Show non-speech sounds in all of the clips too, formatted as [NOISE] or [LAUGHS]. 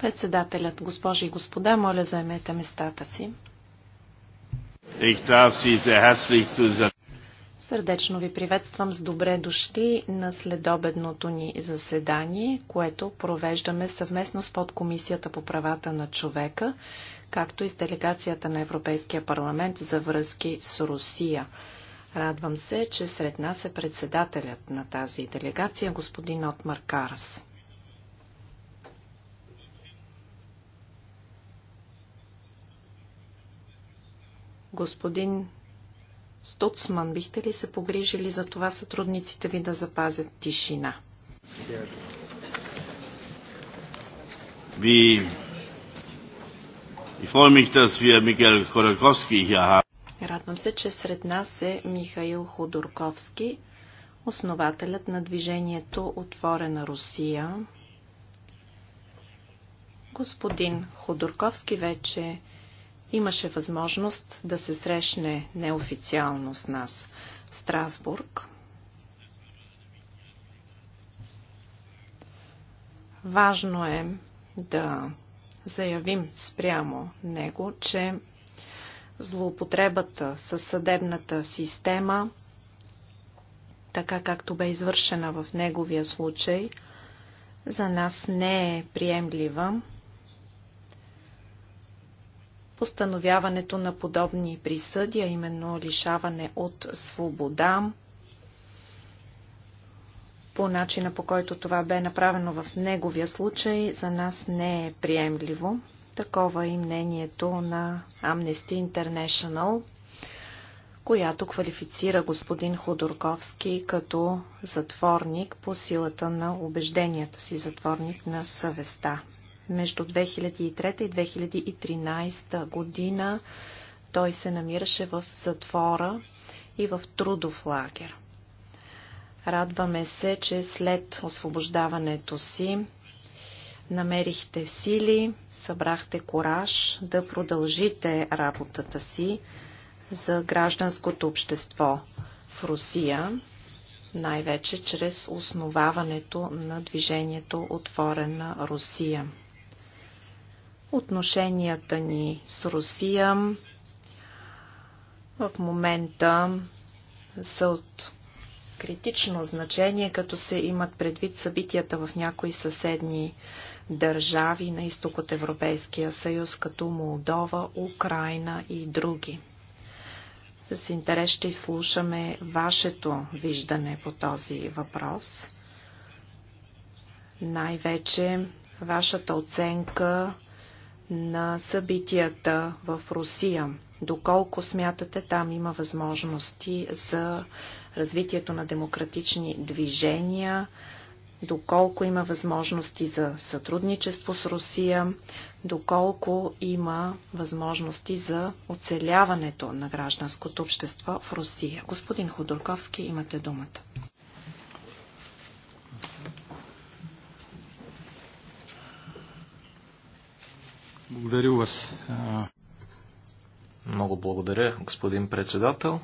Председателят, госпожи и господа, моля заемете местата си. Сърдечно ви приветствам с добре дошли на следобедното ни заседание, което провеждаме съвместно с подкомисията по правата на човека, както и с делегацията на Европейския парламент за връзки с Русия. Радвам се, че сред нас е председателят на тази делегация, господин Отмар Карас. Господин Стоцман, бихте ли се погрижили за това сътрудниците ви да запазят тишина? Ви... ich freue mich, dass wir Michael Khodorkovsky hier haben. Радвам се, че сред нас е Михаил Ходорковски, основателят на движението Отворена Русия. Господин Ходорковски вече имаше възможност да се срещне неофициално с нас в Страсбург. Важно е да заявим спрямо него, че злоупотребата със съдебната система, така както бе извършена в неговия случай, за нас не е приемлива. Постановяването на подобни присъди, а именно лишаване от свобода, по начина по който това бе направено в неговия случай, за нас не е приемливо. Такова е и мнението на Amnesty International, която квалифицира господин Ходорковски като затворник по силата на убежденията си, затворник на съвестта. Между 2003 и 2013 година той се намираше в затвора и в трудов лагер. Радваме се, че след освобождаването си намерихте сили, събрахте кораж да продължите работата си за гражданското общество в Русия, най-вече чрез основаването на движението Отворена Русия. Отношенията ни с Русия в момента са от критично значение, като се имат предвид събитията в някои съседни държави на изток от Европейския съюз, като Молдова, Украина и други. С интерес ще изслушаме вашето виждане по този въпрос. Най-вече вашата оценка на събитията в Русия. Доколко смятате там има възможности за развитието на демократични движения, доколко има възможности за сътрудничество с Русия, доколко има възможности за оцеляването на гражданското общество в Русия. Господин Ходорковски, имате думата. Благодаря вас. Много благодаря, господин председател.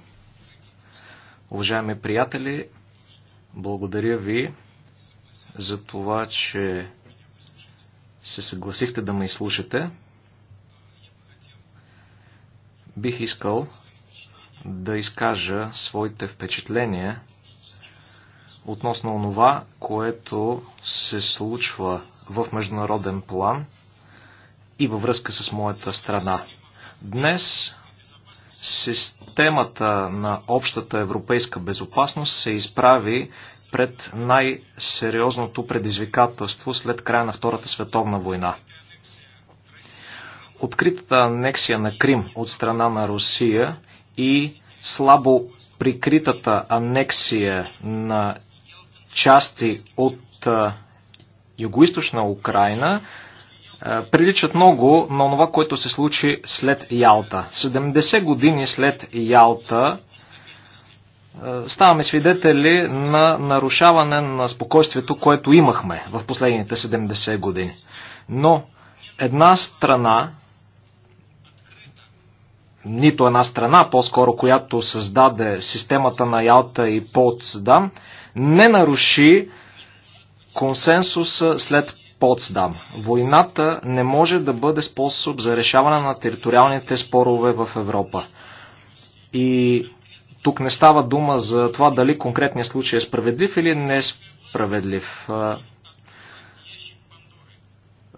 Уважаеми приятели, благодаря ви за това, че се съгласихте да ме изслушате. Бих искал да изкажа своите впечатления относно онова, което се случва в международен план и във връзка с моята страна. Днес Системата на общата европейска безопасност се изправи пред най-сериозното предизвикателство след края на Втората световна война. Откритата анексия на Крим от страна на Русия и слабо прикритата анексия на части от югоизточна Украина е, приличат много на това, което се случи след Ялта. 70 години след Ялта е, ставаме свидетели на нарушаване на спокойствието, което имахме в последните 70 години. Но една страна, нито една страна, по-скоро която създаде системата на Ялта и Потсдам, не наруши консенсус след Потсдам. Войната не може да бъде способ за решаване на териториалните спорове в Европа. И тук не става дума за това дали конкретният случай е справедлив или не е справедлив.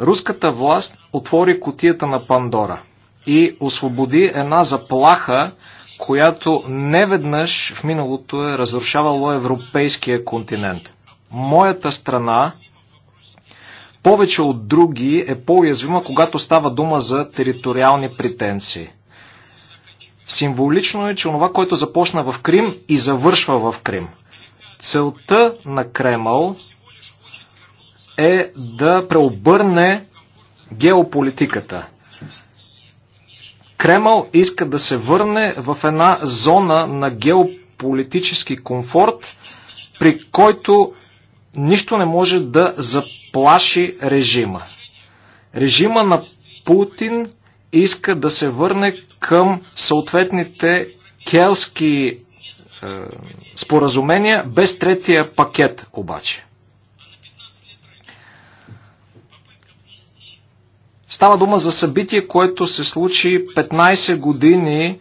Руската власт отвори котията на Пандора и освободи една заплаха, която неведнъж в миналото е разрушавала европейския континент. Моята страна повече от други е по-уязвима, когато става дума за териториални претенции. Символично е, че онова, което започна в Крим и завършва в Крим. Целта на Кремъл е да преобърне геополитиката. Кремъл иска да се върне в една зона на геополитически комфорт, при който нищо не може да заплаши режима. Режима на Путин иска да се върне към съответните келски е, споразумения без третия пакет обаче. Става дума за събитие, което се случи 15 години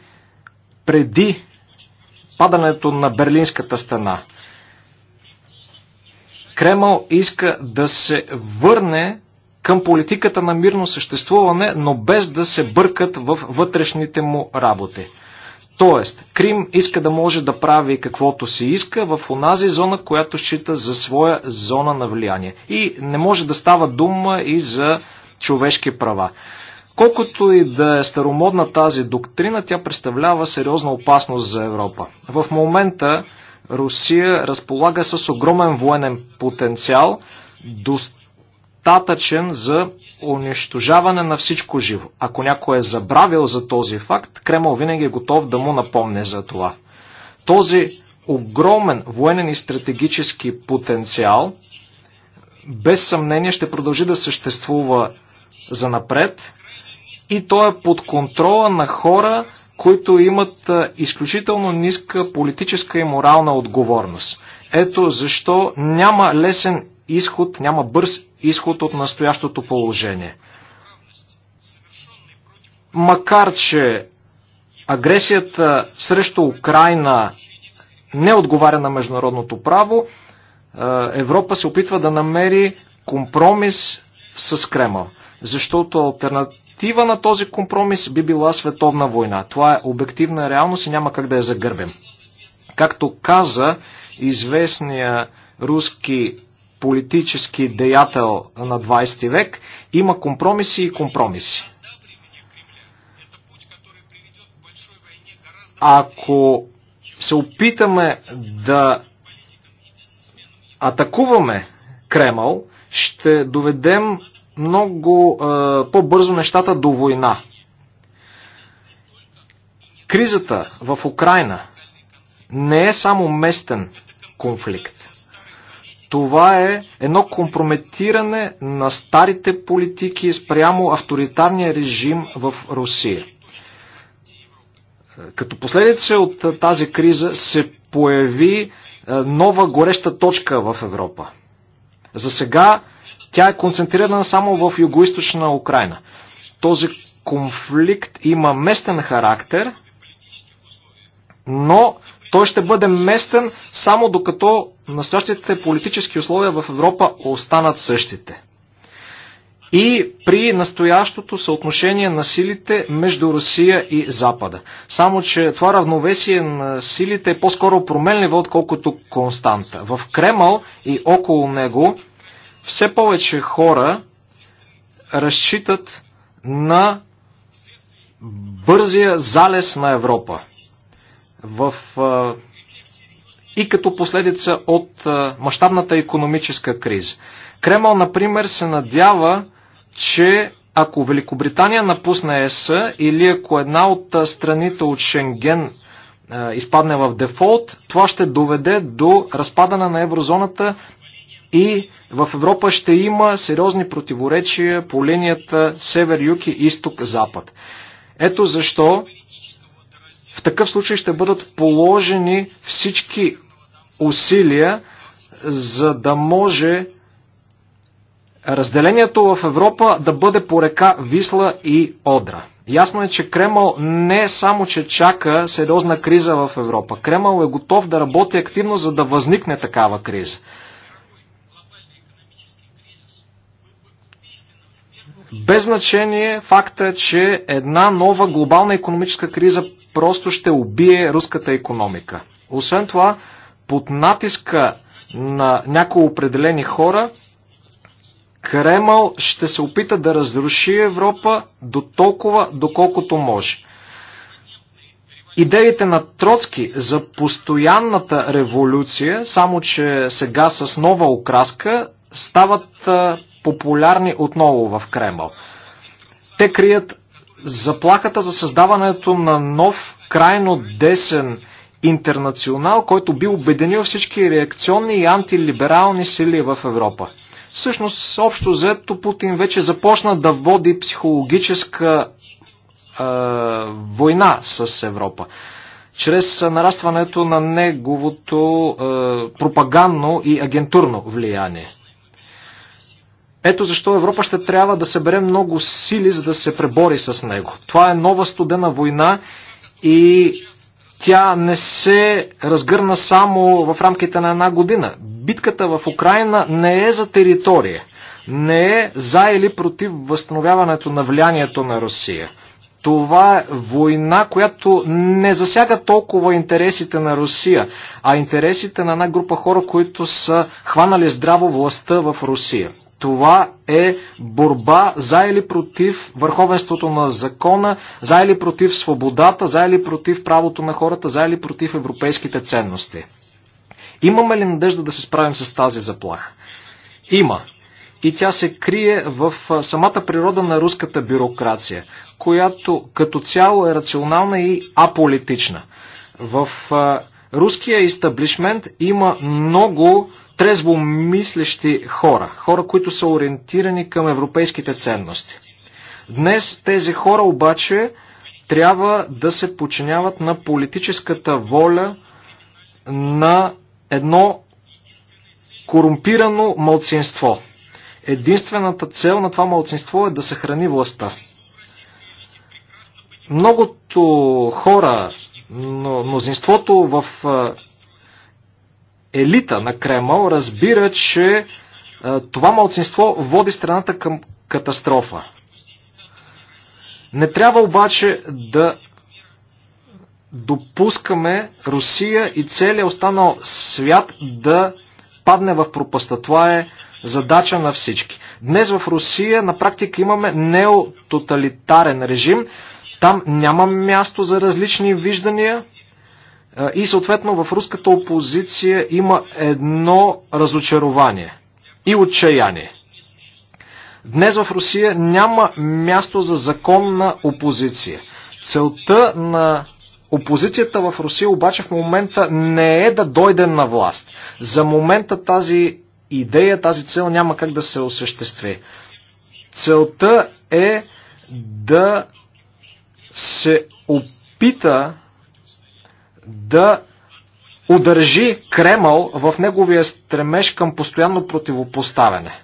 преди падането на Берлинската стена. Кремъл иска да се върне към политиката на мирно съществуване, но без да се бъркат в вътрешните му работи. Тоест, Крим иска да може да прави каквото си иска в онази зона, която счита за своя зона на влияние. И не може да става дума и за човешки права. Колкото и да е старомодна тази доктрина, тя представлява сериозна опасност за Европа. В момента Русия разполага с огромен военен потенциал, достатъчен за унищожаване на всичко живо. Ако някой е забравил за този факт, Кремъл винаги е готов да му напомне за това. Този огромен военен и стратегически потенциал без съмнение ще продължи да съществува за напред и то е под контрола на хора, които имат изключително ниска политическа и морална отговорност. Ето защо няма лесен изход, няма бърз изход от настоящото положение. Макар, че агресията срещу Украина не отговаря на международното право, Европа се опитва да намери компромис с Кремъл защото альтернатива на този компромис би била световна война. Това е обективна реалност и няма как да я загърбим. Както каза известния руски политически деятел на 20 век, има компромиси и компромиси. Ако се опитаме да атакуваме Кремъл, ще доведем много е, по-бързо нещата до война. Кризата в Украина не е само местен конфликт. Това е едно компрометиране на старите политики спрямо авторитарния режим в Русия. Като последица от тази криза се появи нова гореща точка в Европа. За сега тя е концентрирана само в югоисточна Украина. Този конфликт има местен характер, но той ще бъде местен само докато настоящите политически условия в Европа останат същите. И при настоящото съотношение на силите между Русия и Запада. Само, че това равновесие на силите е по-скоро променливо, отколкото константа. В Кремъл и около него все повече хора разчитат на бързия залез на Европа. В, и като последица от мащабната економическа криза. Кремъл, например, се надява, че ако Великобритания напусне ЕС или ако една от страните от Шенген изпадне в дефолт, това ще доведе до разпадане на еврозоната и в Европа ще има сериозни противоречия по линията север-юг и изток-запад. Ето защо в такъв случай ще бъдат положени всички усилия, за да може разделението в Европа да бъде по река Висла и Одра. Ясно е, че Кремъл не е само, че чака сериозна криза в Европа. Кремъл е готов да работи активно, за да възникне такава криза. Без значение факта е, че една нова глобална економическа криза просто ще убие руската економика. Освен това, под натиска на някои определени хора, Кремъл ще се опита да разруши Европа до толкова, доколкото може. Идеите на Троцки за постоянната революция, само че сега с нова окраска, стават популярни отново в Кремъл. Те крият заплахата за създаването на нов крайно десен интернационал, който би обединил всички реакционни и антилиберални сили в Европа. Всъщност, общо взето, Путин вече започна да води психологическа е, война с Европа. Чрез нарастването на неговото е, пропагандно и агентурно влияние. Ето защо Европа ще трябва да събере много сили, за да се пребори с него. Това е нова студена война и тя не се разгърна само в рамките на една година. Битката в Украина не е за територия, не е за или против възстановяването на влиянието на Русия. Това е война, която не засяга толкова интересите на Русия, а интересите на една група хора, които са хванали здраво властта в Русия. Това е борба за или против върховенството на закона, за или против свободата, за или против правото на хората, за или против европейските ценности. Имаме ли надежда да се справим с тази заплаха? Има и тя се крие в самата природа на руската бюрокрация, която като цяло е рационална и аполитична. В руския истаблишмент има много трезво мислещи хора, хора, които са ориентирани към европейските ценности. Днес тези хора обаче трябва да се подчиняват на политическата воля на едно корумпирано мълцинство единствената цел на това малцинство е да съхрани властта. Многото хора, но мнозинството в елита на Кремъл разбира, че това малцинство води страната към катастрофа. Не трябва обаче да допускаме Русия и целия останал свят да падне в пропаста. Това е задача на всички. Днес в Русия на практика имаме неототалитарен режим. Там няма място за различни виждания и съответно в руската опозиция има едно разочарование и отчаяние. Днес в Русия няма място за законна опозиция. Целта на опозицията в Русия обаче в момента не е да дойде на власт. За момента тази идея, тази цел няма как да се осъществи. Целта е да се опита да удържи Кремъл в неговия стремеж към постоянно противопоставяне.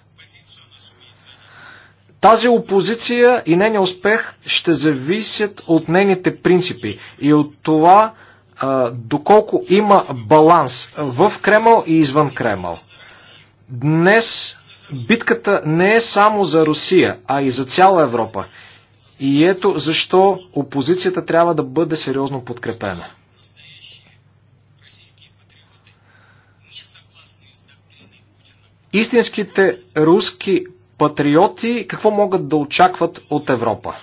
Тази опозиция и нейния успех ще зависят от нейните принципи и от това доколко има баланс в Кремъл и извън Кремъл. Днес битката не е само за Русия, а и за цяла Европа. И ето защо опозицията трябва да бъде сериозно подкрепена. Истинските руски патриоти какво могат да очакват от Европа?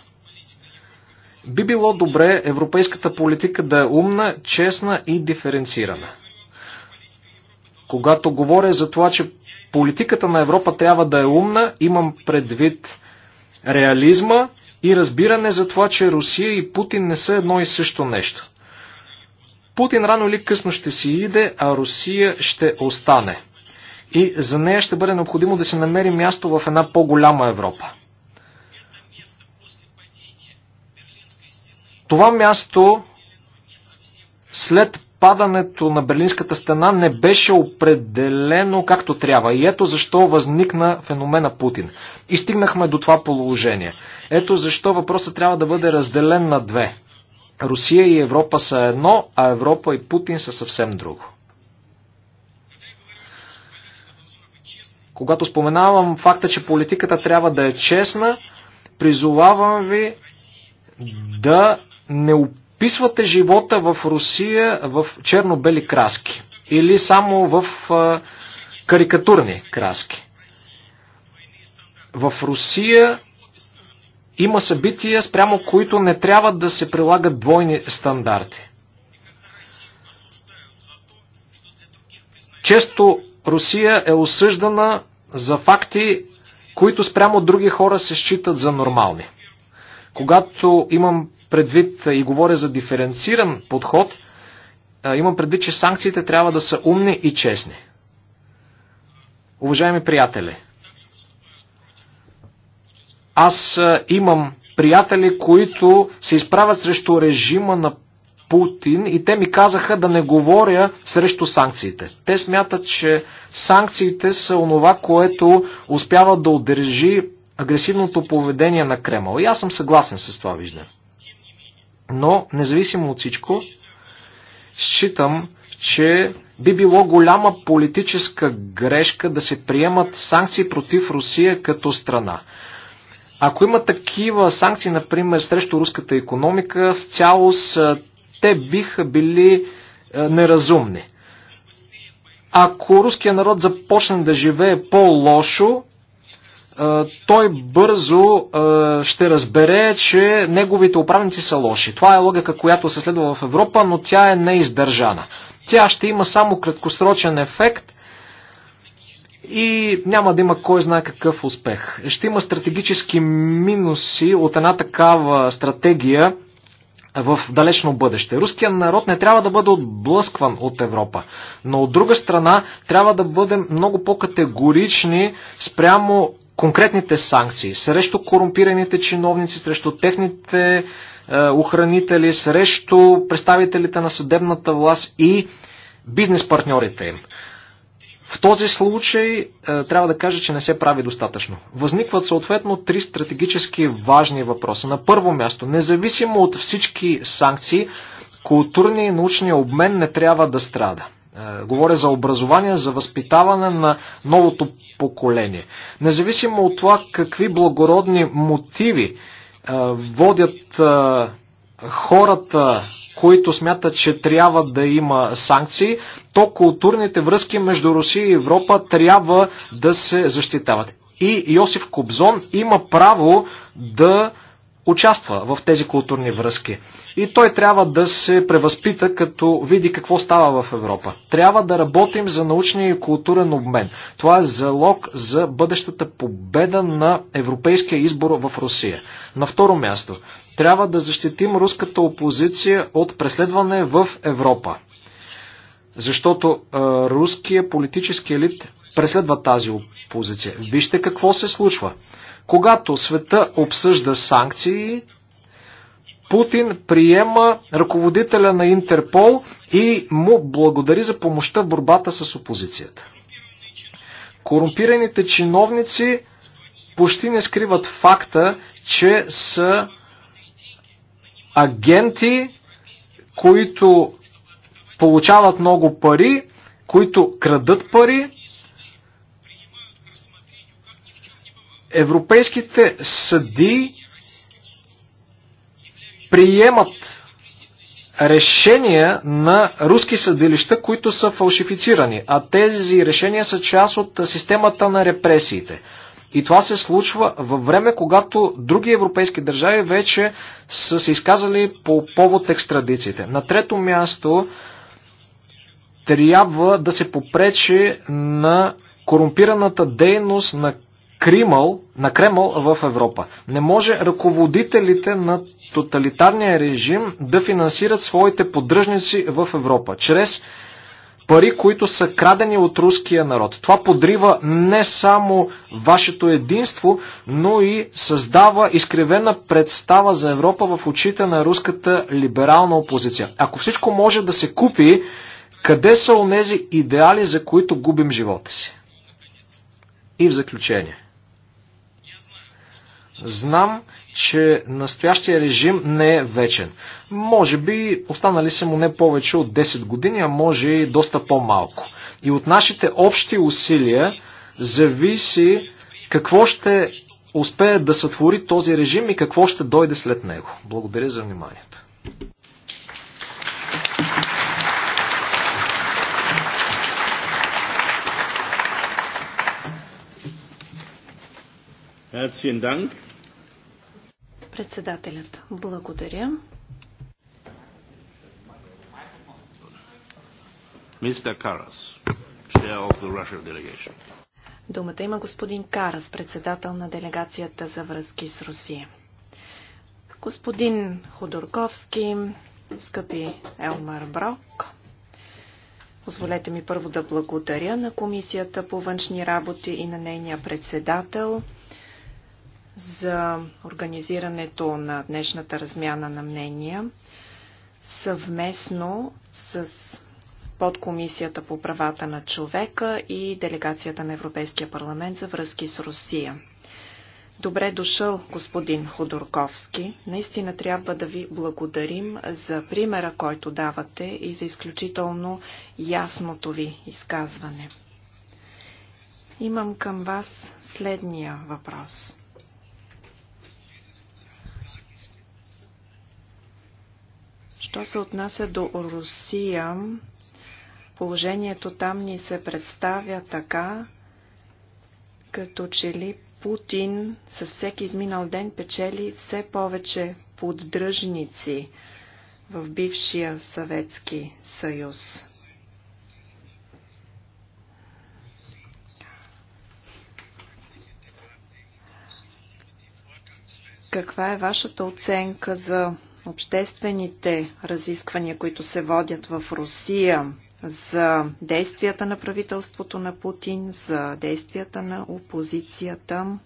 Би било добре европейската политика да е умна, честна и диференцирана. Когато говоря за това, че Политиката на Европа трябва да е умна, имам предвид реализма и разбиране за това, че Русия и Путин не са едно и също нещо. Путин рано или късно ще си иде, а Русия ще остане. И за нея ще бъде необходимо да се намери място в една по-голяма Европа. Това място след падането на Берлинската стена не беше определено както трябва. И ето защо възникна феномена Путин. И стигнахме до това положение. Ето защо въпросът трябва да бъде разделен на две. Русия и Европа са едно, а Европа и Путин са съвсем друго. Когато споменавам факта, че политиката трябва да е честна, призовавам ви да не опитвате описвате живота в Русия в черно-бели краски или само в карикатурни краски. В Русия има събития, спрямо които не трябва да се прилагат двойни стандарти. Често Русия е осъждана за факти, които спрямо други хора се считат за нормални. Когато имам предвид и говоря за диференциран подход, имам предвид, че санкциите трябва да са умни и честни. Уважаеми приятели, аз имам приятели, които се изправят срещу режима на Путин и те ми казаха да не говоря срещу санкциите. Те смятат, че санкциите са онова, което успява да удържи агресивното поведение на Кремъл. И аз съм съгласен с това виждане. Но, независимо от всичко, считам, че би било голяма политическа грешка да се приемат санкции против Русия като страна. Ако има такива санкции, например, срещу руската економика, в цялост те биха били неразумни. Ако руският народ започне да живее по-лошо, той бързо ще разбере, че неговите управници са лоши. Това е логика, която се следва в Европа, но тя е неиздържана. Тя ще има само краткосрочен ефект и няма да има кой знае какъв успех. Ще има стратегически минуси от една такава стратегия в далечно бъдеще. Руският народ не трябва да бъде отблъскван от Европа, но от друга страна трябва да бъдем много по-категорични спрямо конкретните санкции срещу корумпираните чиновници, срещу техните е, охранители, срещу представителите на съдебната власт и бизнес партньорите им. В този случай е, трябва да кажа, че не се прави достатъчно. Възникват съответно три стратегически важни въпроса. На първо място, независимо от всички санкции, културния и научния обмен не трябва да страда. Е, говоря за образование, за възпитаване на новото поколение. Независимо от това какви благородни мотиви е, водят е, хората, които смятат, че трябва да има санкции, то културните връзки между Русия и Европа трябва да се защитават. И Йосиф Кобзон има право да участва в тези културни връзки. И той трябва да се превъзпита, като види какво става в Европа. Трябва да работим за научния и културен обмен. Това е залог за бъдещата победа на европейския избор в Русия. На второ място, трябва да защитим руската опозиция от преследване в Европа. Защото а, руският политически елит преследва тази опозиция. Вижте какво се случва. Когато света обсъжда санкции, Путин приема ръководителя на Интерпол и му благодари за помощта в борбата с опозицията. Корумпираните чиновници почти не скриват факта, че са агенти, които получават много пари, които крадат пари. Европейските съди приемат решения на руски съдилища, които са фалшифицирани, а тези решения са част от системата на репресиите. И това се случва във време, когато други европейски държави вече са се изказали по повод екстрадициите. На трето място трябва да се попречи на корумпираната дейност на Кримъл, на Кремъл в Европа. Не може ръководителите на тоталитарния режим да финансират своите поддръжници в Европа чрез пари, които са крадени от руския народ. Това подрива не само вашето единство, но и създава изкривена представа за Европа в очите на руската либерална опозиция. Ако всичко може да се купи, къде са онези идеали, за които губим живота си? И в заключение. Знам, че настоящия режим не е вечен. Може би останали са му не повече от 10 години, а може и доста по-малко. И от нашите общи усилия зависи какво ще успее да сътвори този режим и какво ще дойде след него. Благодаря за вниманието. Председателят, благодаря. Мистер Карас, chair of the Russian delegation. Думата има господин Карас, председател на делегацията за връзки с Русия. Господин Ходорковски, скъпи Елмар Брок, позволете ми първо да благодаря на Комисията по външни работи и на нейния председател – за организирането на днешната размяна на мнения съвместно с подкомисията по правата на човека и делегацията на Европейския парламент за връзки с Русия. Добре дошъл, господин Ходорковски. Наистина трябва да ви благодарим за примера, който давате и за изключително ясното ви изказване. Имам към вас следния въпрос. Що се отнася до Русия, положението там ни се представя така, като че ли Путин с всеки изминал ден печели все повече поддръжници в бившия Съветски съюз. Каква е вашата оценка за обществените разисквания, които се водят в Русия за действията на правителството на Путин, за действията на опозицията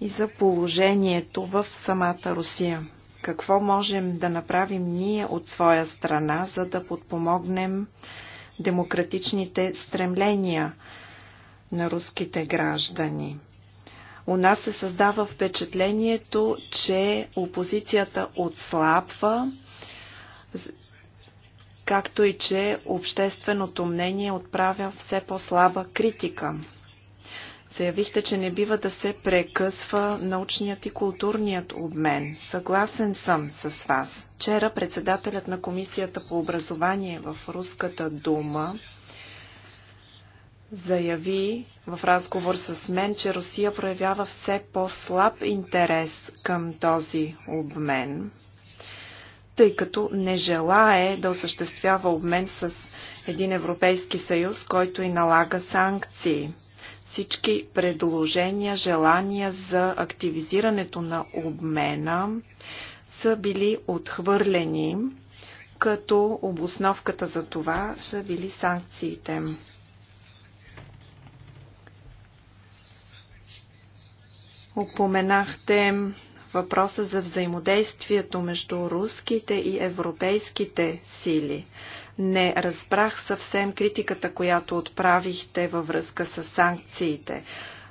и за положението в самата Русия. Какво можем да направим ние от своя страна, за да подпомогнем демократичните стремления на руските граждани? У нас се създава впечатлението, че опозицията отслабва, както и че общественото мнение отправя все по-слаба критика. Заявихте, че не бива да се прекъсва научният и културният обмен. Съгласен съм с вас. Вчера председателят на Комисията по образование в Руската дума заяви в разговор с мен, че Русия проявява все по-слаб интерес към този обмен, тъй като не желае да осъществява обмен с един Европейски съюз, който и налага санкции. Всички предложения, желания за активизирането на обмена са били отхвърлени, като обосновката за това са били санкциите. Упоменахте въпроса за взаимодействието между руските и европейските сили. Не разбрах съвсем критиката, която отправихте във връзка с санкциите.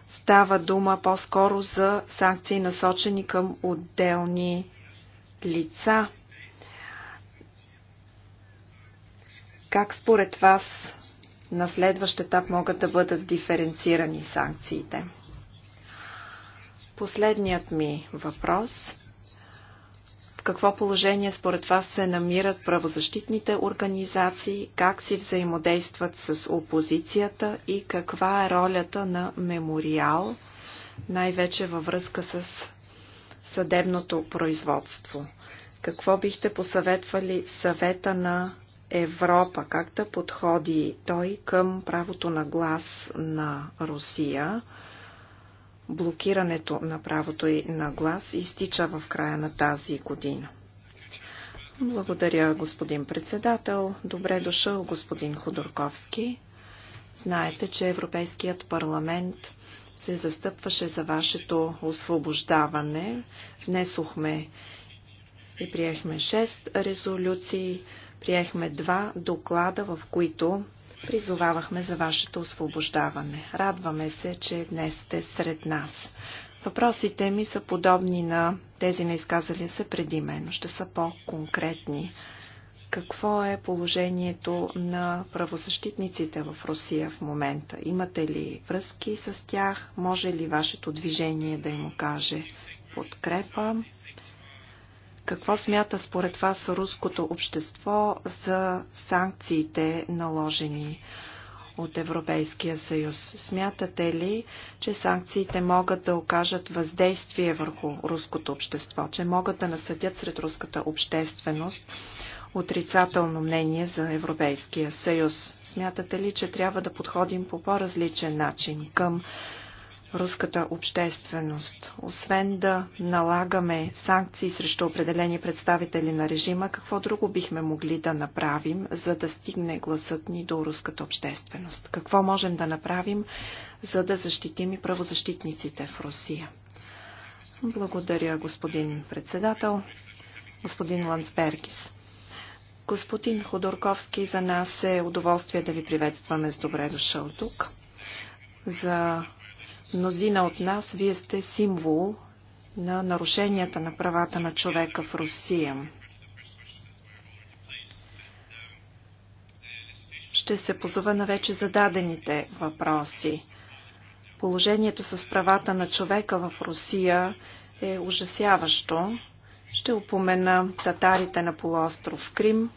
Става дума по-скоро за санкции насочени към отделни лица. Как според вас на следващ етап могат да бъдат диференцирани санкциите? Последният ми въпрос. В какво положение според вас се намират правозащитните организации, как си взаимодействат с опозицията и каква е ролята на мемориал, най-вече във връзка с съдебното производство? Какво бихте посъветвали съвета на Европа, как да подходи той към правото на глас на Русия? Блокирането на правото и на глас изтича в края на тази година. Благодаря, господин председател. Добре дошъл, господин Ходорковски. Знаете, че Европейският парламент се застъпваше за вашето освобождаване. Внесохме и приехме 6 резолюции, приехме два доклада, в които Призовавахме за вашето освобождаване. Радваме се, че днес сте сред нас. Въпросите ми са подобни на тези на изказали се преди мен, но ще са по-конкретни. Какво е положението на правозащитниците в Русия в момента? Имате ли връзки с тях? Може ли вашето движение да им окаже подкрепа? Какво смята според вас руското общество за санкциите наложени от Европейския съюз? Смятате ли, че санкциите могат да окажат въздействие върху руското общество, че могат да насъдят сред руската общественост отрицателно мнение за Европейския съюз? Смятате ли, че трябва да подходим по по-различен начин към руската общественост. Освен да налагаме санкции срещу определени представители на режима, какво друго бихме могли да направим, за да стигне гласът ни до руската общественост? Какво можем да направим, за да защитим и правозащитниците в Русия? Благодаря, господин председател, господин Ландсбергис. Господин Ходорковски, за нас е удоволствие да ви приветстваме с добре дошъл тук. За мнозина от нас вие сте символ на нарушенията на правата на човека в Русия. Ще се позова на вече зададените въпроси. Положението с правата на човека в Русия е ужасяващо. Ще упомена татарите на полуостров Крим,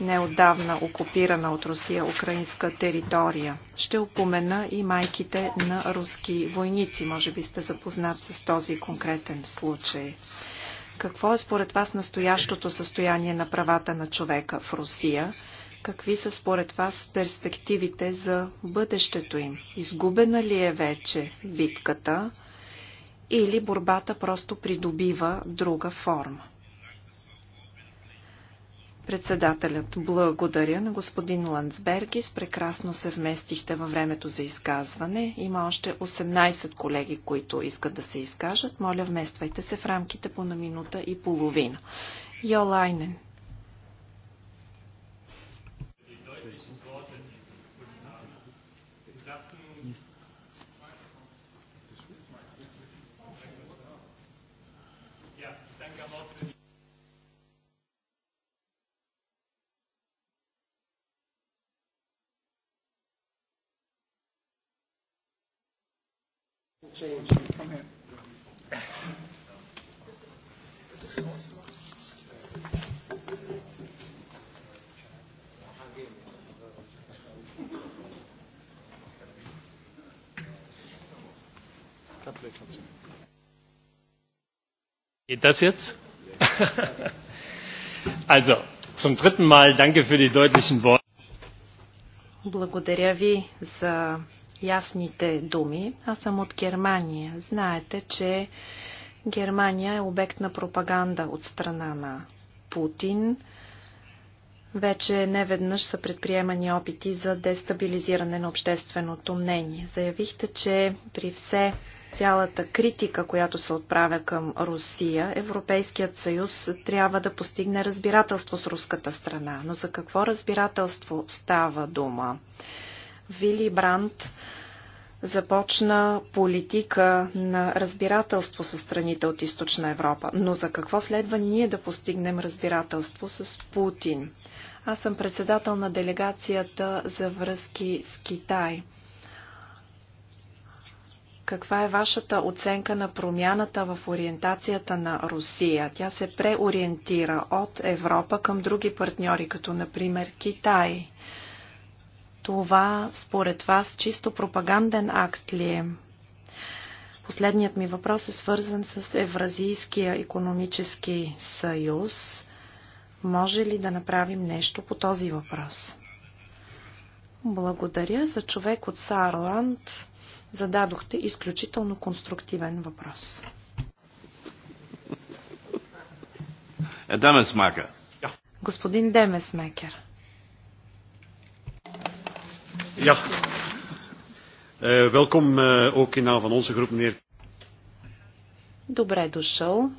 неодавна окупирана от Русия украинска територия. Ще упомена и майките на руски войници. Може би сте запознат с този конкретен случай. Какво е според вас настоящото състояние на правата на човека в Русия? Какви са според вас перспективите за бъдещето им? Изгубена ли е вече битката или борбата просто придобива друга форма? Председателят, благодаря на господин Ландсбергис. Прекрасно се вместихте във времето за изказване. Има още 18 колеги, които искат да се изкажат. Моля, вмествайте се в рамките по на минута и половина. Йолайнен. change Come here. Geht das jetzt? also, zum dritten Mal danke für die deutlichen Worte. Благодаря ви за ясните думи. Аз съм от Германия. Знаете, че Германия е обект на пропаганда от страна на Путин. Вече неведнъж са предприемани опити за дестабилизиране на общественото мнение. Заявихте, че при все цялата критика, която се отправя към Русия, Европейският съюз трябва да постигне разбирателство с руската страна. Но за какво разбирателство става дума? Вили Бранд започна политика на разбирателство с страните от Източна Европа. Но за какво следва ние да постигнем разбирателство с Путин? Аз съм председател на делегацията за връзки с Китай – каква е вашата оценка на промяната в ориентацията на Русия? Тя се преориентира от Европа към други партньори, като например Китай. Това според вас чисто пропаганден акт ли е? Последният ми въпрос е свързан с Евразийския економически съюз. Може ли да направим нещо по този въпрос? Благодаря за човек от Сарланд. Зададохте изключително конструктивен въпрос. Е, Демесмакер. Господин Демесмакер. Ja. Uh, welkom uh, ook in naam van onze groep, meneer. Добре дошъл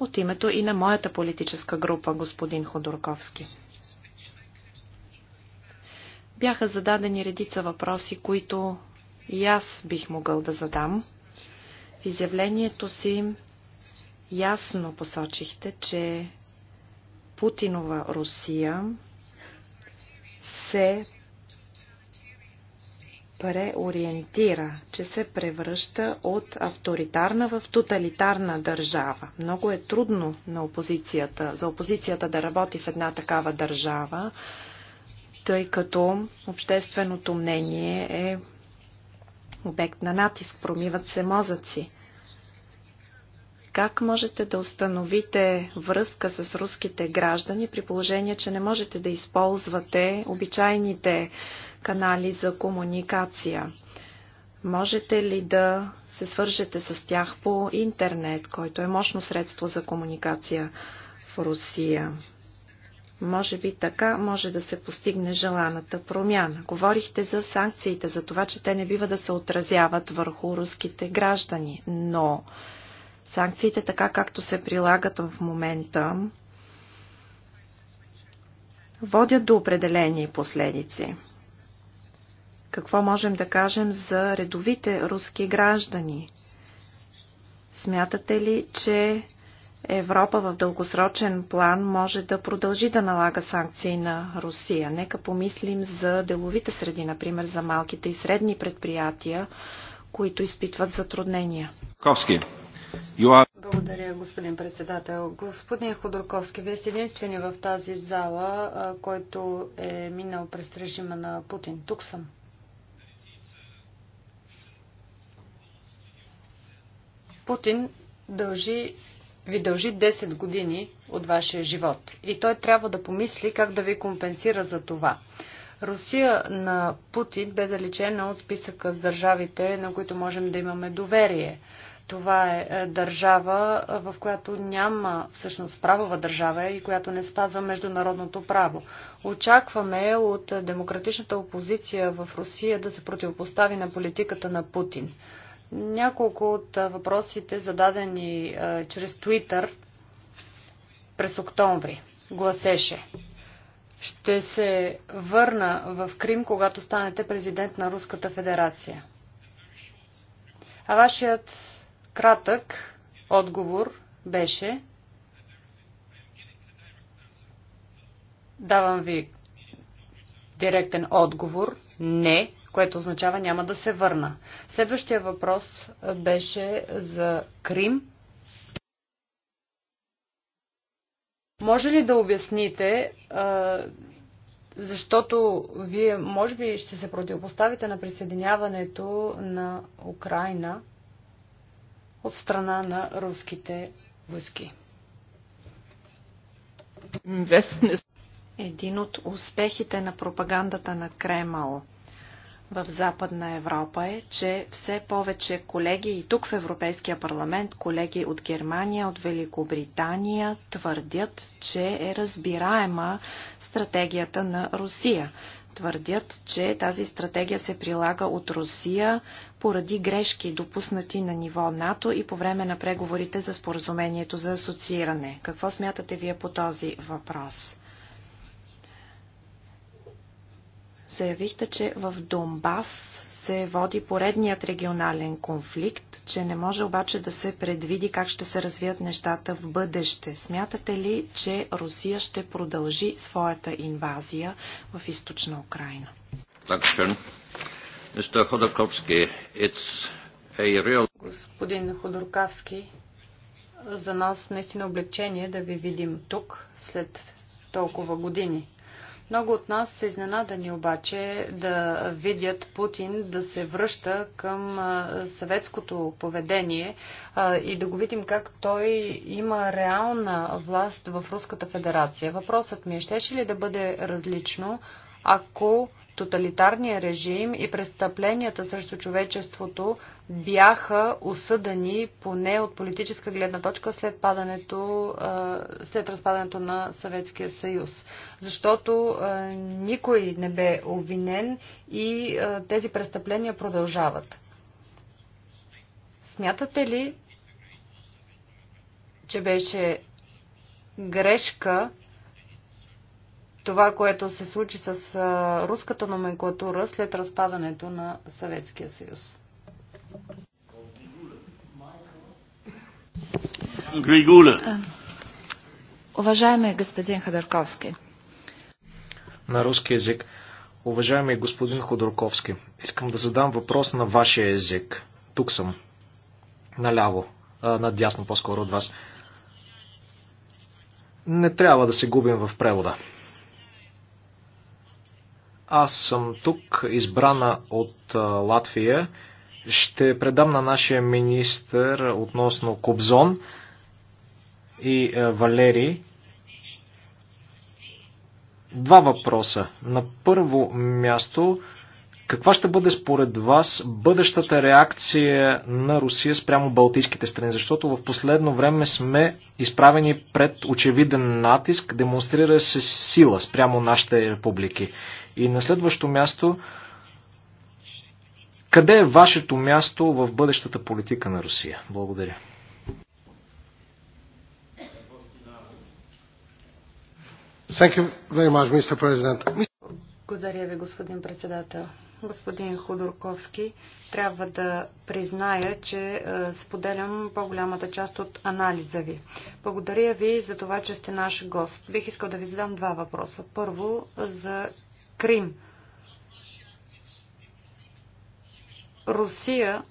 от името и на моята политическа група, господин Ходорковски. Бяха зададени редица въпроси, които и аз бих могъл да задам. В изявлението си ясно посочихте, че Путинова Русия се преориентира, че се превръща от авторитарна в тоталитарна държава. Много е трудно на опозицията, за опозицията да работи в една такава държава, тъй като общественото мнение е обект на натиск, промиват се мозъци. Как можете да установите връзка с руските граждани при положение, че не можете да използвате обичайните канали за комуникация? Можете ли да се свържете с тях по интернет, който е мощно средство за комуникация в Русия? Може би така може да се постигне желаната промяна. Говорихте за санкциите, за това, че те не бива да се отразяват върху руските граждани, но санкциите така както се прилагат в момента, водят до определени последици. Какво можем да кажем за редовите руски граждани? Смятате ли, че Европа в дългосрочен план може да продължи да налага санкции на Русия. Нека помислим за деловите среди, например за малките и средни предприятия, които изпитват затруднения. Ковски. Are... Благодаря, господин председател. Господин Ходорковски, вие сте единствени в тази зала, който е минал през режима на Путин. Тук съм. Путин дължи ви дължи 10 години от вашия живот. И той трябва да помисли как да ви компенсира за това. Русия на Путин бе заличена от списъка с държавите, на които можем да имаме доверие. Това е, е държава, е, в която няма всъщност правова държава и която не спазва международното право. Очакваме от демократичната опозиция в Русия да се противопостави на политиката на Путин. Няколко от въпросите зададени а, чрез Twitter през октомври гласеше Ще се върна в Крим, когато станете президент на Руската федерация. А вашият кратък отговор беше Давам ви директен отговор. Не, което означава няма да се върна. Следващия въпрос беше за Крим. Може ли да обясните, защото вие може би ще се противопоставите на присъединяването на Украина от страна на руските войски? Един от успехите на пропагандата на Кремъл – в Западна Европа е, че все повече колеги и тук в Европейския парламент, колеги от Германия, от Великобритания твърдят, че е разбираема стратегията на Русия. Твърдят, че тази стратегия се прилага от Русия поради грешки, допуснати на ниво НАТО и по време на преговорите за споразумението за асоцииране. Какво смятате вие по този въпрос? заявихте, че в Донбас се води поредният регионален конфликт, че не може обаче да се предвиди как ще се развият нещата в бъдеще. Смятате ли, че Русия ще продължи своята инвазия в източна Украина? Господин Ходорковски, за нас наистина облегчение да ви видим тук след толкова години. Много от нас са изненадани обаче да видят Путин да се връща към съветското поведение и да го видим как той има реална власт в Руската федерация. Въпросът ми е, щеше ли да бъде различно, ако тоталитарния режим и престъпленията срещу човечеството бяха осъдани поне от политическа гледна точка след, падането, след разпадането на Съветския съюз. Защото никой не бе обвинен и тези престъпления продължават. Смятате ли, че беше грешка това, което се случи с руската номенклатура след разпадането на Съветския съюз. Григуля. Уважаеми господин Ходорковски. На руски език, Уважаеми господин Ходорковски, искам да задам въпрос на вашия език. Тук съм. Наляво. А, надясно по-скоро от вас. Не трябва да се губим в превода. Аз съм тук, избрана от Латвия. Ще предам на нашия министр относно Кобзон и Валери два въпроса. На първо място, каква ще бъде според вас бъдещата реакция на Русия спрямо Балтийските страни? Защото в последно време сме изправени пред очевиден натиск, демонстрира се сила спрямо нашите републики. И на следващо място, къде е вашето място в бъдещата политика на Русия? Благодаря. Much, Благодаря ви, господин председател. Господин Ходорковски, трябва да призная, че е, споделям по-голямата част от анализа ви. Благодаря ви за това, че сте наш гост. Бих искал да ви задам два въпроса. Първо, за Крим. Русия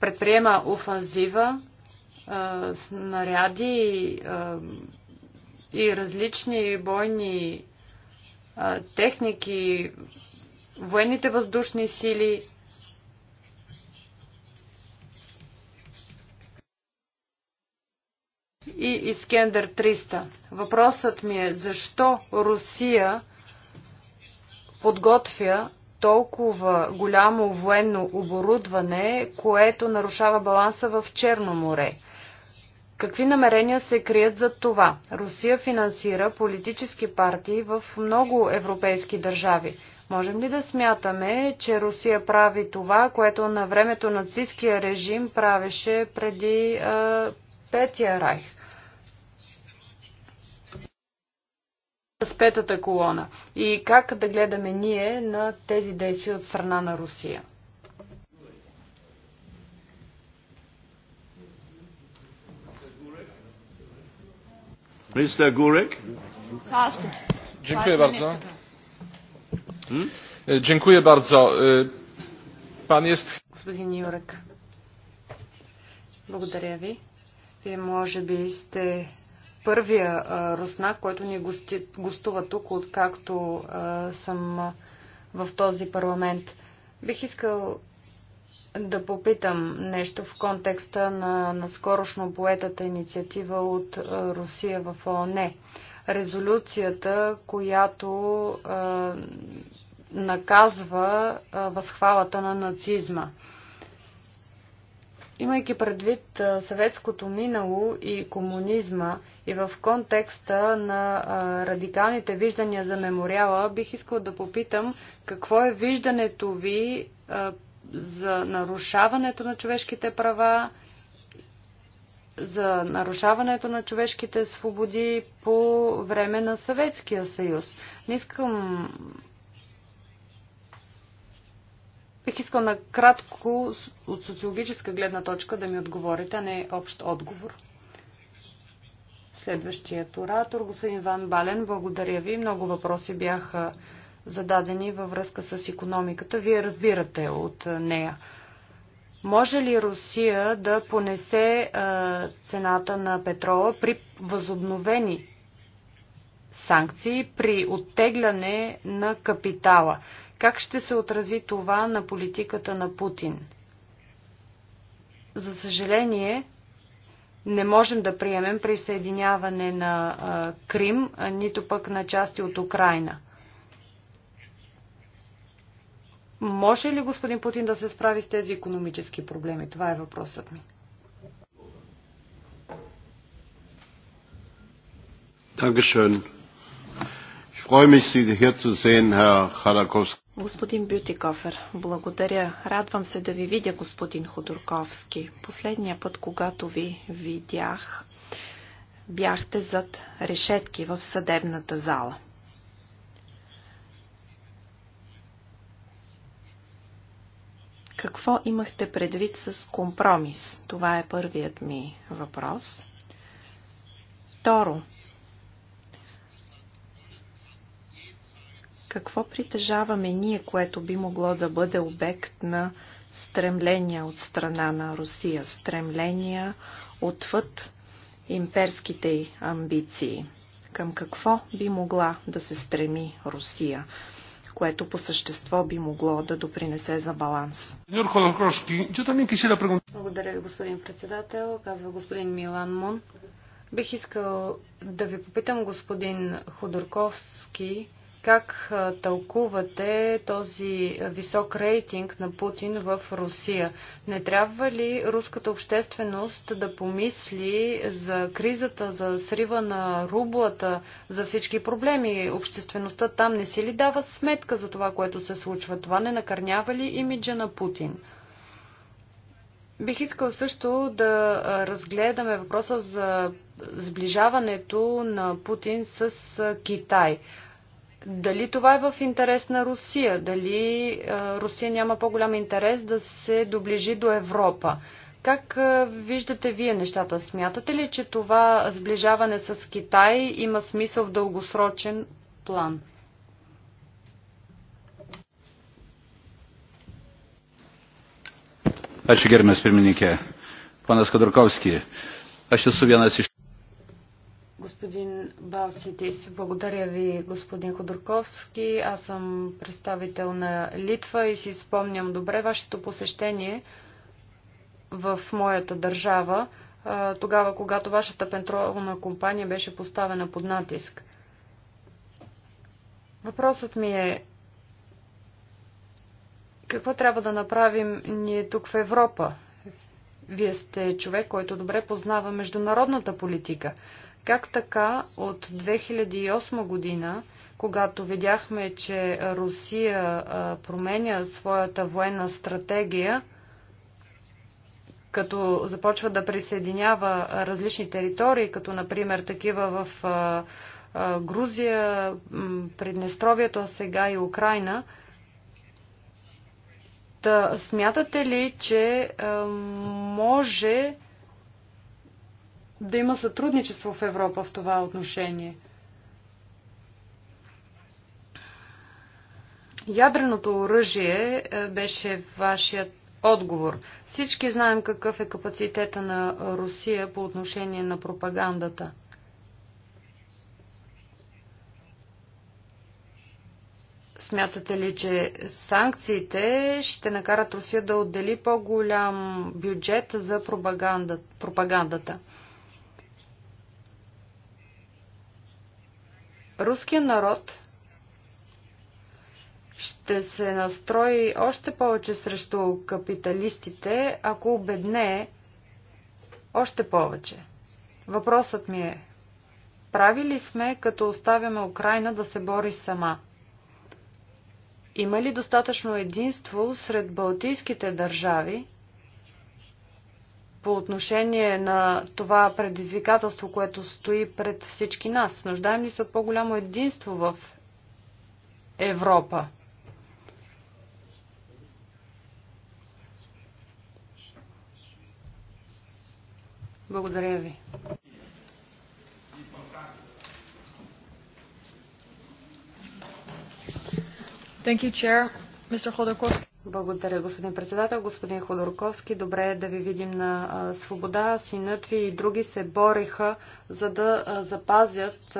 предприема офанзива, снаряди и различни бойни техники, военните въздушни сили – и Искендер 300. Въпросът ми е защо Русия подготвя толкова голямо военно оборудване, което нарушава баланса в Черно море. Какви намерения се крият за това? Русия финансира политически партии в много европейски държави. Можем ли да смятаме, че Русия прави това, което на времето нацистския режим правеше преди е, Петия райх? петата колона и как да гледаме ние на тези действия от страна на Русия. Mr. Гурек? Дякую бардзо. Дякую бардзо. Пан ест... Господин Юрек, благодаря ви. Вие може би сте първия руснак, който ни гости, гостува тук, откакто съм в този парламент. Бих искал да попитам нещо в контекста на скорошно поетата инициатива от Русия в ООН. Резолюцията, която наказва възхвалата на нацизма. Имайки предвид съветското минало и комунизма и в контекста на радикалните виждания за мемориала, бих искал да попитам какво е виждането ви за нарушаването на човешките права, за нарушаването на човешките свободи по време на Съветския съюз. Не искам Бих искал накратко от социологическа гледна точка да ми отговорите, а не общ отговор. Следващият оратор, господин Ван Бален, благодаря ви. Много въпроси бяха зададени във връзка с економиката. Вие разбирате от нея. Може ли Русия да понесе цената на петрола при възобновени санкции, при оттегляне на капитала? Как ще се отрази това на политиката на Путин? За съжаление, не можем да приемем присъединяване на а, Крим, а, нито пък на части от Украина. Може ли господин Путин да се справи с тези економически проблеми? Това е въпросът ми. Dankeschön. Ich freue mich, Sie hier zu sehen, Herr Господин Бютикофер, благодаря. Радвам се да ви видя, господин Ходорковски. Последния път, когато ви видях, бяхте зад решетки в съдебната зала. Какво имахте предвид с компромис? Това е първият ми въпрос. Второ, Какво притежаваме ние, което би могло да бъде обект на стремления от страна на Русия, стремления отвъд имперските й амбиции? Към какво би могла да се стреми Русия, което по същество би могло да допринесе за баланс? Благодаря ви, господин председател, казва господин Милан Мон. Бих искал да ви попитам, господин Ходорковски, как тълкувате този висок рейтинг на Путин в Русия? Не трябва ли руската общественост да помисли за кризата, за срива на рублата, за всички проблеми? Обществеността там не си ли дава сметка за това, което се случва? Това не накърнява ли имиджа на Путин? Бих искал също да разгледаме въпроса за сближаването на Путин с Китай. Дали това е в интерес на Русия? Дали е, Русия няма по-голям интерес да се доближи до Европа? Как е, виждате вие нещата? Смятате ли, че това сближаване с Китай има смисъл в дългосрочен план? Ačiū gerbiamas pirmininkė. Panas Khodorkovski, aš esu vienas iš господин Балситис. Благодаря ви, господин Ходорковски. Аз съм представител на Литва и си спомням добре вашето посещение в моята държава, тогава, когато вашата пентролна компания беше поставена под натиск. Въпросът ми е какво трябва да направим ние тук в Европа? Вие сте човек, който добре познава международната политика. Как така от 2008 година, когато видяхме, че Русия променя своята военна стратегия, като започва да присъединява различни територии, като например такива в Грузия, Приднестровието, а сега и Украина, да смятате ли, че може да има сътрудничество в Европа в това отношение. Ядреното оръжие е, беше вашият отговор. Всички знаем какъв е капацитета на Русия по отношение на пропагандата. Смятате ли, че санкциите ще накарат Русия да отдели по-голям бюджет за пропагандата? руският народ ще се настрои още повече срещу капиталистите, ако обеднее още повече. Въпросът ми е, прави ли сме, като оставяме Украина да се бори сама? Има ли достатъчно единство сред балтийските държави, по отношение на това предизвикателство, което стои пред всички нас? Нуждаем ли се от по-голямо единство в Европа? Благодаря ви. Thank you, Chair. Mr. Khodorkovsky. Благодаря, господин председател. Господин Ходорковски, добре е да ви видим на свобода. Синът ви и други се бориха, за да запазят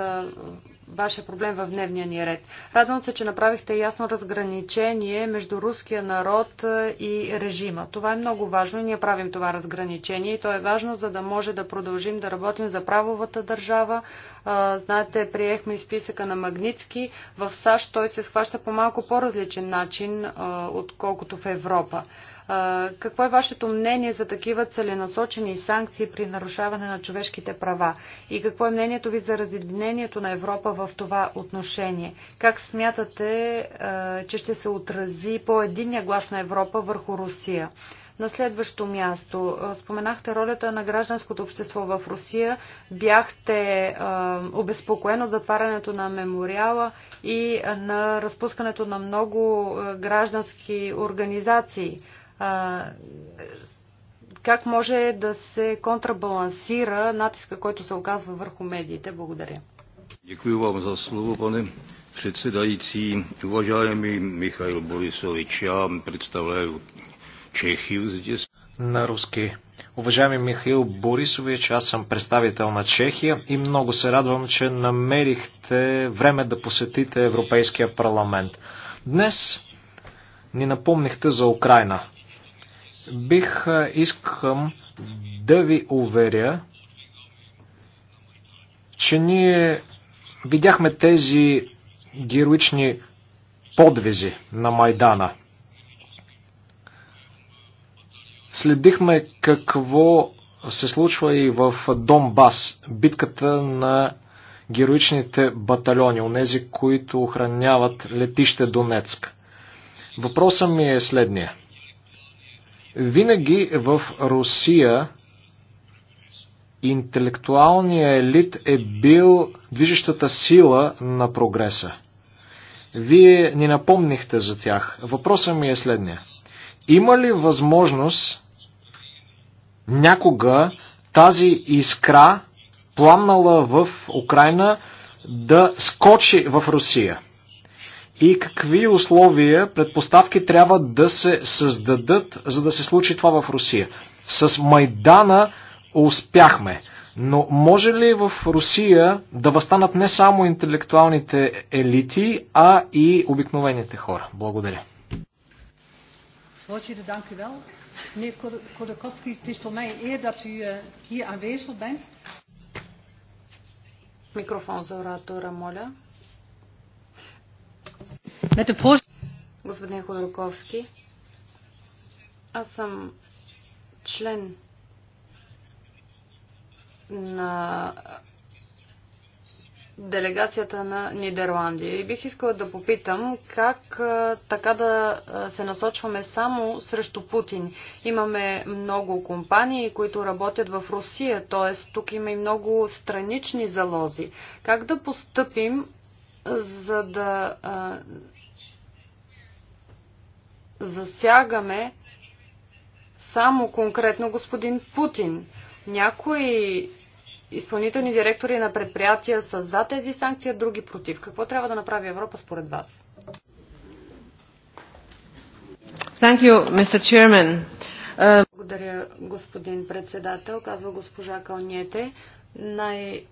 вашия проблем в дневния ни ред. Радвам се, че направихте ясно разграничение между руския народ е, и режима. Това е много важно и ние правим това разграничение и то е важно, за да може да продължим да работим за правовата държава. Е, знаете, приехме и списъка на Магницки. В САЩ той се схваща по малко по-различен начин, е, отколкото в Европа. Какво е вашето мнение за такива целенасочени санкции при нарушаване на човешките права? И какво е мнението ви за разединението на Европа в това отношение? Как смятате, че ще се отрази по-единния глас на Европа върху Русия? На следващо място, споменахте ролята на гражданското общество в Русия, бяхте е, обезпокоен от затварянето на мемориала и на разпускането на много граждански организации как може да се контрабалансира натиска, който се оказва върху медиите? Благодаря. Děkuji vám za slovo, pane předsedající. Уважаемый Михаил Борисович, я представляю Чехию здесь. На руски. Уважаеми Михаил Борисович, аз съм представител на Чехия и много се радвам, че намерихте време да посетите Европейския парламент. Днес ни напомнихте за Украина – Бих искам да ви уверя, че ние видяхме тези героични подвизи на Майдана. Следихме какво се случва и в Донбас, битката на героичните батальони, онези, които охраняват летище Донецк. Въпросът ми е следния. Винаги в Русия интелектуалният елит е бил движещата сила на прогреса. Вие ни напомнихте за тях. Въпросът ми е следния. Има ли възможност някога тази искра, пламнала в Украина, да скочи в Русия? и какви условия, предпоставки трябва да се създадат, за да се случи това в Русия. С Майдана успяхме, но може ли в Русия да възстанат не само интелектуалните елити, а и обикновените хора? Благодаря. Voorzitter, dank u wel. Meneer Kodakowski, het is voor mij een eer dat u eh, hier aanwezig bent. Microfoon за Molla. Господин Ходорковски, аз съм член на делегацията на Нидерландия. И бих искала да попитам как така да се насочваме само срещу Путин. Имаме много компании, които работят в Русия, т.е. тук има и много странични залози. Как да постъпим, за да а, засягаме само конкретно господин Путин. Някои изпълнителни директори на предприятия са за тези санкции, други против. Какво трябва да направи Европа според вас? Thank you, Mr. Chairman. Uh... Благодаря, господин председател, казва госпожа Калниете. Най-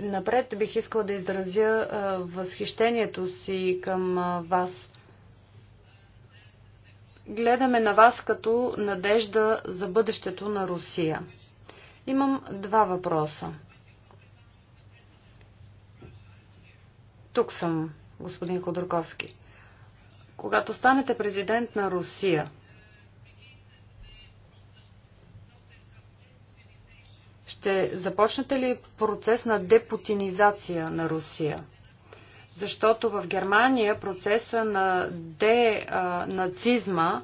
Напред бих искала да изразя възхищението си към вас. Гледаме на вас като надежда за бъдещето на Русия. Имам два въпроса. Тук съм, господин Ходорковски. Когато станете президент на Русия, ще започнете ли процес на депутинизация на Русия? Защото в Германия процеса на денацизма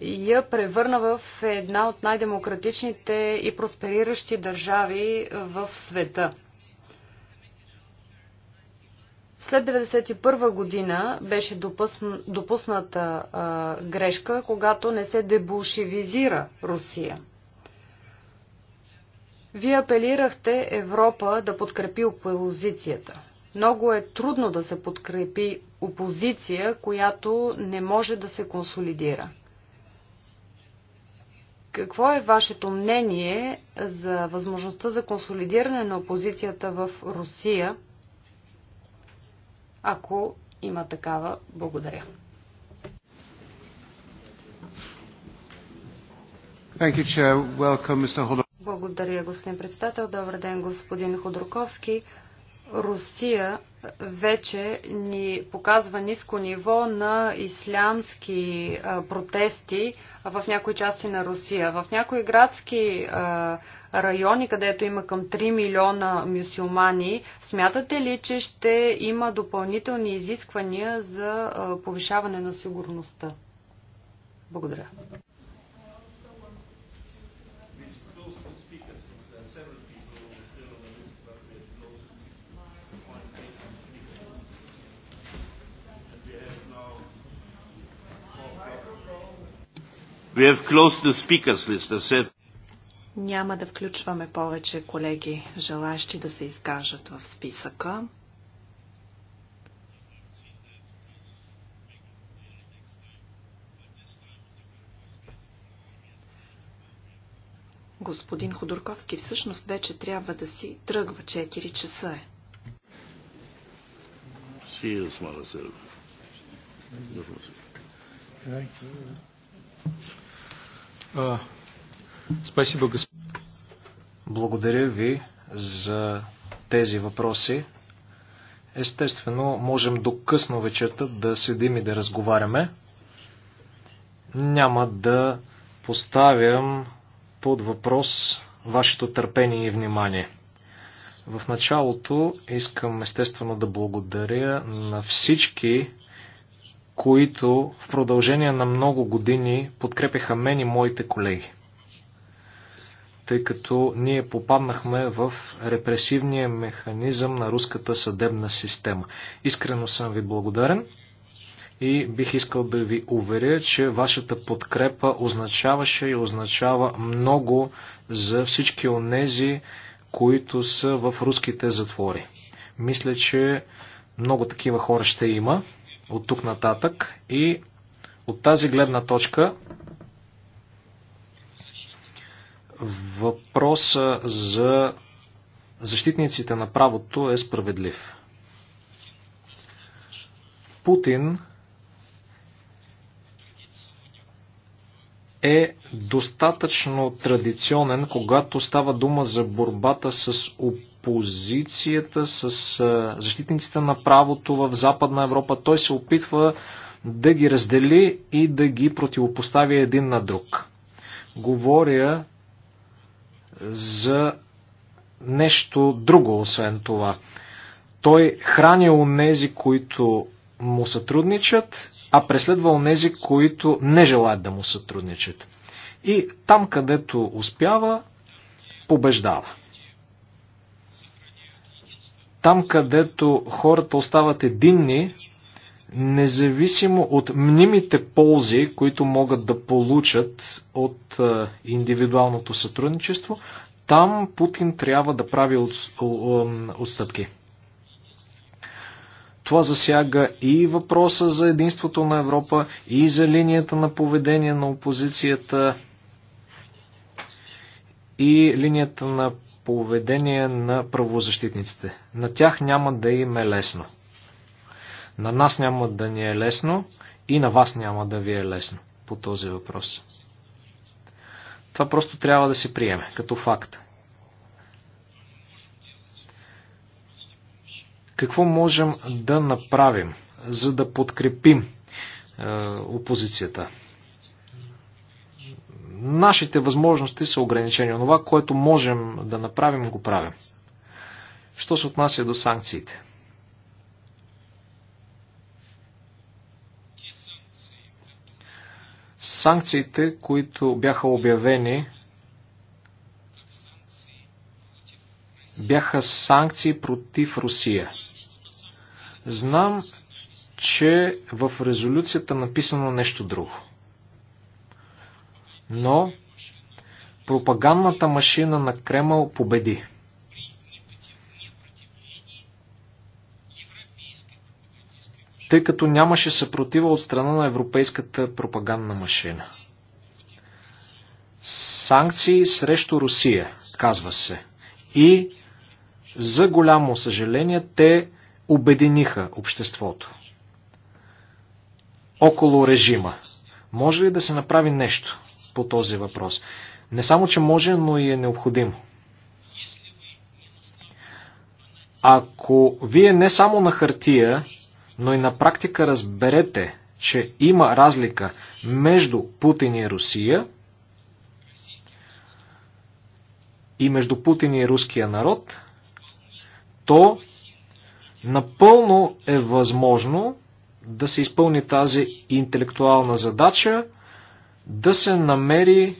я превърна в една от най-демократичните и проспериращи държави в света. След 1991 година беше допусната грешка, когато не се дебушевизира Русия. Вие апелирахте Европа да подкрепи опозицията. Много е трудно да се подкрепи опозиция, която не може да се консолидира. Какво е вашето мнение за възможността за консолидиране на опозицията в Русия, ако има такава? Благодаря. Thank you, Chair. Welcome, Mr. Благодаря, господин председател. Добър ден, господин Ходорковски. Русия вече ни показва ниско ниво на ислямски протести в някои части на Русия. В някои градски райони, където има към 3 милиона мюсюлмани, смятате ли, че ще има допълнителни изисквания за повишаване на сигурността? Благодаря. We have closed the speakers list. I said... Няма да включваме повече колеги, желащи да се изкажат в списъка. Господин Ходорковски всъщност вече трябва да си тръгва 4 часа е. Сириус, мала се. Зафунси. Спасибо, господин. Благодаря ви за тези въпроси. Естествено, можем до късно вечерта да седим и да разговаряме. Няма да поставям под въпрос вашето търпение и внимание. В началото искам естествено да благодаря на всички които в продължение на много години подкрепяха мен и моите колеги. Тъй като ние попаднахме в репресивния механизъм на руската съдебна система. Искрено съм ви благодарен и бих искал да ви уверя, че вашата подкрепа означаваше и означава много за всички онези, които са в руските затвори. Мисля, че много такива хора ще има от тук нататък и от тази гледна точка въпроса за защитниците на правото е справедлив. Путин е достатъчно традиционен, когато става дума за борбата с Позицията с защитниците на правото в Западна Европа. Той се опитва да ги раздели и да ги противопостави един на друг. Говоря за нещо друго, освен това. Той храни онези, които му сътрудничат, а преследва онези, които не желаят да му сътрудничат. И там, където успява, побеждава. Там, където хората остават единни, независимо от мнимите ползи, които могат да получат от индивидуалното сътрудничество, там Путин трябва да прави отстъпки. Това засяга и въпроса за единството на Европа, и за линията на поведение на опозицията, и линията на поведение на правозащитниците. На тях няма да им е лесно. На нас няма да ни е лесно и на вас няма да ви е лесно по този въпрос. Това просто трябва да се приеме като факт. Какво можем да направим, за да подкрепим е, опозицията? Нашите възможности са ограничени. Онова, което можем да направим, го правим. Що се отнася до санкциите? Санкциите, които бяха обявени, бяха санкции против Русия. Знам, че в резолюцията е написано нещо друго. Но пропагандната машина на Кремъл победи. Тъй като нямаше съпротива от страна на европейската пропагандна машина. Санкции срещу Русия, казва се. И за голямо съжаление те обединиха обществото около режима. Може ли да се направи нещо? по този въпрос. Не само, че може, но и е необходимо. Ако вие не само на хартия, но и на практика разберете, че има разлика между Путин и Русия и между Путин и руския народ, то напълно е възможно да се изпълни тази интелектуална задача да се намери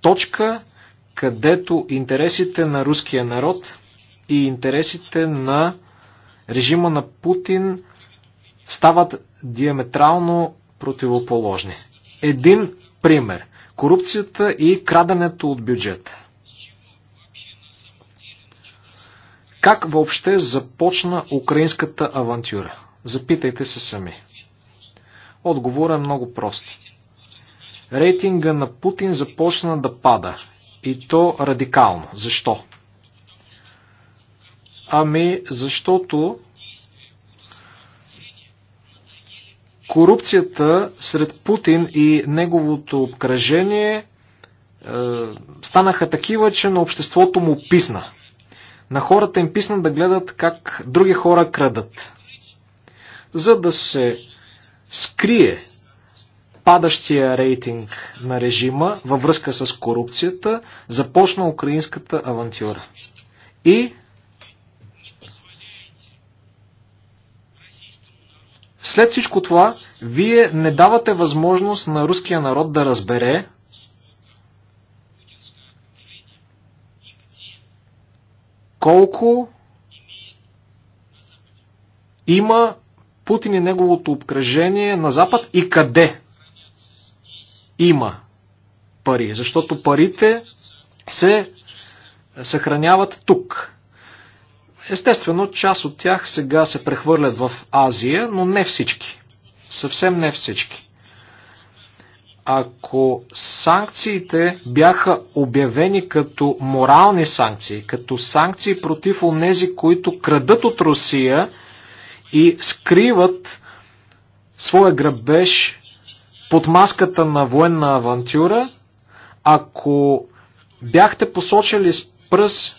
точка, където интересите на руския народ и интересите на режима на Путин стават диаметрално противоположни. Един пример. Корупцията и краденето от бюджета. Как въобще започна украинската авантюра? Запитайте се сами. Отговорът е много прост. Рейтинга на Путин започна да пада. И то радикално. Защо? Ами, защото корупцията сред Путин и неговото обкръжение е, станаха такива, че на обществото му писна. На хората им писна да гледат как други хора крадат. За да се скрие падащия рейтинг на режима във връзка с корупцията започна украинската авантюра. И след всичко това, вие не давате възможност на руския народ да разбере, колко има Путин и неговото обкръжение на Запад и къде има пари, защото парите се съхраняват тук. Естествено, част от тях сега се прехвърлят в Азия, но не всички. Съвсем не всички. Ако санкциите бяха обявени като морални санкции, като санкции против онези, които крадат от Русия и скриват своя грабеж под маската на военна авантюра, ако бяхте посочили с пръст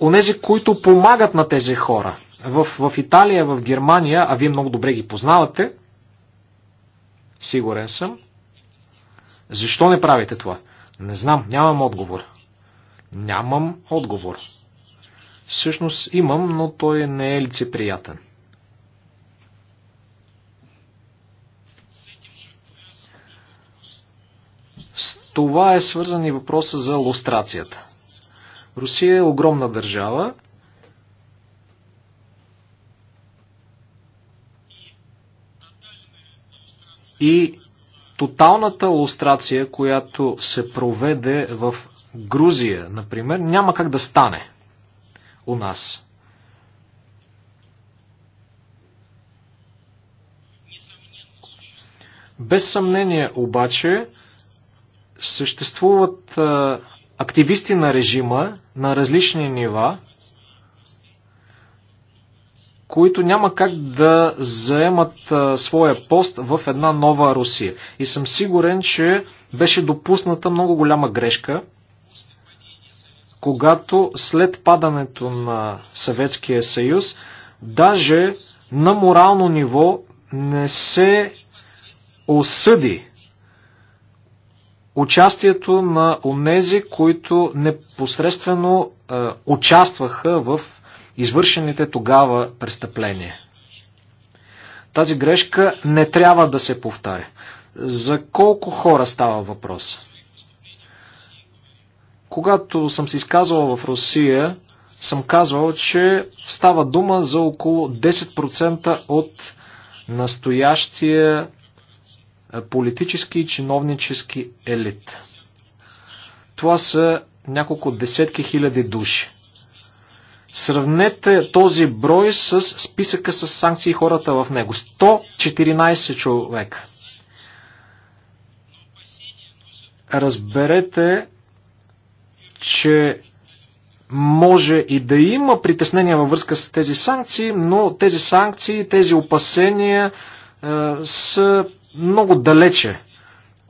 онези, които помагат на тези хора в, в Италия, в Германия, а вие много добре ги познавате, сигурен съм. Защо не правите това? Не знам, нямам отговор. Нямам отговор. Всъщност имам, но той не е лицеприятен. това е свързан и въпроса за лустрацията. Русия е огромна държава. И тоталната лустрация, която се проведе в Грузия, например, няма как да стане у нас. Без съмнение обаче, Съществуват активисти на режима на различни нива, които няма как да заемат а, своя пост в една нова Русия. И съм сигурен, че беше допусната много голяма грешка, когато след падането на Съветския съюз, даже на морално ниво не се осъди участието на онези, които непосредствено е, участваха в извършените тогава престъпления. Тази грешка не трябва да се повтаря. За колко хора става въпрос? Когато съм се изказвал в Русия, съм казвал, че става дума за около 10% от настоящия политически и чиновнически елит. Това са няколко десетки хиляди души. Сравнете този брой с списъка с санкции хората в него. 114 човека. Разберете, че може и да има притеснения във връзка с тези санкции, но тези санкции, тези опасения е, са много далече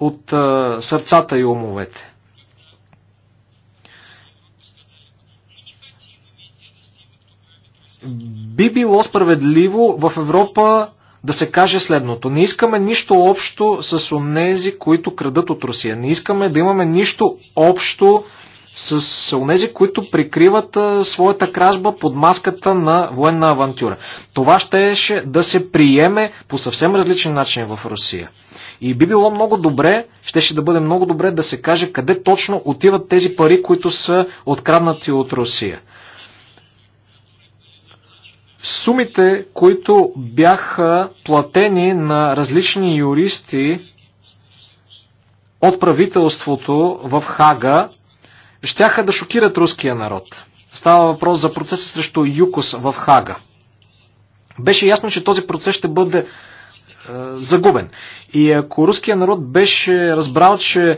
от а, сърцата и умовете. Би било справедливо в Европа да се каже следното. Не искаме нищо общо с онези, които крадат от Русия. Не искаме да имаме нищо общо с онези, които прикриват своята кражба под маската на военна авантюра. Това щеше да се приеме по съвсем различен начин в Русия. И би било много добре, щеше да бъде много добре да се каже къде точно отиват тези пари, които са откраднати от Русия. Сумите, които бяха платени на различни юристи от правителството в Хага, щяха да шокират руския народ. Става въпрос за процеса срещу ЮКОС в Хага. Беше ясно, че този процес ще бъде е, загубен. И ако руския народ беше разбрал, че е,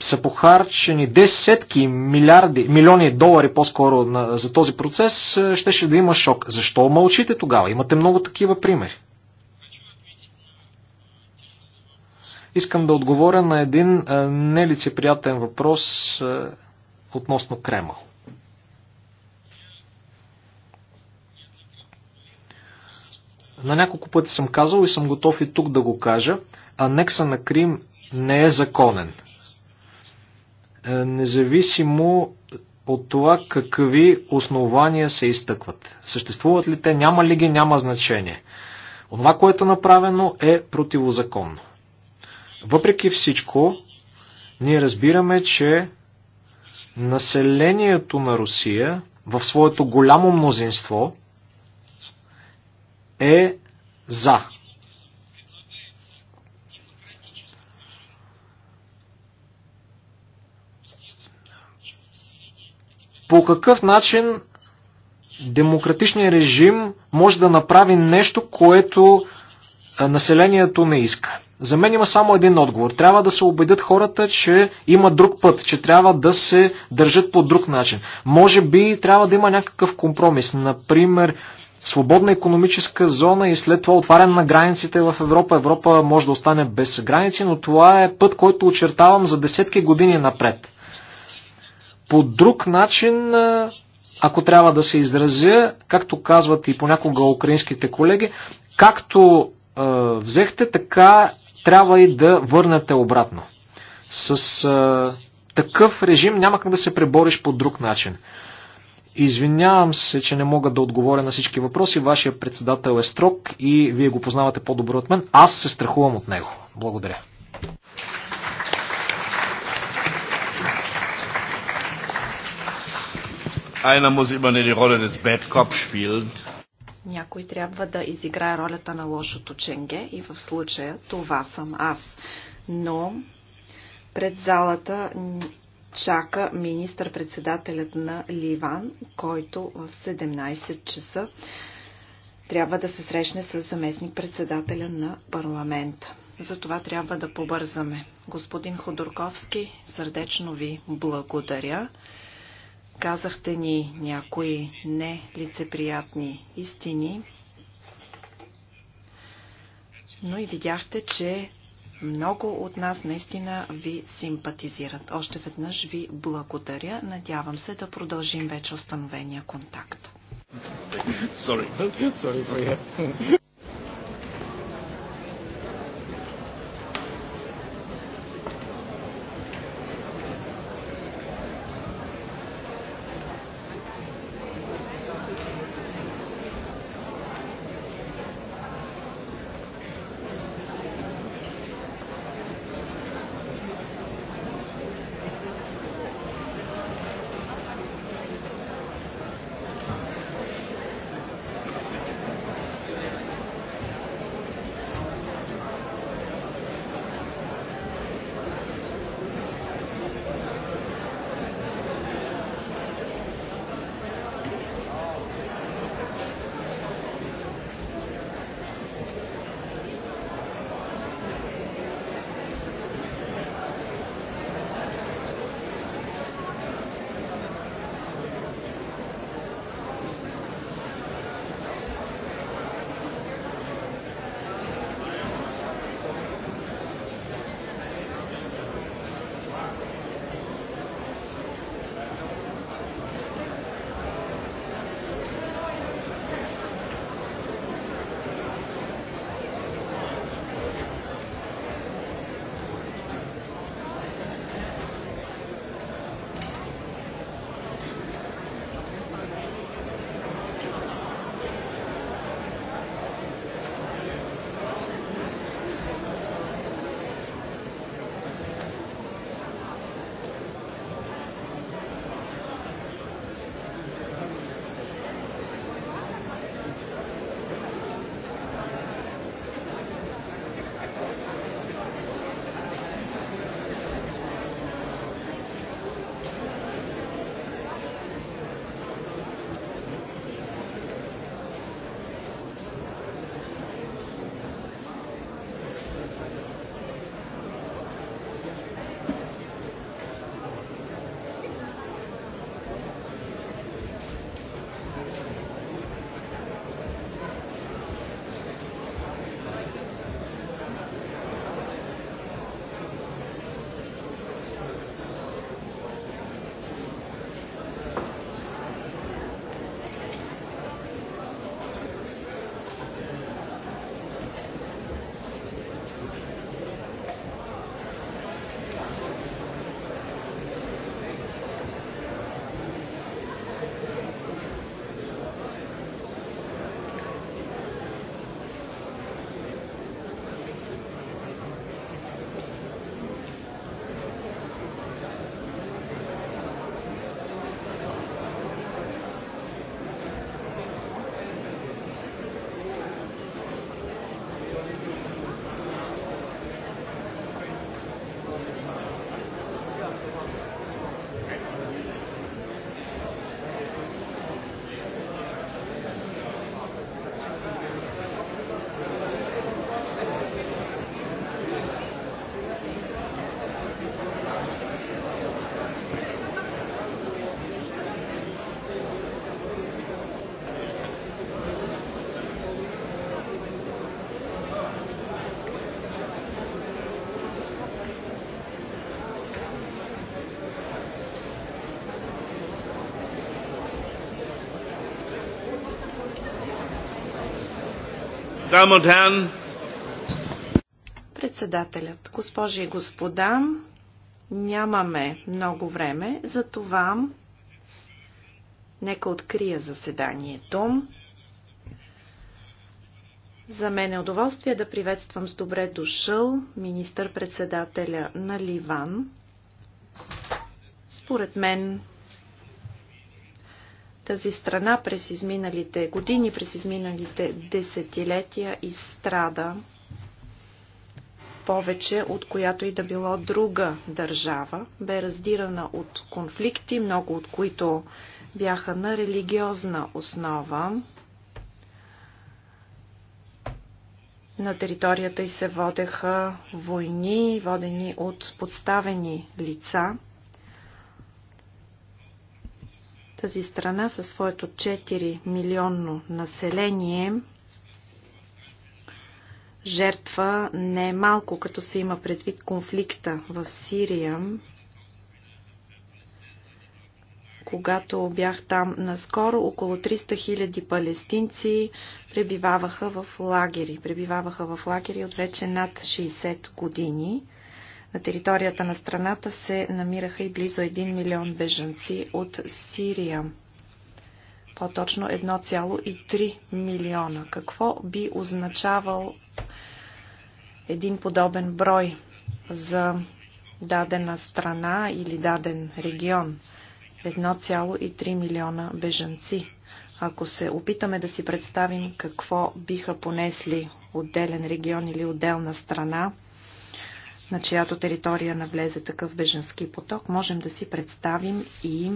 са похарчени десетки милиарди, милиони долари по-скоро на, за този процес, е, щеше да има шок. Защо мълчите тогава? Имате много такива примери. Искам да отговоря на един нелицеприятен въпрос относно Крема. На няколко пъти съм казал и съм готов и тук да го кажа. Анекса на Крим не е законен. Е, независимо от това какви основания се изтъкват. Съществуват ли те, няма ли ги, няма значение. Онова, което е направено е противозаконно. Въпреки всичко, ние разбираме, че населението на Русия в своето голямо мнозинство е за. По какъв начин демократичният режим може да направи нещо, което населението не иска? За мен има само един отговор. Трябва да се убедят хората, че има друг път, че трябва да се държат по друг начин. Може би трябва да има някакъв компромис. Например, свободна економическа зона и след това отваряне на границите в Европа. Европа може да остане без граници, но това е път, който очертавам за десетки години напред. По друг начин, ако трябва да се изразя, както казват и понякога украинските колеги, както е, взехте, така трябва и да върнете обратно. С а, такъв режим няма как да се пребориш по друг начин. Извинявам се, че не мога да отговоря на всички въпроси. Вашия председател е строг и вие го познавате по добро от мен. Аз се страхувам от него. Благодаря. Einer muss immer eine Rolle des Bad Cop spielen. Някой трябва да изиграе ролята на лошото ченге и в случая това съм аз. Но пред залата чака министър-председателят на Ливан, който в 17 часа трябва да се срещне с заместник-председателя на парламента. За това трябва да побързаме. Господин Ходорковски, сърдечно ви благодаря. Казахте ни някои нелицеприятни истини, но и видяхте, че много от нас наистина ви симпатизират. Още веднъж ви благодаря. Надявам се да продължим вече установения контакт. Sorry. [LAUGHS] Sorry for you. Damen und Herren, Председателят, госпожи и господа, нямаме много време, затова нека открия заседанието. За мен е удоволствие да приветствам с добре дошъл министър-председателя на Ливан. Според мен тази страна през изминалите години, през изминалите десетилетия изстрада повече от която и да било друга държава, бе раздирана от конфликти, много от които бяха на религиозна основа. На територията й се водеха войни, водени от подставени лица. Тази страна със своето 4 милионно население жертва не е малко, като се има предвид конфликта в Сирия. Когато бях там наскоро, около 300 000 палестинци пребиваваха в лагери. Пребиваваха в лагери от вече над 60 години. На територията на страната се намираха и близо 1 милион бежанци от Сирия. По-точно 1,3 милиона. Какво би означавал един подобен брой за дадена страна или даден регион? 1,3 милиона бежанци. Ако се опитаме да си представим какво биха понесли отделен регион или отделна страна, на чиято територия навлезе такъв беженски поток, можем да си представим и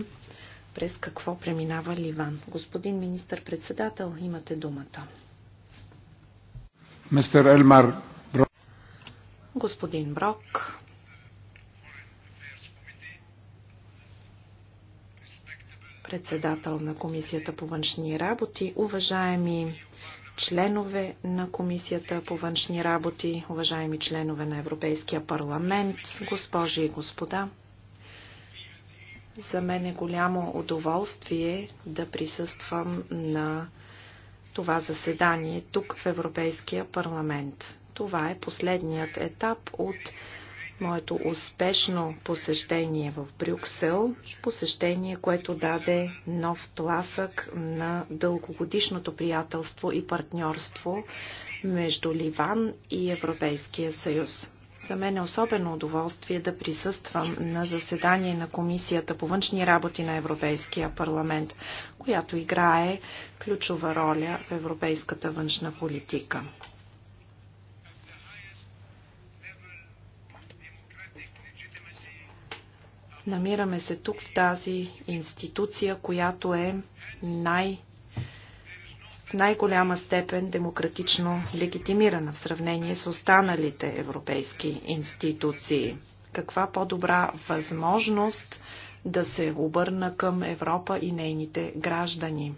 през какво преминава Ливан. Господин министър-председател, имате думата. Мистер Елмар Брок. Господин Брок. Председател на Комисията по външни работи, уважаеми членове на Комисията по външни работи, уважаеми членове на Европейския парламент, госпожи и господа. За мен е голямо удоволствие да присъствам на това заседание тук в Европейския парламент. Това е последният етап от моето успешно посещение в Брюксел, посещение, което даде нов тласък на дългогодишното приятелство и партньорство между Ливан и Европейския съюз. За мен е особено удоволствие да присъствам на заседание на Комисията по външни работи на Европейския парламент, която играе ключова роля в европейската външна политика. Намираме се тук в тази институция, която е най- в най-голяма степен демократично легитимирана в сравнение с останалите европейски институции. Каква по-добра възможност да се обърна към Европа и нейните граждани?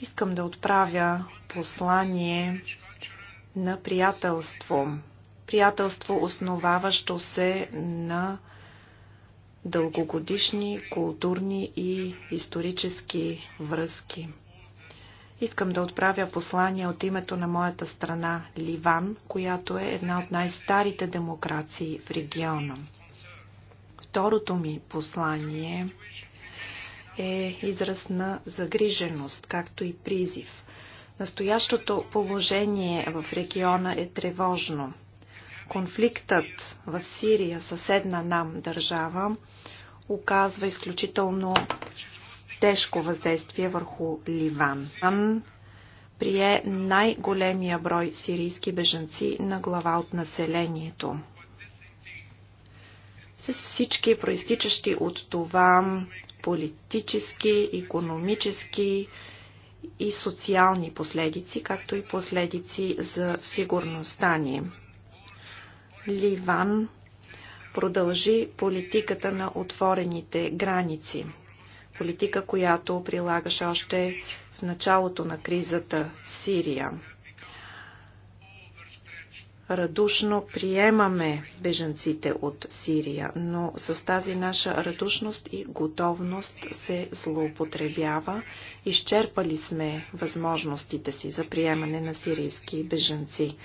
Искам да отправя послание на приятелство приятелство, основаващо се на дългогодишни културни и исторически връзки. Искам да отправя послание от името на моята страна Ливан, която е една от най-старите демокрации в региона. Второто ми послание е израз на загриженост, както и призив. Настоящото положение в региона е тревожно. Конфликтът в Сирия, съседна нам държава, оказва изключително тежко въздействие върху Ливан. Ливан прие най-големия брой сирийски бежанци на глава от населението. С всички проистичащи от това политически, економически и социални последици, както и последици за сигурността ни. Ливан продължи политиката на отворените граници. Политика, която прилагаше още в началото на кризата в Сирия. Радушно приемаме бежанците от Сирия, но с тази наша радушност и готовност се злоупотребява. Изчерпали сме възможностите си за приемане на сирийски бежанци.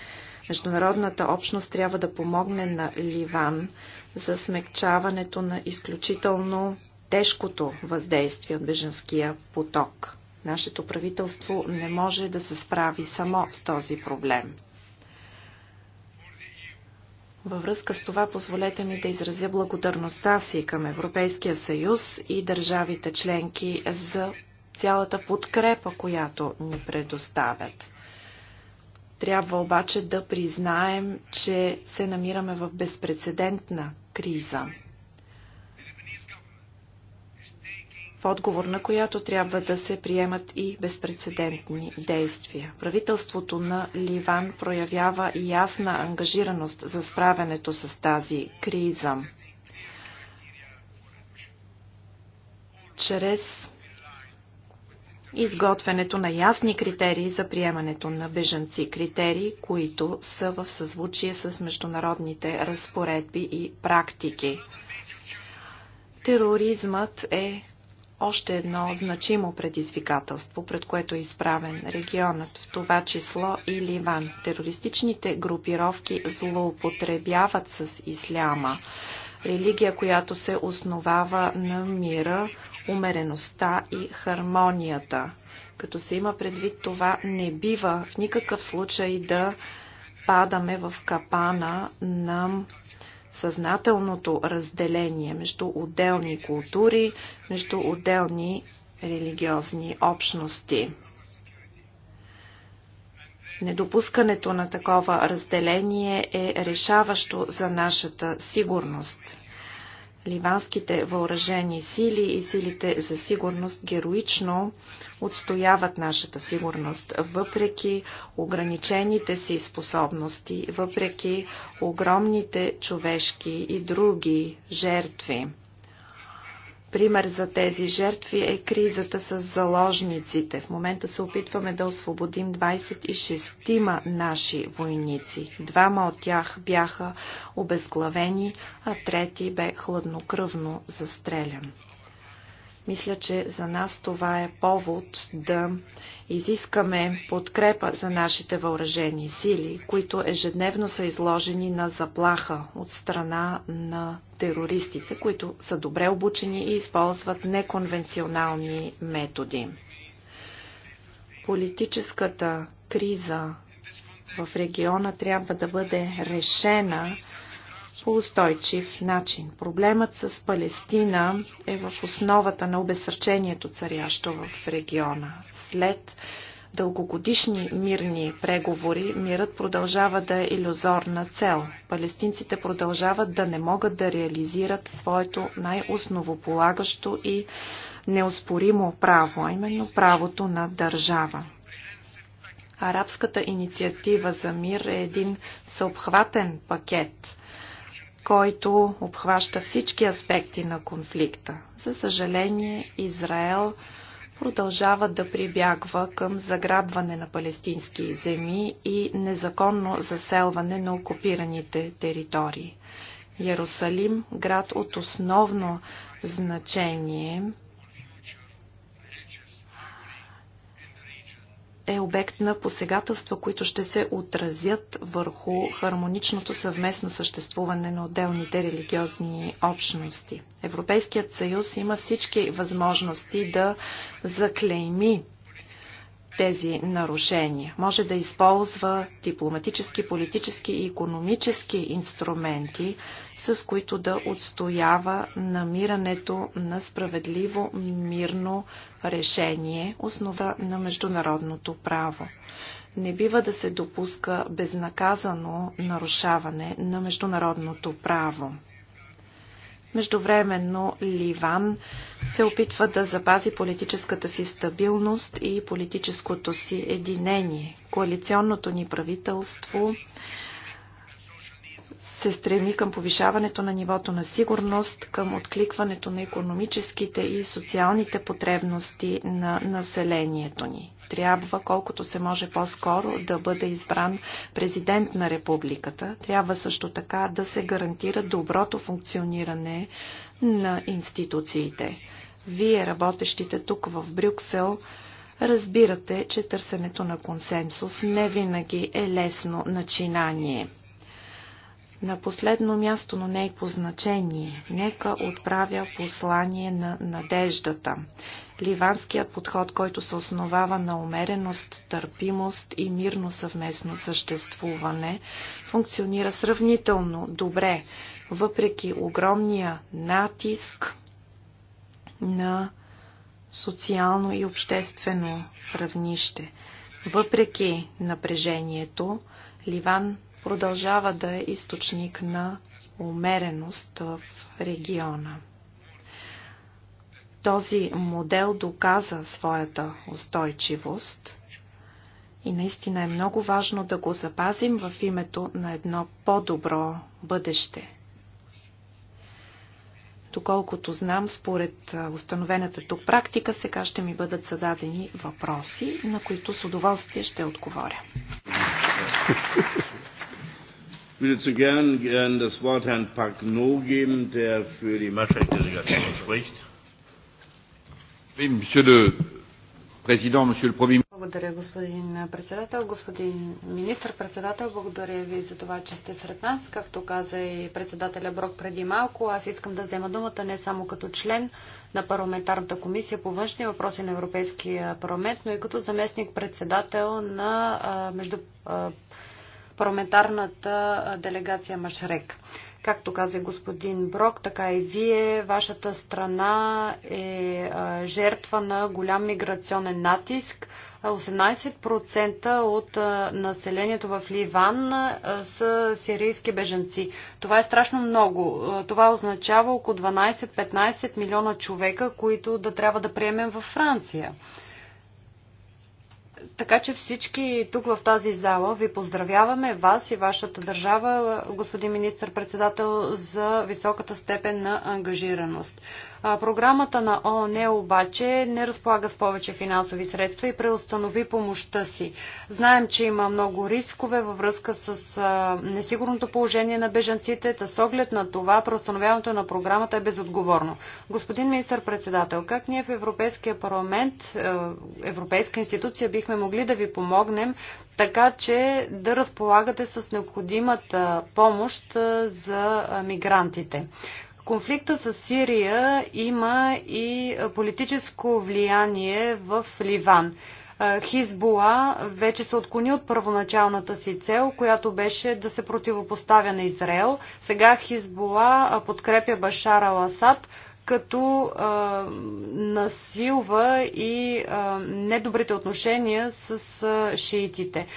Международната общност трябва да помогне на Ливан за смекчаването на изключително тежкото въздействие от беженския поток. Нашето правителство не може да се справи само с този проблем. Във връзка с това позволете ми да изразя благодарността си към Европейския съюз и държавите членки за цялата подкрепа, която ни предоставят. Трябва обаче да признаем, че се намираме в безпредседентна криза, в отговор на която трябва да се приемат и безпредседентни действия. Правителството на Ливан проявява и ясна ангажираност за справянето с тази криза. Чрез изготвянето на ясни критерии за приемането на бежанци, критерии, които са в съзвучие с международните разпоредби и практики. Тероризмът е още едно значимо предизвикателство, пред което е изправен регионът, в това число и Ливан. Терористичните групировки злоупотребяват с исляма, религия, която се основава на мира, умереността и хармонията. Като се има предвид това, не бива в никакъв случай да падаме в капана на съзнателното разделение между отделни култури, между отделни религиозни общности. Недопускането на такова разделение е решаващо за нашата сигурност ливанските въоръжени сили и силите за сигурност героично отстояват нашата сигурност, въпреки ограничените си способности, въпреки огромните човешки и други жертви. Пример за тези жертви е кризата с заложниците. В момента се опитваме да освободим 26-ма наши войници. Двама от тях бяха обезглавени, а трети бе хладнокръвно застрелян. Мисля, че за нас това е повод да изискаме подкрепа за нашите въоръжени сили, които ежедневно са изложени на заплаха от страна на терористите, които са добре обучени и използват неконвенционални методи. Политическата криза в региона трябва да бъде решена по устойчив начин. Проблемът с Палестина е в основата на обесърчението царящо в региона. След дългогодишни мирни преговори, мирът продължава да е иллюзорна цел. Палестинците продължават да не могат да реализират своето най-основополагащо и неоспоримо право, а именно правото на държава. Арабската инициатива за мир е един съобхватен пакет който обхваща всички аспекти на конфликта. За съжаление, Израел продължава да прибягва към заграбване на палестински земи и незаконно заселване на окупираните територии. Ярусалим, град от основно значение, е обект на посегателства, които ще се отразят върху хармоничното съвместно съществуване на отделните религиозни общности. Европейският съюз има всички възможности да заклейми тези нарушения. Може да използва дипломатически, политически и економически инструменти, с които да отстоява намирането на справедливо мирно решение, основа на международното право. Не бива да се допуска безнаказано нарушаване на международното право. Междувременно Ливан се опитва да запази политическата си стабилност и политическото си единение. Коалиционното ни правителство се стреми към повишаването на нивото на сигурност, към откликването на економическите и социалните потребности на населението ни трябва колкото се може по-скоро да бъде избран президент на републиката. Трябва също така да се гарантира доброто функциониране на институциите. Вие, работещите тук в Брюксел, разбирате, че търсенето на консенсус не винаги е лесно начинание. На последно място, но не и по значение, нека отправя послание на надеждата ливанският подход, който се основава на умереност, търпимост и мирно съвместно съществуване, функционира сравнително добре, въпреки огромния натиск на социално и обществено равнище. Въпреки напрежението, Ливан продължава да е източник на умереност в региона. Този модел доказа своята устойчивост и наистина е много важно да го запазим в името на едно по-добро бъдеще. Доколкото знам, според установената тук практика, сега ще ми бъдат зададени въпроси, на които с удоволствие ще отговоря. Ich würde zu gern, gern das Wort Herrn Pagno geben, der für die Maschek-Delegation spricht. Благодаря, господин председател. Господин министр-председател, благодаря ви за това, че сте сред нас. Както каза и председателя Брок преди малко, аз искам да взема думата не само като член на парламентарната комисия по външни въпроси на Европейския парламент, но и като заместник-председател на между парламентарната делегация Машрек. Както каза господин Брок, така и вие, вашата страна е жертва на голям миграционен натиск. 18% от населението в Ливан са сирийски беженци. Това е страшно много. Това означава около 12-15 милиона човека, които да трябва да приемем във Франция. Така че всички тук в тази зала ви поздравяваме, вас и вашата държава, господин министър-председател, за високата степен на ангажираност. Програмата на ООН обаче не разполага с повече финансови средства и преустанови помощта си. Знаем, че има много рискове във връзка с несигурното положение на бежанците. Та с оглед на това, преустановяването на програмата е безотговорно. Господин министър-председател, как ние в Европейския парламент, Европейска институция, бихме могли да ви помогнем така, че да разполагате с необходимата помощ за мигрантите? Конфликта с Сирия има и политическо влияние в Ливан. Хизбула вече се отклони от първоначалната си цел, която беше да се противопоставя на Израел. Сега Хизбула подкрепя Башар Ласад, като а, насилва и а, недобрите отношения с а, шиитите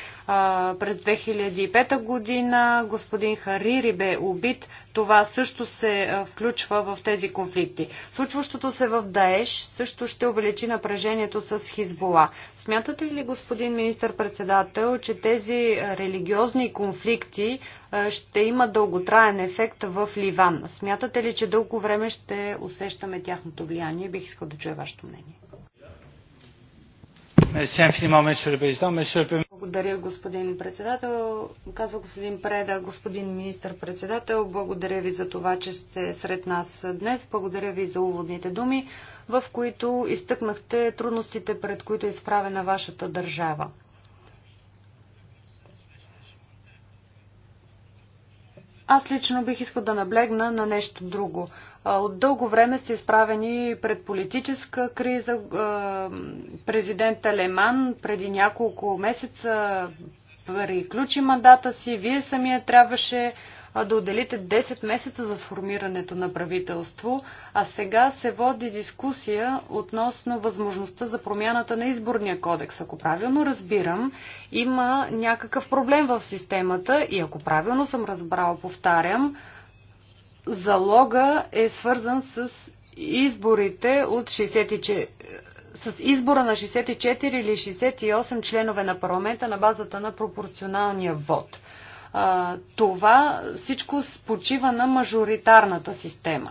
през 2005 година господин Харири бе убит. Това също се включва в тези конфликти. Случващото се в Даеш също ще увеличи напрежението с Хизбола. Смятате ли, господин министър-председател, че тези религиозни конфликти ще имат дълготраен ефект в Ливан? Смятате ли, че дълго време ще усещаме тяхното влияние? Бих искал да чуя вашето мнение. Merci infiniment, Monsieur le Président. Monsieur le благодаря, господин председател. Казва господин Преда, господин министр-председател, благодаря ви за това, че сте сред нас днес. Благодаря ви за уводните думи, в които изтъкнахте трудностите, пред които е изправена вашата държава. Аз лично бих искал да наблегна на нещо друго. От дълго време сте изправени пред политическа криза. Президент Алеман преди няколко месеца приключи мандата си. Вие самия трябваше да отделите 10 месеца за сформирането на правителство, а сега се води дискусия относно възможността за промяната на изборния кодекс. Ако правилно разбирам, има някакъв проблем в системата и ако правилно съм разбрал, повтарям, залога е свързан с изборите от 64 с избора на 64 или 68 членове на парламента на базата на пропорционалния вод това всичко спочива на мажоритарната система.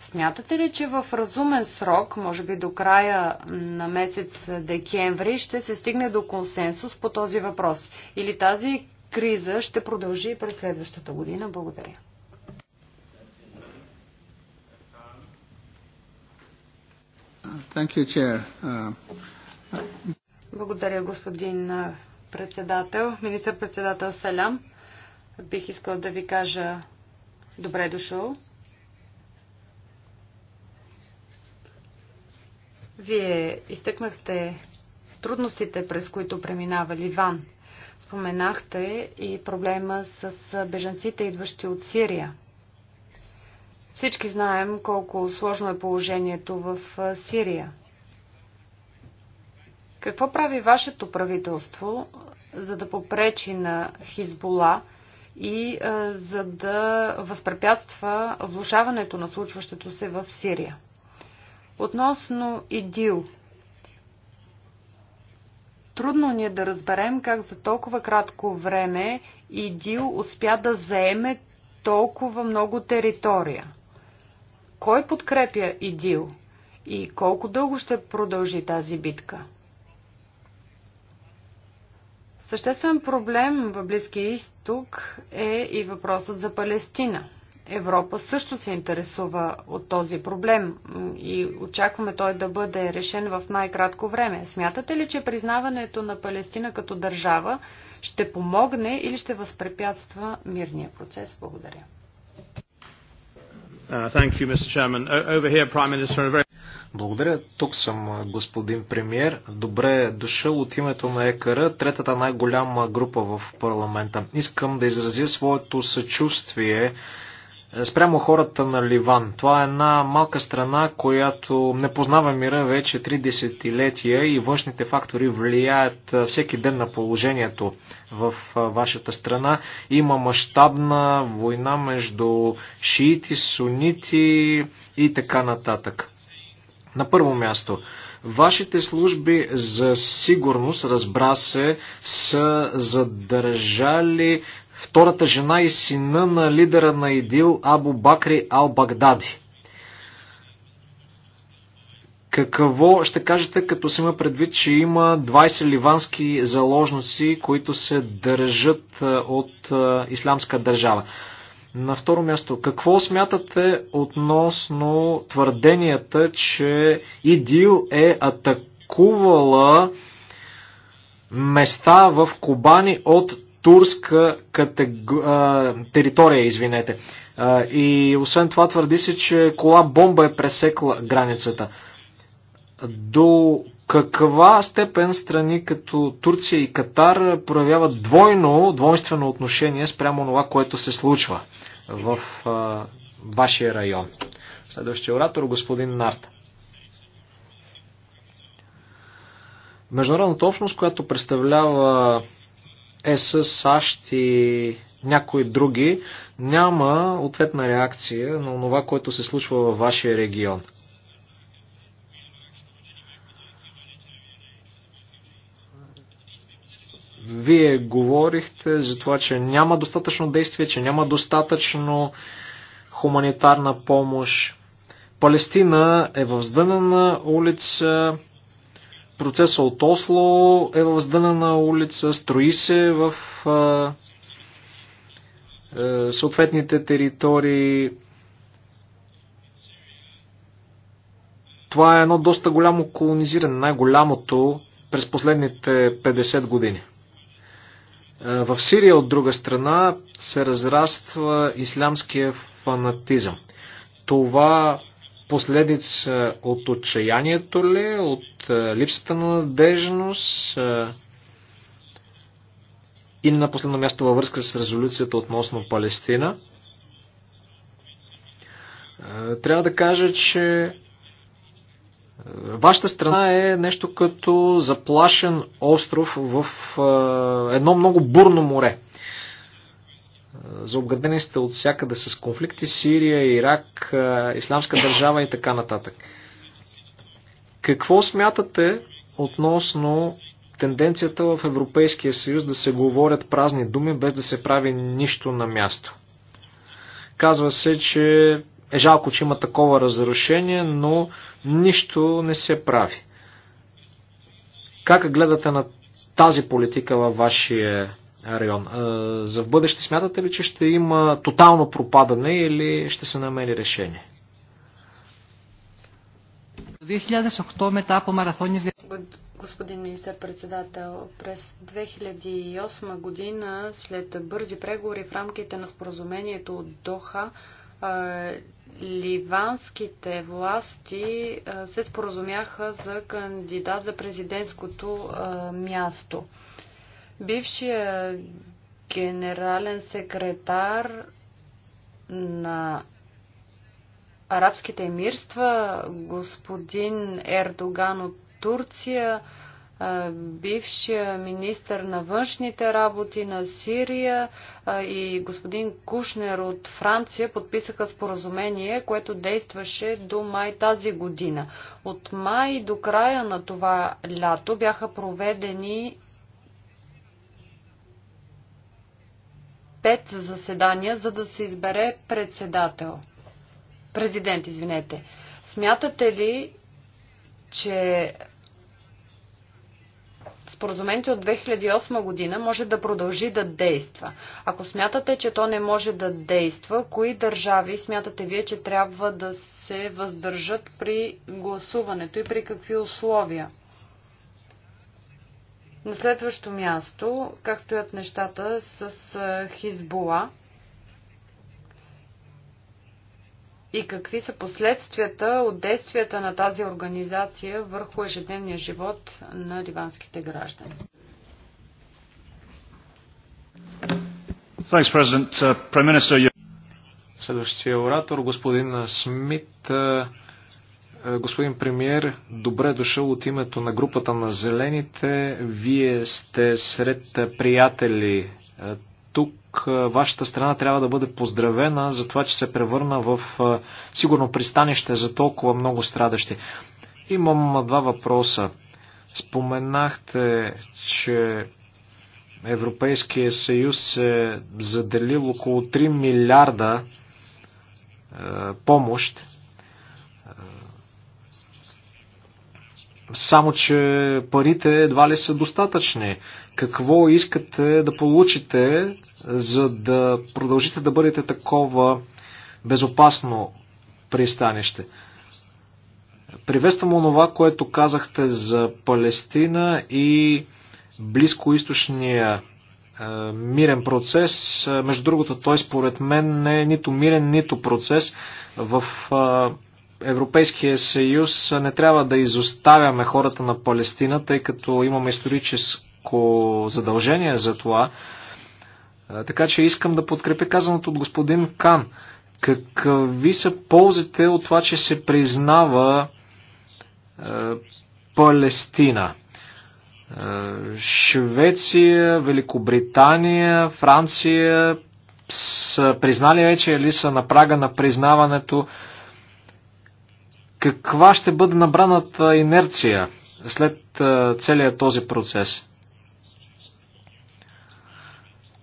Смятате ли, че в разумен срок, може би до края на месец декември, ще се стигне до консенсус по този въпрос? Или тази криза ще продължи през следващата година? Благодаря. You, uh... Благодаря, господин председател, министър-председател Салям бих искал да ви кажа добре дошъл. Вие изтъкнахте трудностите, през които преминава Ливан. Споменахте и проблема с бежанците, идващи от Сирия. Всички знаем колко сложно е положението в Сирия. Какво прави вашето правителство, за да попречи на Хизбола – и а, за да възпрепятства влушаването на случващото се в Сирия. Относно ИДИЛ, трудно ни е да разберем как за толкова кратко време ИДИЛ успя да заеме толкова много територия. Кой подкрепя ИДИЛ и колко дълго ще продължи тази битка? Съществен проблем в Близкия изток е и въпросът за Палестина. Европа също се интересува от този проблем и очакваме той да бъде решен в най-кратко време. Смятате ли, че признаването на Палестина като държава ще помогне или ще възпрепятства мирния процес? Благодаря. Uh, you, благодаря. Тук съм, господин премьер. Добре е дошъл от името на ЕКР, третата най-голяма група в парламента. Искам да изразя своето съчувствие е, спрямо хората на Ливан. Това е една малка страна, която не познава мира вече три десетилетия и външните фактори влияят всеки ден на положението в вашата страна. Има мащабна война между шиити, сунити и така нататък. На първо място, вашите служби за сигурност, разбра се, са задържали втората жена и сина на лидера на ИДИЛ Абу Бакри Ал-Багдади. Какво ще кажете, като се има предвид, че има 20 ливански заложници, които се държат е, от е, ислямска държава? На второ място, какво смятате относно твърденията, че ИДИЛ е атакувала места в Кобани от турска катег... територия, извинете. и освен това твърди се, че кола бомба е пресекла границата. До каква степен страни като Турция и Катар проявяват двойно, двойствено отношение спрямо това, което се случва в а, вашия район? Следващия оратор, господин Нарт. Международната общност, която представлява ЕС, САЩ и някои други, няма ответна реакция на това, което се случва във вашия регион – Вие говорихте за това, че няма достатъчно действие, че няма достатъчно хуманитарна помощ. Палестина е в здънена улица, процесът от Осло е в здънена улица, строи се в е, съответните територии. Това е едно доста голямо колонизиране, най-голямото през последните 50 години. Е, в Сирия, от друга страна, се разраства ислямския фанатизъм. Това последица от отчаянието ли, от е, липсата на надежност е, или на последно място във връзка с резолюцията относно Палестина. Трябва да кажа, че Вашата страна е нещо като заплашен остров в едно много бурно море. Заобградени сте от всякъде с конфликти Сирия, Ирак, Исламска държава и така нататък. Какво смятате относно тенденцията в Европейския съюз да се говорят празни думи без да се прави нищо на място? Казва се, че е жалко, че има такова разрушение, но нищо не се прави. Как гледате на тази политика във вашия район? Е, за в бъдеще смятате ли, че ще има тотално пропадане или ще се намери решение? господин министър-председател. През 2008 година, след бързи преговори в рамките на споразумението от Доха, е, ливанските власти се споразумяха за кандидат за президентското място. Бившия генерален секретар на Арабските емирства, господин Ердоган от Турция, бившия министр на външните работи на Сирия и господин Кушнер от Франция подписаха споразумение, което действаше до май тази година. От май до края на това лято бяха проведени пет заседания, за да се избере председател. Президент, извинете. Смятате ли, че споразумението от 2008 година може да продължи да действа. Ако смятате, че то не може да действа, кои държави смятате вие, че трябва да се въздържат при гласуването и при какви условия? На следващо място, как стоят нещата с Хизбула. и какви са последствията от действията на тази организация върху ежедневния живот на ливанските граждани? Uh, Следващия оратор, господин Смит. Uh, uh, господин премьер, добре дошъл от името на групата на Зелените. Вие сте сред приятели тук вашата страна трябва да бъде поздравена за това, че се превърна в сигурно пристанище за толкова много страдащи. Имам два въпроса. Споменахте, че Европейския съюз е заделил около 3 милиарда помощ. само, че парите едва ли са достатъчни какво искате да получите, за да продължите да бъдете такова безопасно пристанище. Приветствам онова, което казахте за Палестина и близкоисточния е, мирен процес. Е, между другото, той според мен не е нито мирен, нито процес. В е, Европейския съюз не трябва да изоставяме хората на Палестина, тъй като имаме исторически пряко задължение за това. Така че искам да подкрепя казаното от господин Кан. Какви са ползите от това, че се признава е, Палестина? Е, Швеция, Великобритания, Франция са признали вече или са на прага на признаването? Каква ще бъде набраната инерция след е, целият този процес?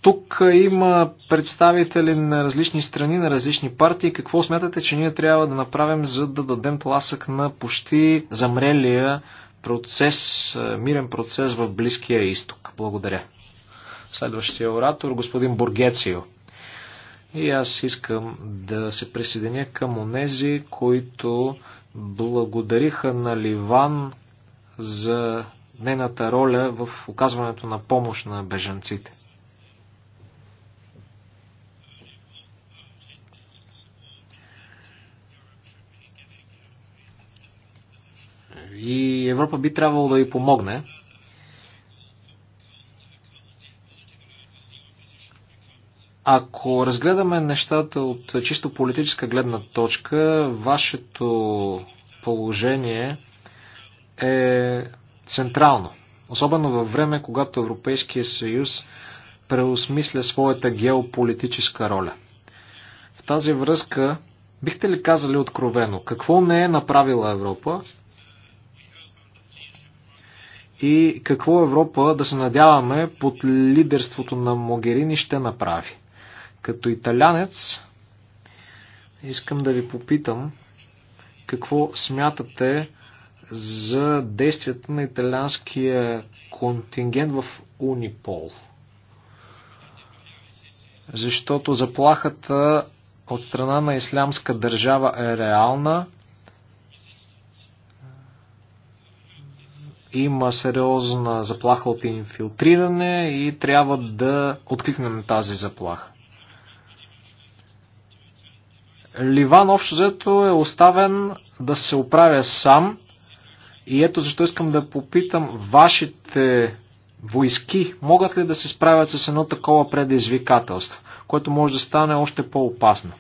Тук има представители на различни страни, на различни партии. Какво смятате, че ние трябва да направим, за да дадем тласък на почти замрелия процес, мирен процес в Близкия изток? Благодаря. Следващия оратор, господин Бургецио. И аз искам да се присъединя към онези, които благодариха на Ливан за нейната роля в оказването на помощ на бежанците. И Европа би трябвало да ви помогне. Ако разгледаме нещата от чисто политическа гледна точка, вашето положение е централно. Особено във време, когато Европейския съюз преосмисля своята геополитическа роля. В тази връзка, бихте ли казали откровено, какво не е направила Европа и какво Европа, да се надяваме, под лидерството на Могерини ще направи. Като италянец, искам да ви попитам какво смятате за действията на италианския контингент в Унипол. Защото заплахата от страна на ислямска държава е реална – има сериозна заплаха от инфилтриране и трябва да откликнем тази заплаха. Ливан общо взето е оставен да се оправя сам и ето защо искам да попитам вашите войски могат ли да се справят с едно такова предизвикателство, което може да стане още по-опасно.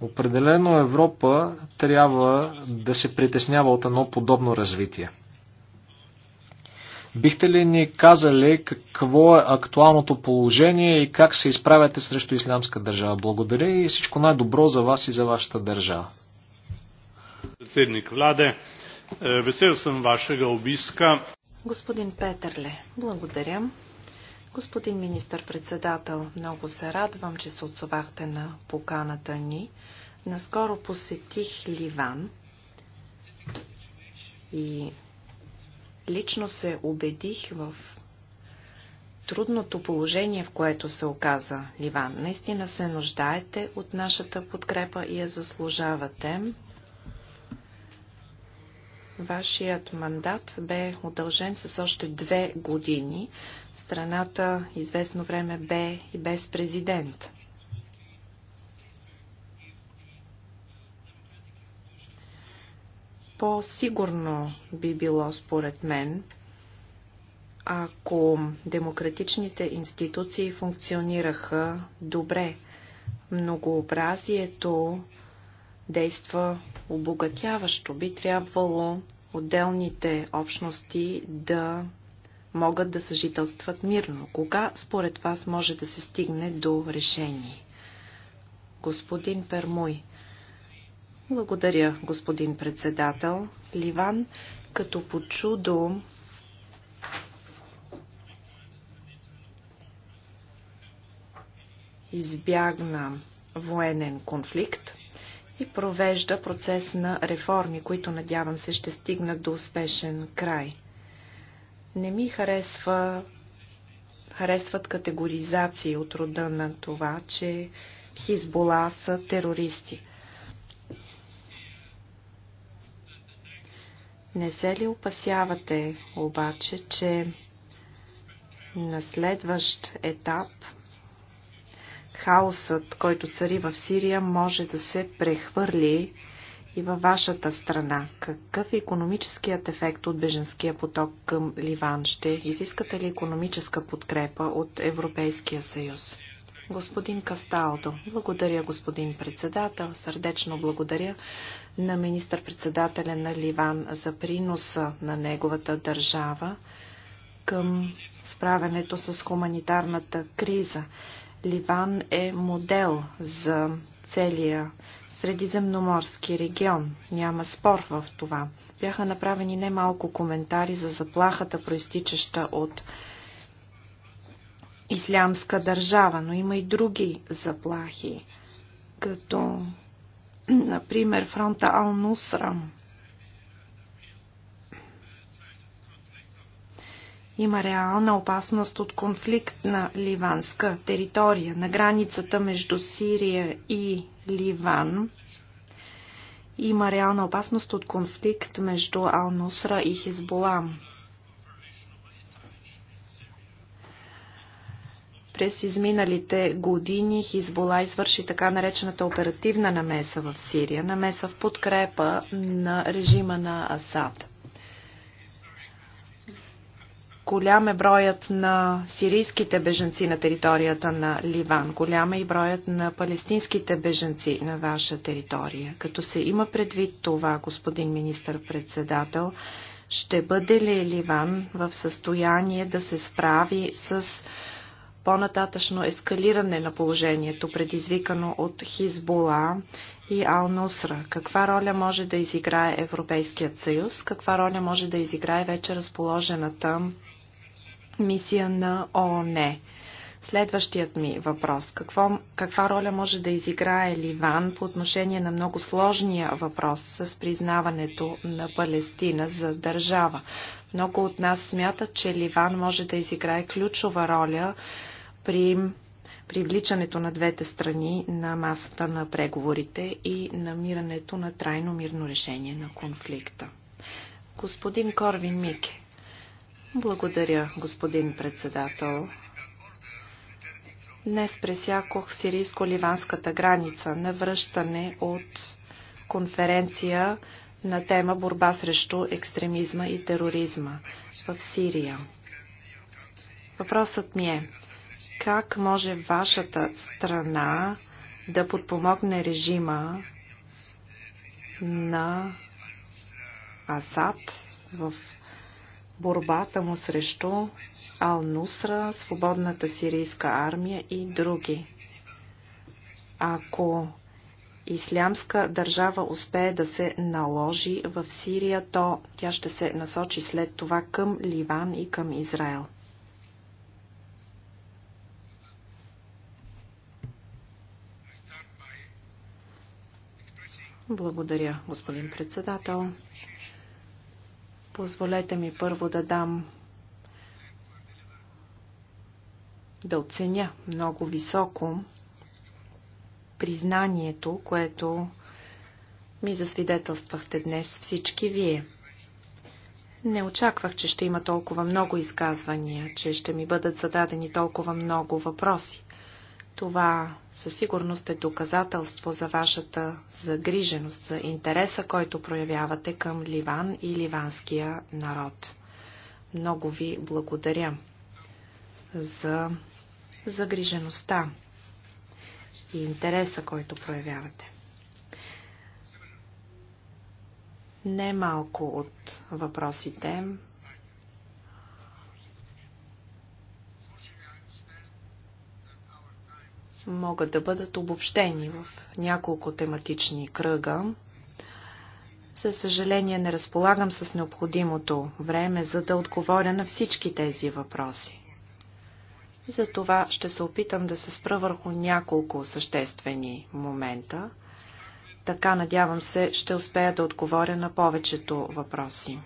Определено Европа трябва да се притеснява от едно подобно развитие. Бихте ли ни казали какво е актуалното положение и как се изправяте срещу ислямска държава? Благодаря и всичко най-добро за вас и за вашата държава. Председник Владе, весел съм вашега обиска. Господин Петърле, благодаря. Господин министър-председател, много се радвам, че се отсовахте на поканата ни. Наскоро посетих Ливан и лично се убедих в трудното положение, в което се оказа Ливан. Наистина се нуждаете от нашата подкрепа и я заслужавате. Вашият мандат бе удължен с още две години. Страната известно време бе и без президент. По-сигурно би било, според мен, ако демократичните институции функционираха добре. Многообразието действа обогатяващо. Би трябвало отделните общности да могат да съжителстват мирно. Кога според вас може да се стигне до решение? Господин Пермуй, благодаря, господин председател. Ливан, като по чудо избягна военен конфликт и провежда процес на реформи, които надявам се ще стигнат до успешен край. Не ми харесва, харесват категоризации от рода на това, че Хизбола са терористи. Не се ли опасявате обаче, че на следващ етап хаосът, който цари в Сирия, може да се прехвърли и във вашата страна. Какъв е економическият ефект от беженския поток към Ливан? Ще изискате ли економическа подкрепа от Европейския съюз? Господин Касталдо, благодаря господин председател, сърдечно благодаря на министър-председателя на Ливан за приноса на неговата държава към справянето с хуманитарната криза. Ливан е модел за целия средиземноморски регион. Няма спор в това. Бяха направени немалко коментари за заплахата, проистичаща от ислямска държава, но има и други заплахи, като например фронта Ал-Нусра. Има реална опасност от конфликт на ливанска територия, на границата между Сирия и Ливан. Има реална опасност от конфликт между Ал-Нусра и Хизболам. През изминалите години Хизбола извърши така наречената оперативна намеса в Сирия, намеса в подкрепа на режима на Асад. Голям е броят на сирийските беженци на територията на Ливан. Голям е и броят на палестинските беженци на ваша територия. Като се има предвид това, господин министър-председател, ще бъде ли Ливан в състояние да се справи с по-нататъчно ескалиране на положението, предизвикано от Хизбула и Ал-Нусра? Каква роля може да изиграе Европейският съюз? Каква роля може да изиграе вече разположената мисия на ООН? Следващият ми въпрос. Какво, каква роля може да изиграе Ливан по отношение на много сложния въпрос с признаването на Палестина за държава? Много от нас смятат, че Ливан може да изиграе ключова роля при привличането на двете страни на масата на преговорите и намирането на трайно мирно решение на конфликта. Господин Корвин Мике. Благодаря, господин председател. Днес пресякох сирийско-ливанската граница на връщане от конференция на тема борба срещу екстремизма и тероризма в Сирия. Въпросът ми е, как може вашата страна да подпомогне режима на Асад в борбата му срещу Ал-Нусра, Свободната сирийска армия и други. Ако Ислямска държава успее да се наложи в Сирия, то тя ще се насочи след това към Ливан и към Израел. Благодаря, господин председател. Позволете ми първо да дам да оценя много високо признанието, което ми засвидетелствахте днес всички вие. Не очаквах, че ще има толкова много изказвания, че ще ми бъдат зададени толкова много въпроси. Това със сигурност е доказателство за вашата загриженост, за интереса, който проявявате към Ливан и ливанския народ. Много ви благодаря за загрижеността и интереса, който проявявате. Немалко от въпросите могат да бъдат обобщени в няколко тематични кръга. За съжаление не разполагам с необходимото време, за да отговоря на всички тези въпроси. Затова ще се опитам да се спра върху няколко съществени момента. Така, надявам се, ще успея да отговоря на повечето въпроси.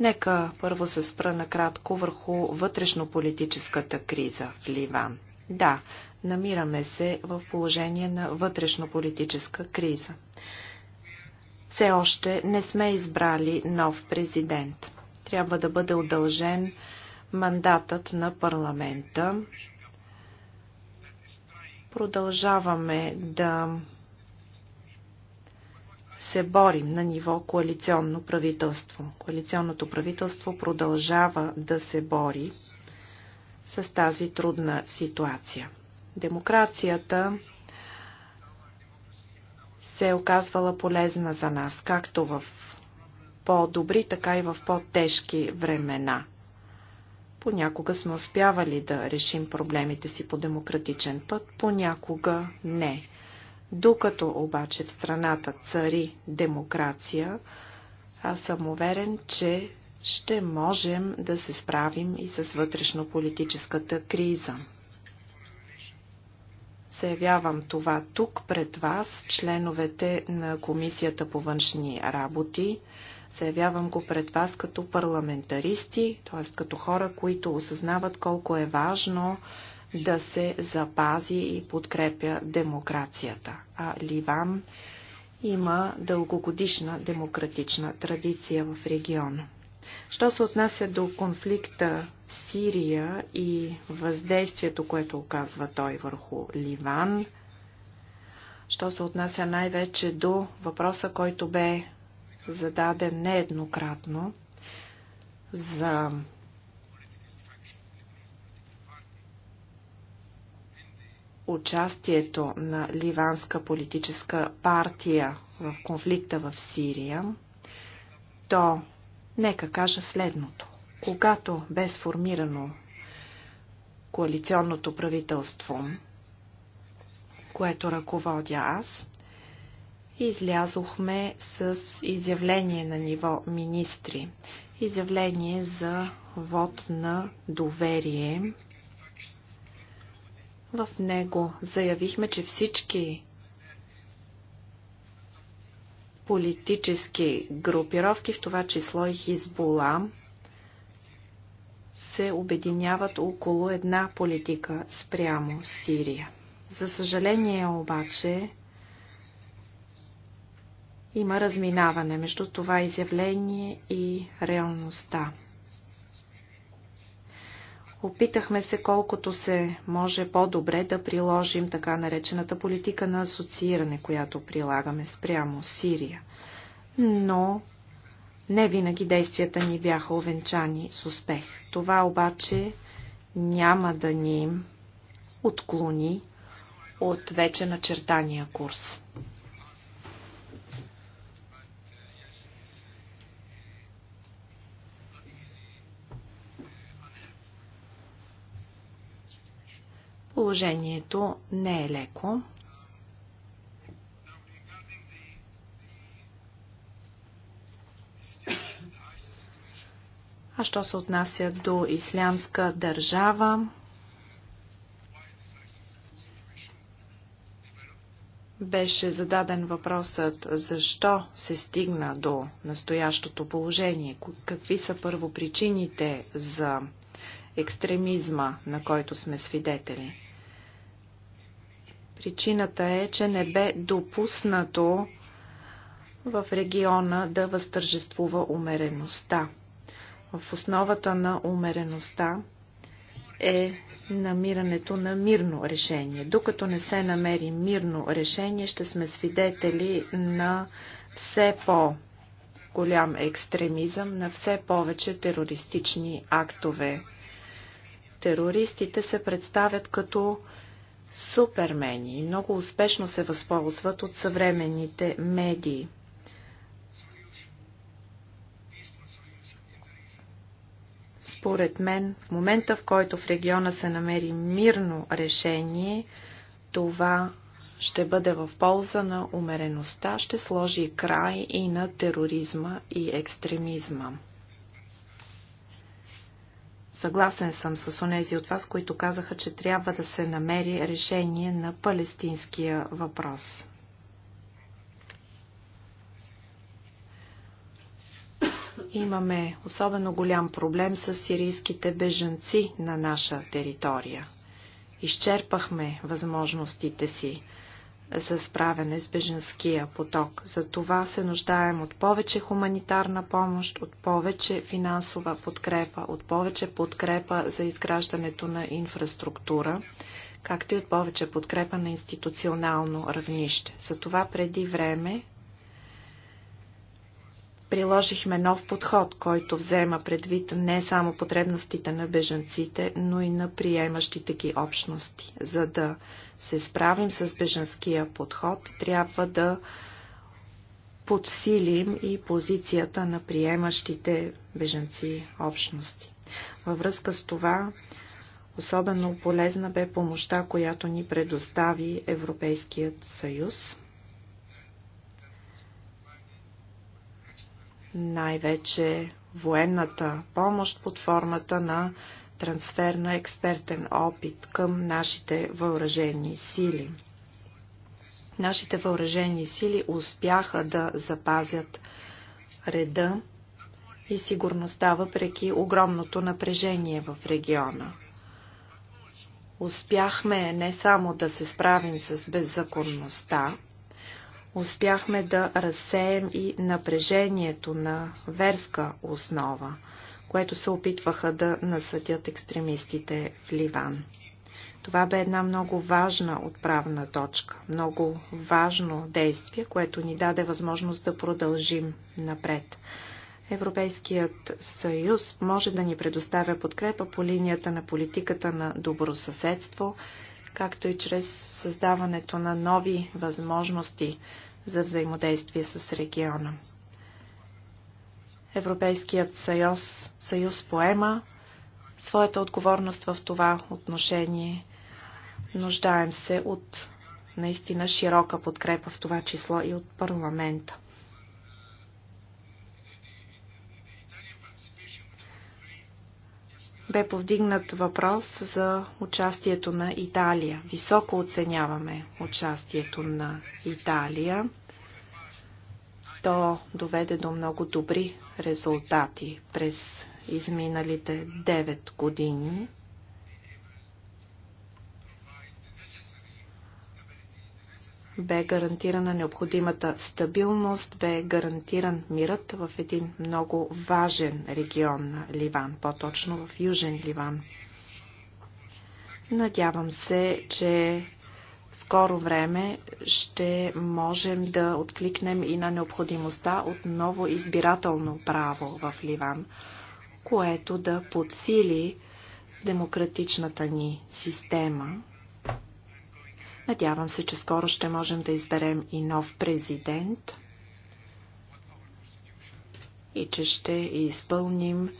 Нека първо се спра накратко върху вътрешно-политическата криза в Ливан – да, намираме се в положение на вътрешно-политическа криза. Все още не сме избрали нов президент. Трябва да бъде удължен мандатът на парламента. Продължаваме да се борим на ниво коалиционно правителство. Коалиционното правителство продължава да се бори с тази трудна ситуация. Демокрацията се е оказвала полезна за нас, както в по-добри, така и в по-тежки времена. Понякога сме успявали да решим проблемите си по демократичен път, понякога не. Докато обаче в страната цари демокрация, аз съм уверен, че ще можем да се справим и с вътрешно-политическата криза. Заявявам това тук пред вас, членовете на Комисията по външни работи. Заявявам го пред вас като парламентаристи, т.е. като хора, които осъзнават колко е важно да се запази и подкрепя демокрацията. А Ливан има дългогодишна демократична традиция в региона. Що се отнася до конфликта в Сирия и въздействието, което оказва той върху Ливан, що се отнася най-вече до въпроса, който бе зададен нееднократно за участието на ливанска политическа партия в конфликта в Сирия, то Нека кажа следното. Когато бе сформирано коалиционното правителство, което ръководя аз, излязохме с изявление на ниво министри. Изявление за вод на доверие. В него заявихме, че всички политически групировки, в това число и Хизбула, се обединяват около една политика спрямо Сирия. За съжаление обаче има разминаване между това изявление и реалността. Опитахме се колкото се може по-добре да приложим така наречената политика на асоцииране, която прилагаме спрямо Сирия. Но не винаги действията ни бяха овенчани с успех. Това обаче няма да ни отклони от вече начертания курс. Положението не е леко. А що се отнася до ислямска държава, беше зададен въпросът защо се стигна до настоящото положение, какви са първопричините за екстремизма, на който сме свидетели. Причината е, че не бе допуснато в региона да възтържествува умереността. В основата на умереността е намирането на мирно решение. Докато не се намери мирно решение, ще сме свидетели на все по голям екстремизъм, на все повече терористични актове. Терористите се представят като супермени и много успешно се възползват от съвременните медии. Според мен, в момента в който в региона се намери мирно решение, това ще бъде в полза на умереността, ще сложи край и на тероризма и екстремизма. Съгласен съм с онези от вас, които казаха, че трябва да се намери решение на палестинския въпрос. Имаме особено голям проблем с сирийските бежанци на наша територия. Изчерпахме възможностите си за справяне с беженския поток. За това се нуждаем от повече хуманитарна помощ, от повече финансова подкрепа, от повече подкрепа за изграждането на инфраструктура, както и от повече подкрепа на институционално равнище. За това преди време приложихме нов подход, който взема предвид не само потребностите на бежанците, но и на приемащите ги общности. За да се справим с бежанския подход, трябва да подсилим и позицията на приемащите бежанци общности. Във връзка с това, особено полезна бе помощта, която ни предостави Европейският съюз – най-вече военната помощ под формата на трансфер на експертен опит към нашите въоръжени сили. Нашите въоръжени сили успяха да запазят реда и сигурността въпреки огромното напрежение в региона. Успяхме не само да се справим с беззаконността, успяхме да разсеем и напрежението на верска основа, което се опитваха да насъдят екстремистите в Ливан. Това бе една много важна отправна точка, много важно действие, което ни даде възможност да продължим напред. Европейският съюз може да ни предоставя подкрепа по линията на политиката на добросъседство, както и чрез създаването на нови възможности за взаимодействие с региона. Европейският съюз, съюз поема своята отговорност в това отношение. Нуждаем се от наистина широка подкрепа в това число и от парламента. бе повдигнат въпрос за участието на Италия. Високо оценяваме участието на Италия. То доведе до много добри резултати през изминалите 9 години. бе гарантирана необходимата стабилност, бе гарантиран мирът в един много важен регион на Ливан, по-точно в Южен Ливан. Надявам се, че в скоро време ще можем да откликнем и на необходимостта от ново избирателно право в Ливан, което да подсили демократичната ни система, Надявам се, че скоро ще можем да изберем и нов президент и че ще изпълним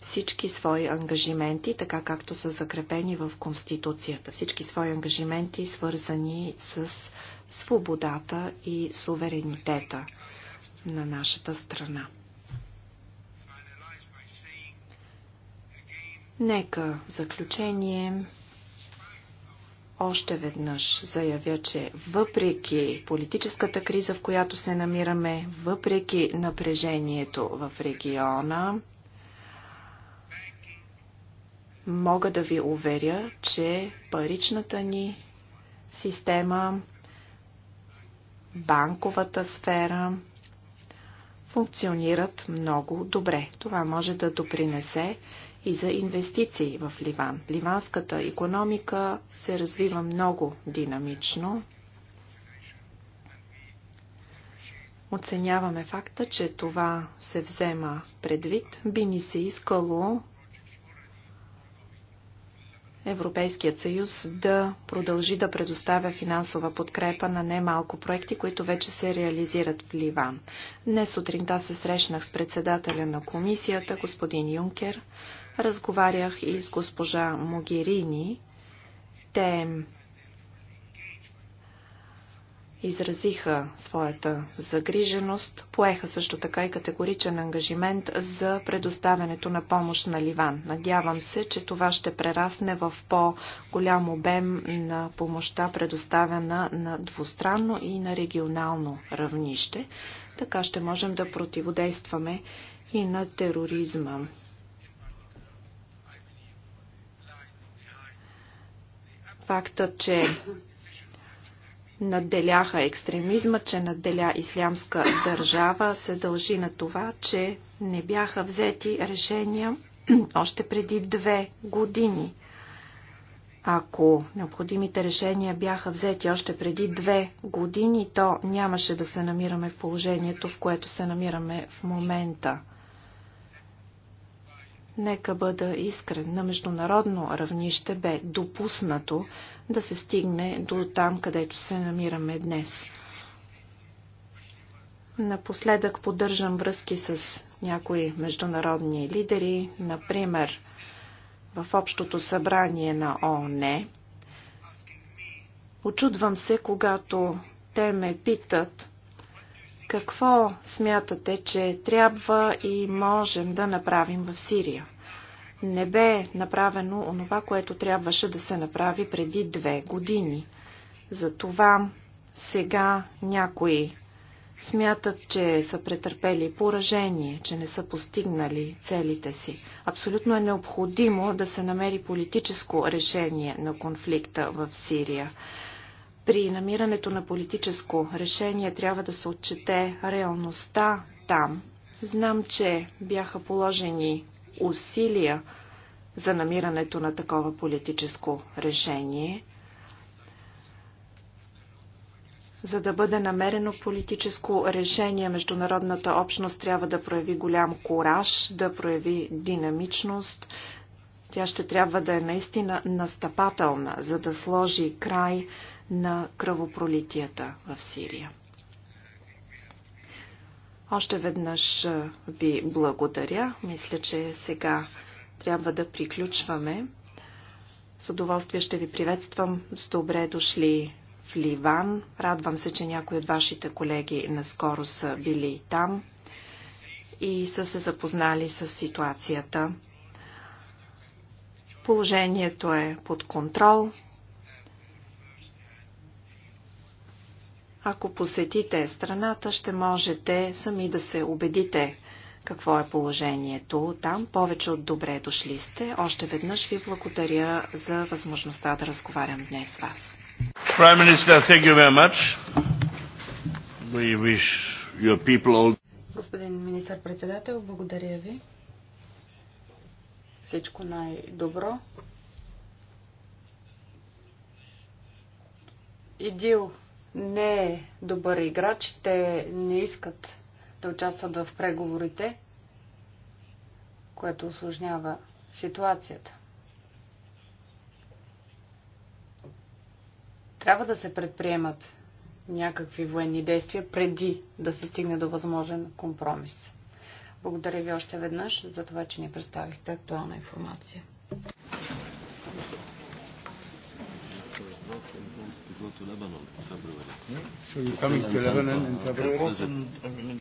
всички свои ангажименти, така както са закрепени в Конституцията. Всички свои ангажименти, свързани с свободата и суверенитета на нашата страна. Нека заключение още веднъж заявя, че въпреки политическата криза, в която се намираме, въпреки напрежението в региона, мога да ви уверя, че паричната ни система, банковата сфера функционират много добре. Това може да допринесе и за инвестиции в Ливан. Ливанската економика се развива много динамично. Оценяваме факта, че това се взема предвид. Би ни се искало Европейският съюз да продължи да предоставя финансова подкрепа на немалко проекти, които вече се реализират в Ливан. Днес сутринта се срещнах с председателя на комисията, господин Юнкер. Разговарях и с госпожа Могерини. Те изразиха своята загриженост, поеха също така и категоричен ангажимент за предоставянето на помощ на Ливан. Надявам се, че това ще прерасне в по-голям обем на помощта, предоставена на двустранно и на регионално равнище. Така ще можем да противодействаме и на тероризма. факта, че надделяха екстремизма, че надделя ислямска държава, се дължи на това, че не бяха взети решения [CLEARS THROAT] още преди две години. Ако необходимите решения бяха взети още преди две години, то нямаше да се намираме в положението, в което се намираме в момента. Нека бъда искрен, на международно равнище бе допуснато да се стигне до там, където се намираме днес. Напоследък поддържам връзки с някои международни лидери, например в Общото събрание на ООН. Очудвам се, когато те ме питат какво смятате, че трябва и можем да направим в Сирия не бе направено онова, което трябваше да се направи преди две години. Затова сега някои смятат, че са претърпели поражение, че не са постигнали целите си. Абсолютно е необходимо да се намери политическо решение на конфликта в Сирия. При намирането на политическо решение трябва да се отчете реалността там. Знам, че бяха положени усилия за намирането на такова политическо решение, за да бъде намерено политическо решение, международната общност трябва да прояви голям кураж, да прояви динамичност. Тя ще трябва да е наистина настъпателна, за да сложи край на кръвопролитията в Сирия. Още веднъж ви благодаря. Мисля, че сега трябва да приключваме. С удоволствие ще ви приветствам. С добре дошли в Ливан. Радвам се, че някои от вашите колеги наскоро са били там и са се запознали с ситуацията. Положението е под контрол. Ако посетите страната, ще можете сами да се убедите какво е положението там. Повече от добре дошли сте. Още веднъж ви благодаря за възможността да разговарям днес с вас. Господин министър-председател, благодаря ви. Всичко най-добро. Идил не е добър играч, те не искат да участват в преговорите, което осложнява ситуацията. Трябва да се предприемат някакви военни действия преди да се стигне до възможен компромис. Благодаря ви още веднъж за това, че ни представихте актуална информация go to Lebanon in February. So you're coming to Lebanon in February?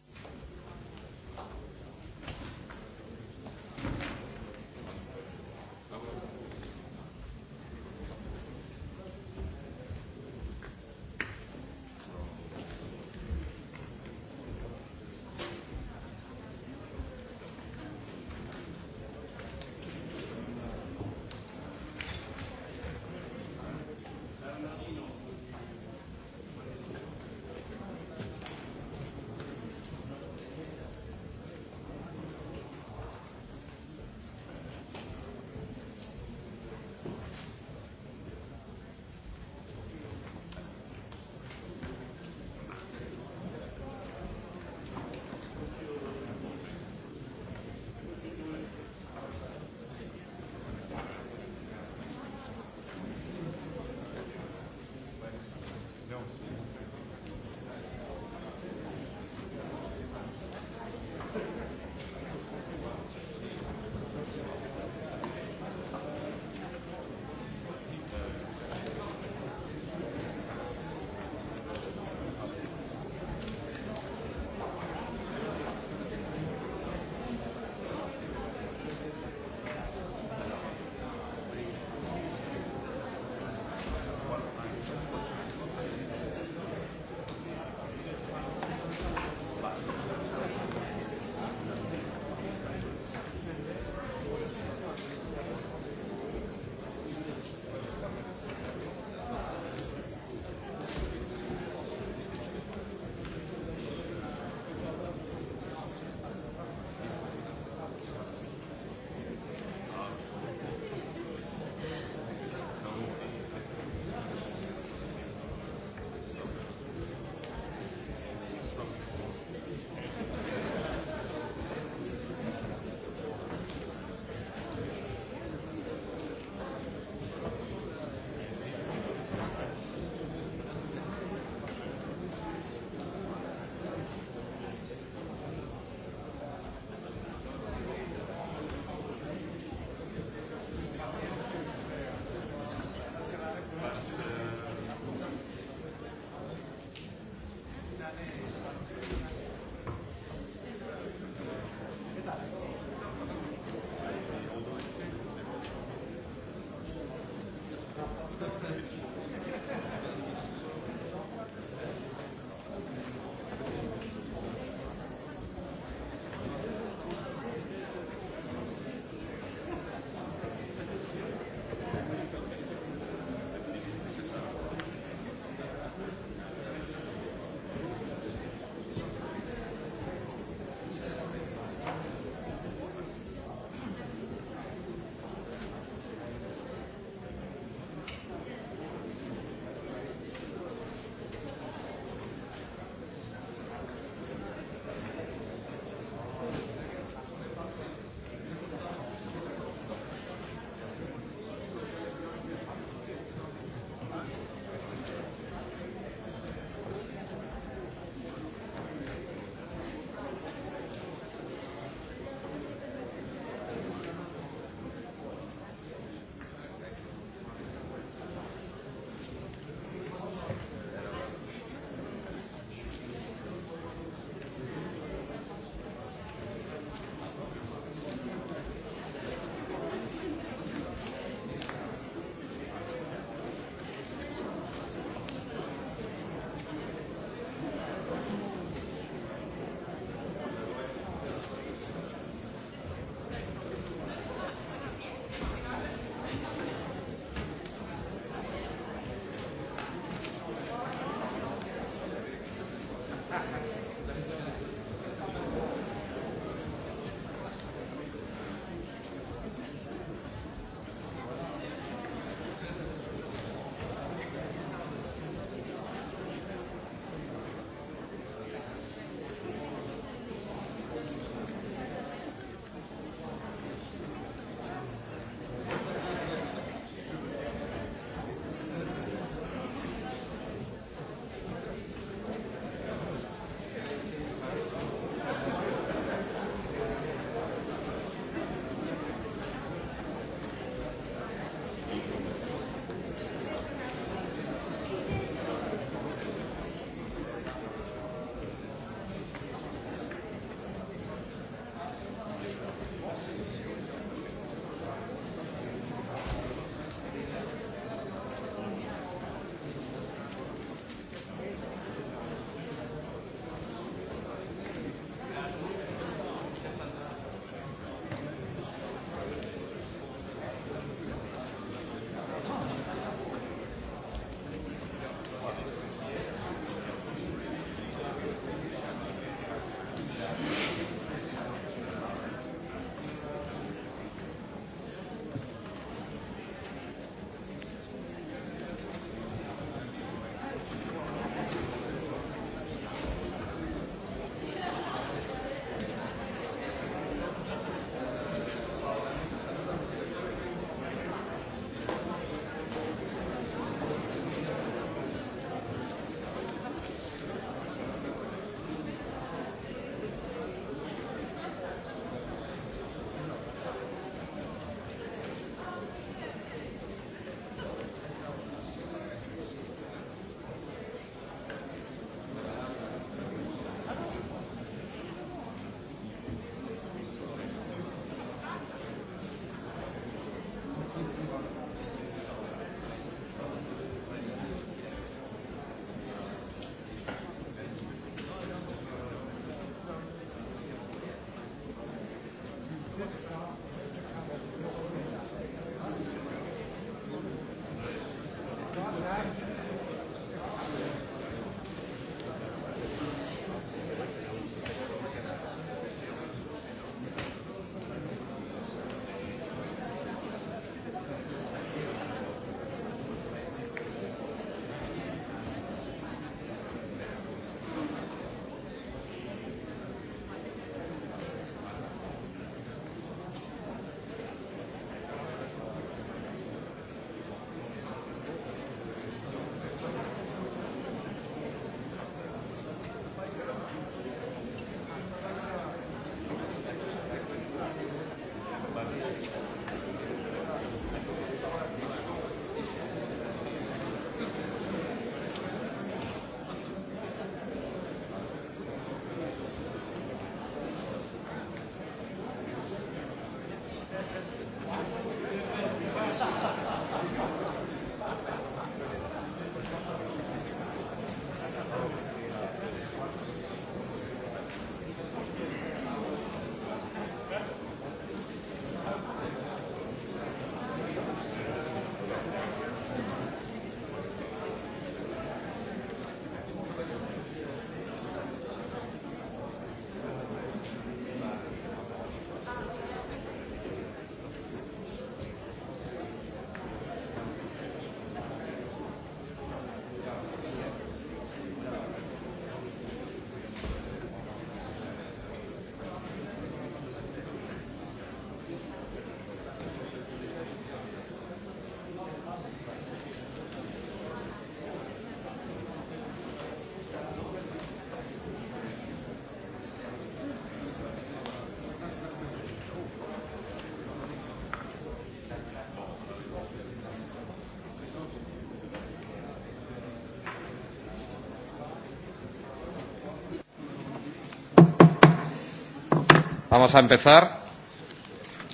Vamos a empezar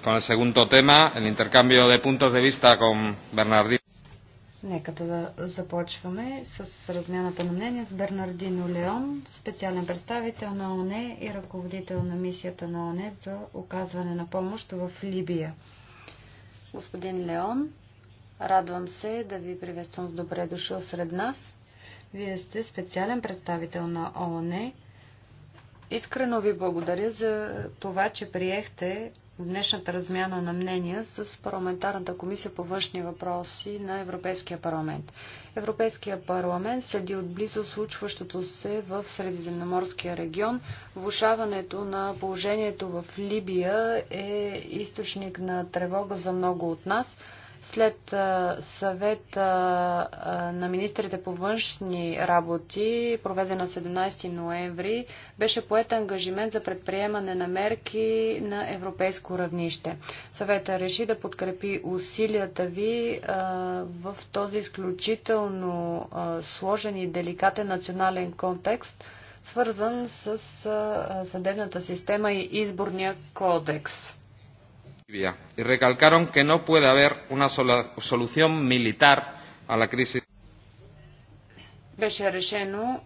con el segundo tema, el intercambio de puntos de vista con Bernardino. Нека да започваме с размяната на мнение с Бернардино Леон, специален представител на ОНЕ и ръководител на мисията на ОНЕ за оказване на помощ в Либия. Господин Леон, радвам се да ви приветствам с добре дошъл сред нас. Вие сте специален представител на ОНЕ Искрено ви благодаря за това, че приехте днешната размяна на мнения с парламентарната комисия по външни въпроси на Европейския парламент. Европейския парламент следи отблизо случващото се в Средиземноморския регион. Влушаването на положението в Либия е източник на тревога за много от нас. След съвет на министрите по външни работи, проведена на 17 ноември, беше поет ангажимент за предприемане на мерки на европейско равнище. Съвета реши да подкрепи усилията ви в този изключително сложен и деликатен национален контекст, свързан с съдебната система и изборния кодекс y recalcaron que no puede haber una sola solución militar a la crisis. Беше решено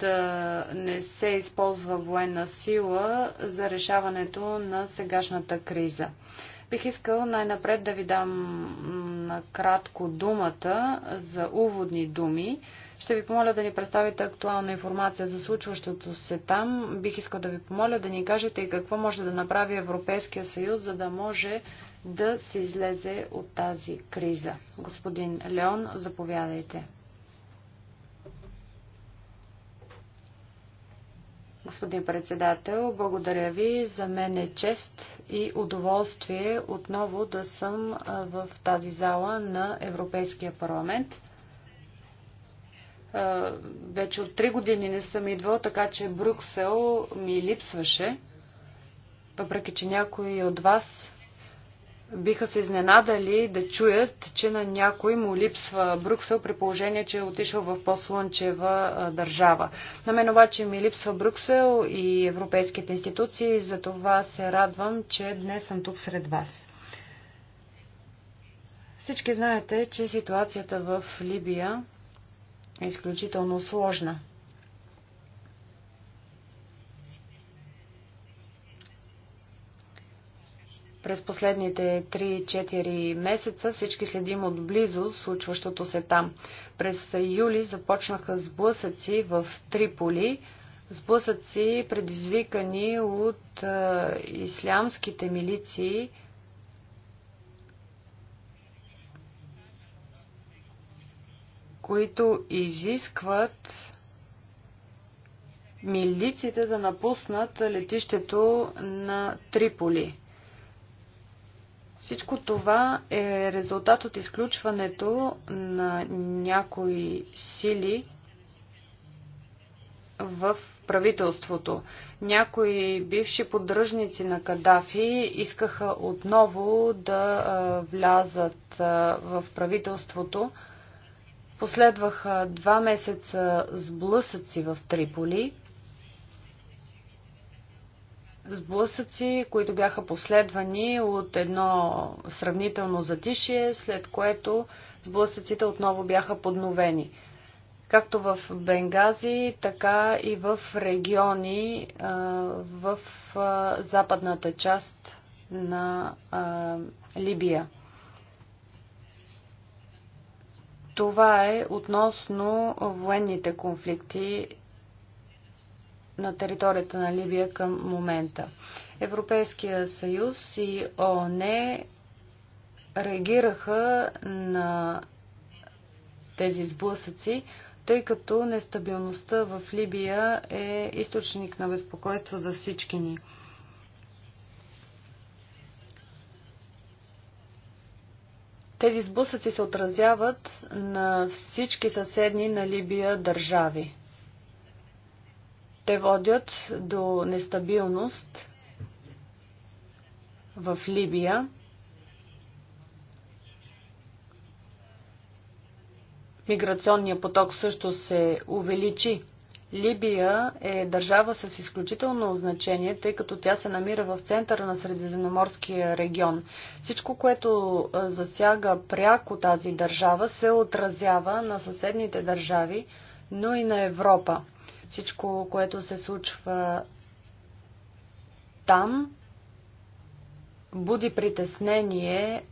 да не се използва военна сила за решаването на сегашната криза. Бих искал най-напред да ви дам накратко думата за уводни думи ще ви помоля да ни представите актуална информация за случващото се там. Бих искал да ви помоля да ни кажете и какво може да направи Европейския съюз, за да може да се излезе от тази криза. Господин Леон, заповядайте. Господин председател, благодаря ви. За мен е чест и удоволствие отново да съм в тази зала на Европейския парламент. Вече от три години не съм идвал, така че Брюксел ми липсваше. Въпреки, че някои от вас биха се изненадали да чуят, че на някой му липсва Брюксел при положение, че е отишъл в по-слънчева държава. На мен обаче ми липсва Брюксел и европейските институции, за това се радвам, че днес съм тук сред вас. Всички знаете, че ситуацията в Либия е изключително сложна. През последните 3-4 месеца всички следим отблизо случващото се там. През юли започнаха сблъсъци в Триполи, сблъсъци предизвикани от е, ислямските милиции – които изискват милиците да напуснат летището на Триполи. Всичко това е резултат от изключването на някои сили в правителството. Някои бивши поддръжници на Кадафи искаха отново да влязат в правителството Последваха два месеца сблъсъци в Триполи. Сблъсъци, които бяха последвани от едно сравнително затишие, след което сблъсъците отново бяха подновени. Както в Бенгази, така и в региони в западната част на Либия. Това е относно военните конфликти на територията на Либия към момента. Европейския съюз и ООН реагираха на тези сблъсъци, тъй като нестабилността в Либия е източник на безпокойство за всички ни. Тези сблъсъци се отразяват на всички съседни на Либия държави. Те водят до нестабилност в Либия. Миграционният поток също се увеличи Либия е държава с изключително значение, тъй като тя се намира в центъра на Средиземноморския регион. Всичко, което засяга пряко тази държава, се отразява на съседните държави, но и на Европа. Всичко, което се случва там, буди притеснение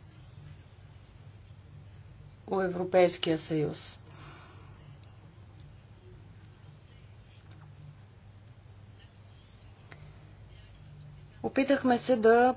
у Европейския съюз. Опитахме се да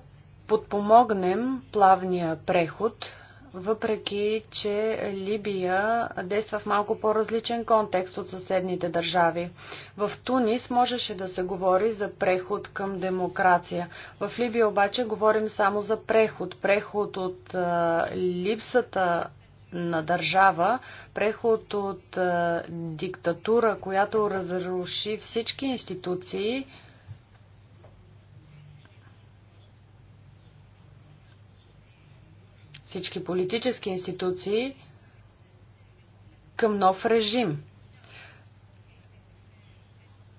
подпомогнем плавния преход, въпреки че Либия действа в малко по-различен контекст от съседните държави. В Тунис можеше да се говори за преход към демокрация. В Либия обаче говорим само за преход. Преход от а, липсата на държава, преход от а, диктатура, която разруши всички институции, всички политически институции към нов режим.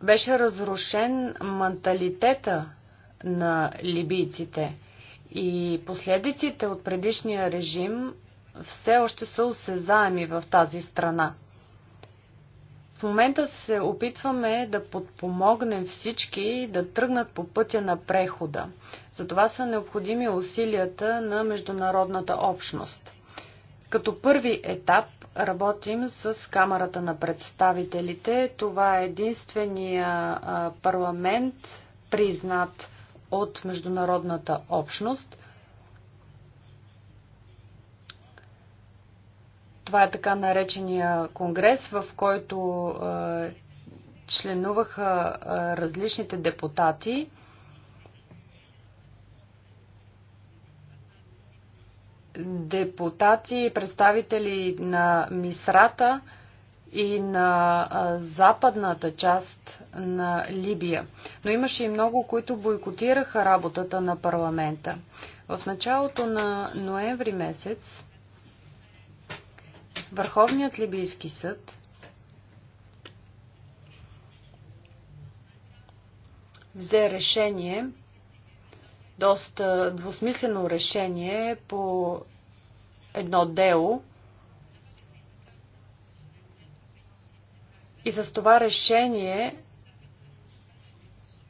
Беше разрушен менталитета на либийците и последиците от предишния режим все още са осезаеми в тази страна. В момента се опитваме да подпомогнем всички да тръгнат по пътя на прехода. Затова са необходими усилията на международната общност. Като първи етап работим с Камерата на представителите. Това е единствения парламент, признат от международната общност – Това е така наречения конгрес, в който членуваха различните депутати. Депутати, представители на Мисрата и на западната част на Либия. Но имаше и много, които бойкотираха работата на парламента. В началото на ноември месец Върховният либийски съд взе решение, доста двусмислено решение по едно дело. И с това решение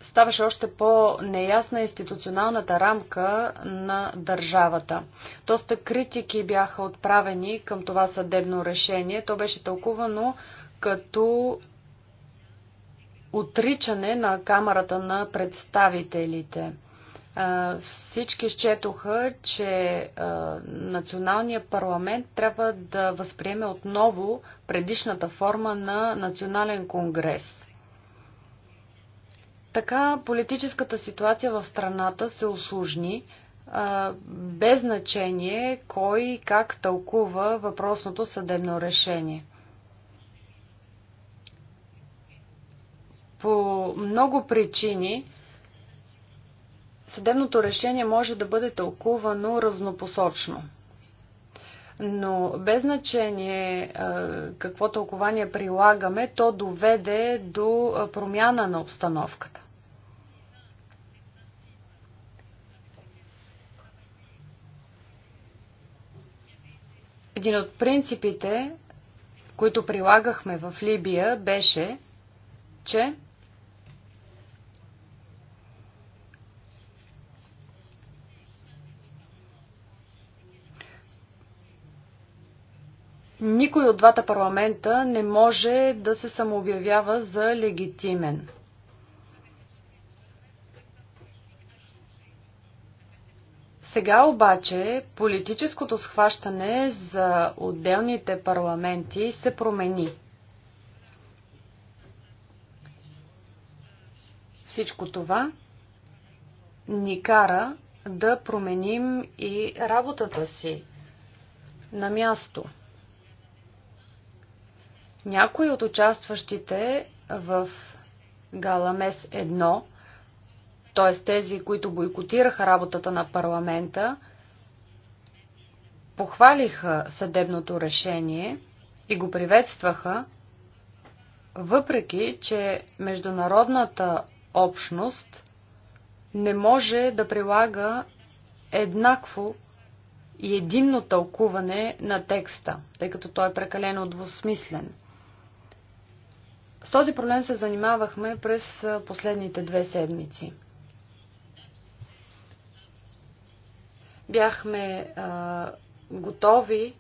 ставаше още по-неясна институционалната рамка на държавата. Доста критики бяха отправени към това съдебно решение. То беше тълкувано като отричане на Камерата на представителите. Всички счетоха, че националният парламент трябва да възприеме отново предишната форма на национален конгрес – така политическата ситуация в страната се осложни, без значение кой и как тълкува въпросното съдебно решение. По много причини съдебното решение може да бъде тълкувано разнопосочно но без значение какво тълкование прилагаме, то доведе до промяна на обстановката. Един от принципите, които прилагахме в Либия, беше, че Никой от двата парламента не може да се самообявява за легитимен. Сега обаче политическото схващане за отделните парламенти се промени. Всичко това ни кара да променим и работата си на място – някои от участващите в Галамес 1, т.е. тези, които бойкотираха работата на парламента, похвалиха съдебното решение и го приветстваха, въпреки че международната общност не може да прилага еднакво и единно тълкуване на текста, тъй като той е прекалено двусмислен. С този проблем се занимавахме през последните две седмици. Бяхме а, готови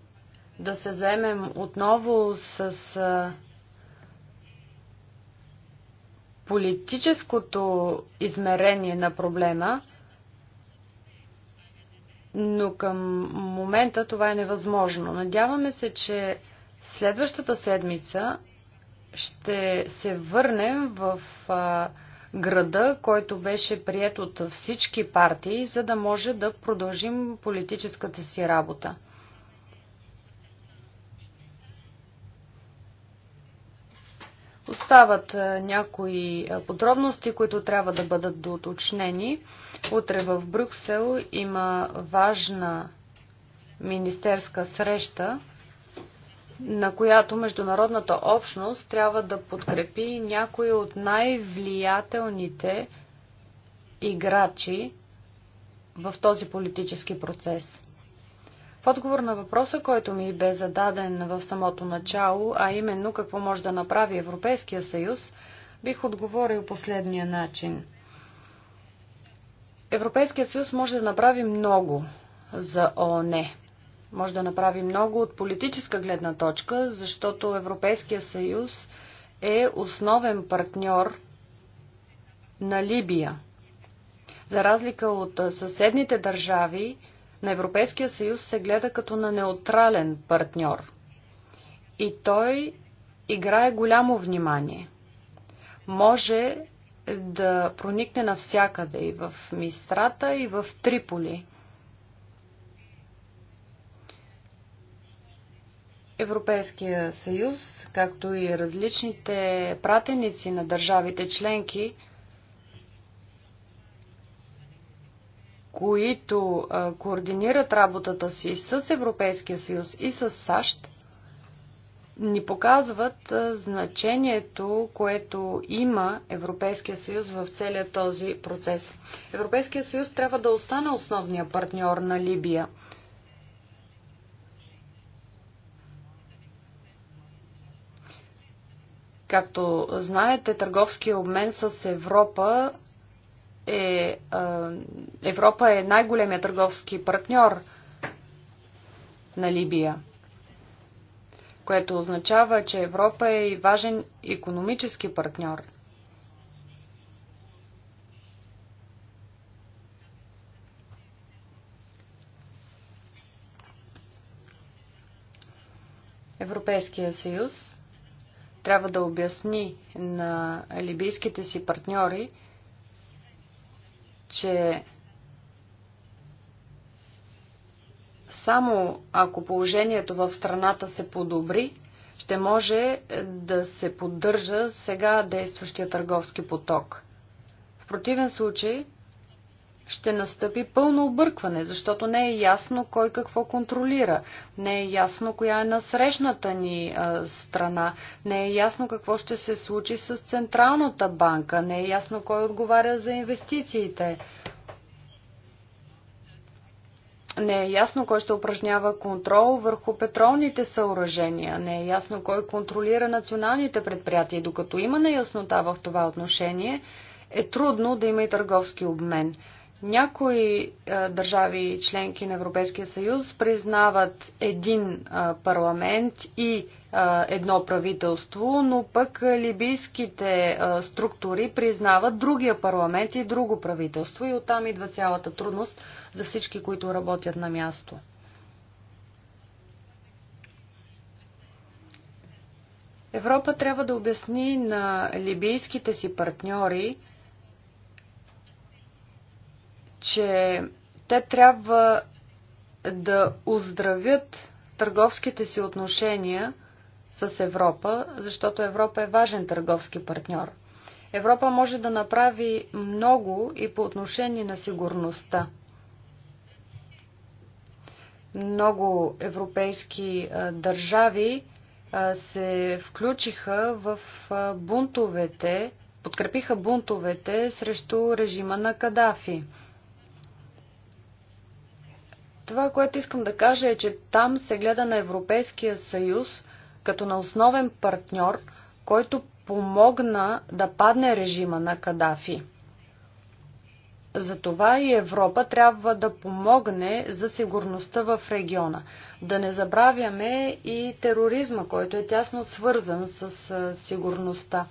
да се заемем отново с а, политическото измерение на проблема, но към момента това е невъзможно. Надяваме се, че следващата седмица ще се върнем в града, който беше прият от всички партии, за да може да продължим политическата си работа. Остават някои подробности, които трябва да бъдат доточнени. Утре в Брюксел има важна министерска среща, на която международната общност трябва да подкрепи някои от най-влиятелните играчи в този политически процес. В отговор на въпроса, който ми бе зададен в самото начало, а именно какво може да направи Европейския съюз, бих отговорил последния начин. Европейският съюз може да направи много за ООН може да направи много от политическа гледна точка, защото Европейския съюз е основен партньор на Либия. За разлика от съседните държави, на Европейския съюз се гледа като на неутрален партньор. И той играе голямо внимание. Може да проникне навсякъде и в Мистрата, и в Триполи. Европейския съюз, както и различните пратеници на държавите членки, които координират работата си с Европейския съюз и с САЩ, ни показват значението, което има Европейския съюз в целия този процес. Европейския съюз трябва да остане основния партньор на Либия – Както знаете, търговския обмен с Европа е, Европа е най-големия търговски партньор на Либия, което означава, че Европа е и важен економически партньор. Европейския съюз трябва да обясни на либийските си партньори, че само ако положението в страната се подобри, ще може да се поддържа сега действащия търговски поток. В противен случай ще настъпи пълно объркване, защото не е ясно кой какво контролира, не е ясно коя е насрещната ни а, страна, не е ясно какво ще се случи с Централната банка, не е ясно кой отговаря за инвестициите. Не е ясно кой ще упражнява контрол върху петролните съоръжения. Не е ясно кой контролира националните предприятия. Докато има неяснота в това отношение, е трудно да има и търговски обмен. Някои а, държави членки на Европейския съюз признават един а, парламент и а, едно правителство, но пък либийските структури признават другия парламент и друго правителство и оттам идва цялата трудност за всички, които работят на място. Европа трябва да обясни на либийските си партньори, че те трябва да оздравят търговските си отношения с Европа, защото Европа е важен търговски партньор. Европа може да направи много и по отношение на сигурността. Много европейски държави се включиха в бунтовете, подкрепиха бунтовете срещу режима на Кадафи. Това, което искам да кажа е, че там се гледа на Европейския съюз като на основен партньор, който помогна да падне режима на Кадафи. Затова и Европа трябва да помогне за сигурността в региона. Да не забравяме и тероризма, който е тясно свързан с сигурността.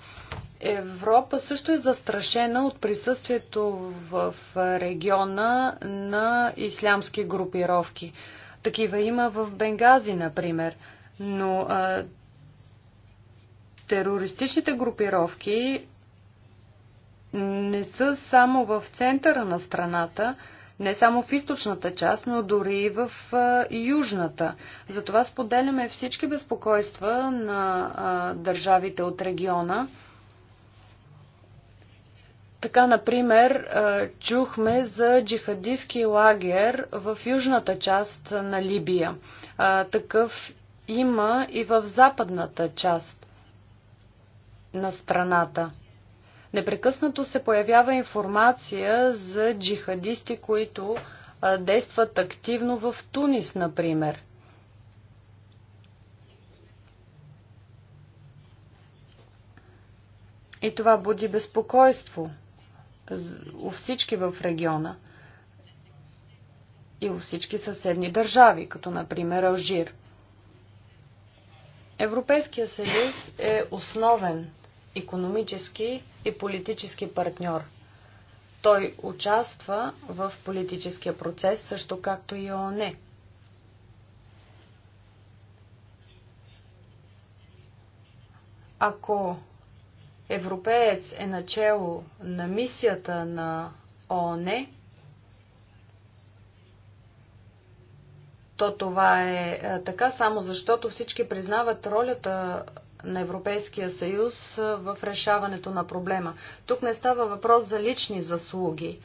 Европа също е застрашена от присъствието в региона на ислямски групировки. Такива има в Бенгази, например. Но а, терористичните групировки не са само в центъра на страната, не само в източната част, но дори и в южната. Затова споделяме всички безпокойства на държавите от региона. Така, например, чухме за джихадистски лагер в южната част на Либия. Такъв има и в западната част на страната. Непрекъснато се появява информация за джихадисти, които действат активно в Тунис, например. И това буди безпокойство у всички в региона и у всички съседни държави, като например Алжир. Европейския съюз е основен економически и политически партньор. Той участва в политическия процес, също както и ООН. Ако европеец е начало на мисията на ООН, то това е така само защото всички признават ролята на Европейския съюз в решаването на проблема. Тук не става въпрос за лични заслуги,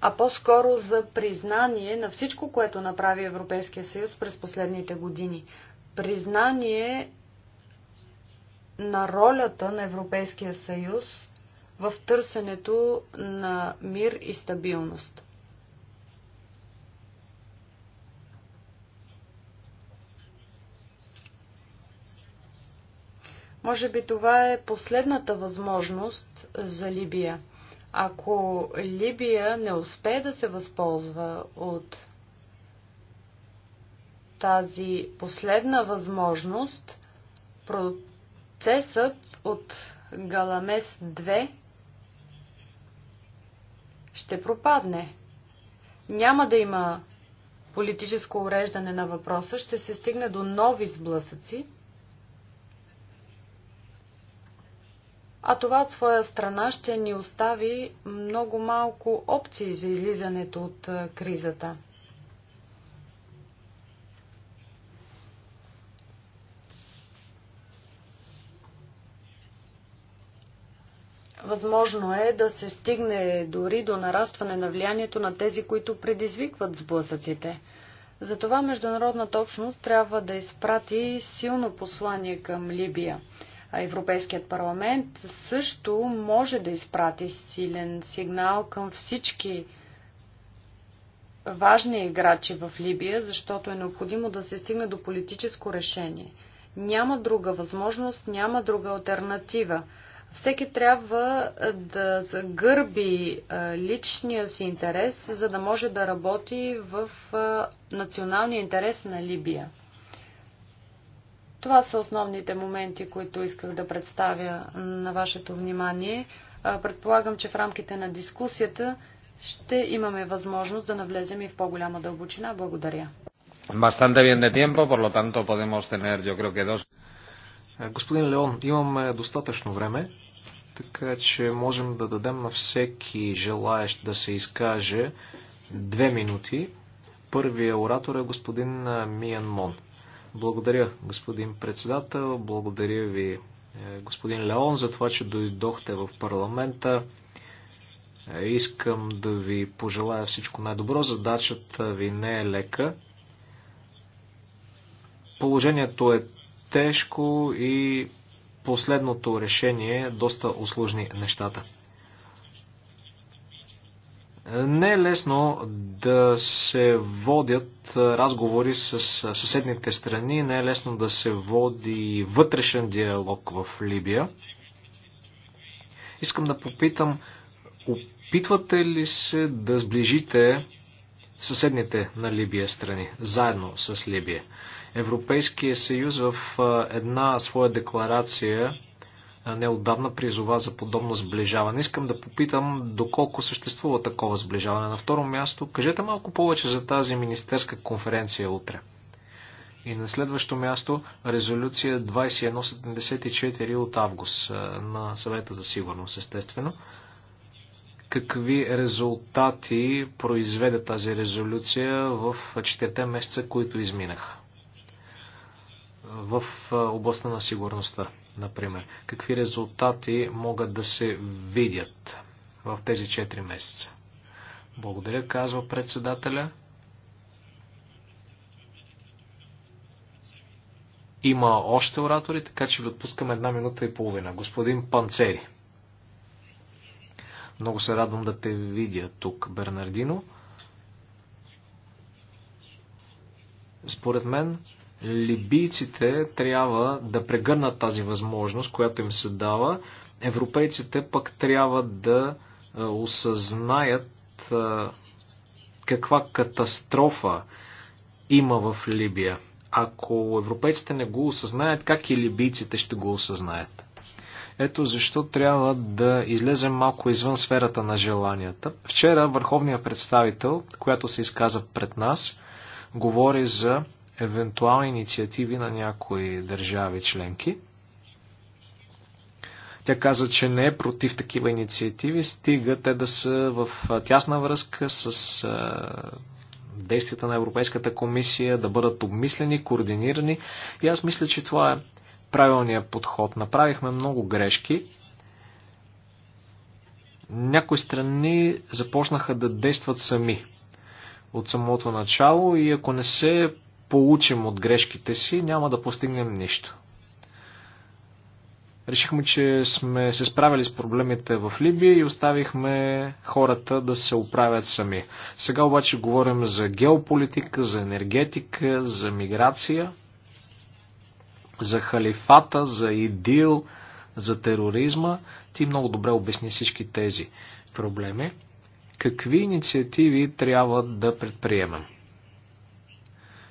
а по-скоро за признание на всичко, което направи Европейския съюз през последните години. Признание на ролята на Европейския съюз в търсенето на мир и стабилност. Може би това е последната възможност за Либия. Ако Либия не успее да се възползва от тази последна възможност, процесът от Галамес 2 ще пропадне. Няма да има политическо уреждане на въпроса, ще се стигне до нови сблъсъци А това от своя страна ще ни остави много малко опции за излизането от е, кризата. Възможно е да се стигне дори до нарастване на влиянието на тези, които предизвикват сблъсъците. Затова международната общност трябва да изпрати силно послание към Либия – Европейският парламент също може да изпрати силен сигнал към всички важни играчи в Либия, защото е необходимо да се стигне до политическо решение. Няма друга възможност, няма друга альтернатива. Всеки трябва да загърби личния си интерес, за да може да работи в националния интерес на Либия. Това са основните моменти, които исках да представя на вашето внимание. Предполагам, че в рамките на дискусията ще имаме възможност да навлезем и в по-голяма дълбочина. Благодаря. Bastante bien de tiempo, por lo tanto podemos tener, yo creo que dos... Е, господин Леон, имаме достатъчно време, така че можем да дадем на всеки желаещ да се изкаже две минути. Първият оратор е господин Миян Мон. Благодаря, господин председател. Благодаря ви, е, господин Леон, за това, че дойдохте в парламента. Е, искам да ви пожелая всичко най-добро. Задачата ви не е лека. Положението е тежко и последното решение е доста осложни нещата. Не е лесно да се водят разговори с съседните страни, не е лесно да се води вътрешен диалог в Либия. Искам да попитам, опитвате ли се да сближите съседните на Либия страни, заедно с Либия? Европейския съюз в една своя декларация неотдавна призова за подобно сближаване. Искам да попитам доколко съществува такова сближаване. На второ място, кажете малко повече за тази министерска конференция утре. И на следващо място, резолюция 2174 от август на съвета за сигурност, естествено. Какви резултати произведе тази резолюция в 4 месеца, които изминаха в областта на сигурността? например? Какви резултати могат да се видят в тези 4 месеца? Благодаря, казва председателя. Има още оратори, така че ви отпускам една минута и половина. Господин Панцери. Много се радвам да те видя тук, Бернардино. Според мен, Либийците трябва да прегърнат тази възможност, която им се дава. Европейците пък трябва да осъзнаят каква катастрофа има в Либия. Ако европейците не го осъзнаят, как и либийците ще го осъзнаят? Ето защо трябва да излезем малко извън сферата на желанията. Вчера върховният представител, която се изказа пред нас, говори за евентуални инициативи на някои държави членки. Тя каза, че не е против такива инициативи, стига те да са в тясна връзка с действията на Европейската комисия, да бъдат обмислени, координирани. И аз мисля, че това е правилният подход. Направихме много грешки. Някои страни започнаха да действат сами от самото начало и ако не се получим от грешките си, няма да постигнем нищо. Решихме, че сме се справили с проблемите в Либия и оставихме хората да се оправят сами. Сега обаче говорим за геополитика, за енергетика, за миграция, за халифата, за идил, за тероризма. Ти много добре обясни всички тези проблеми. Какви инициативи трябва да предприемем?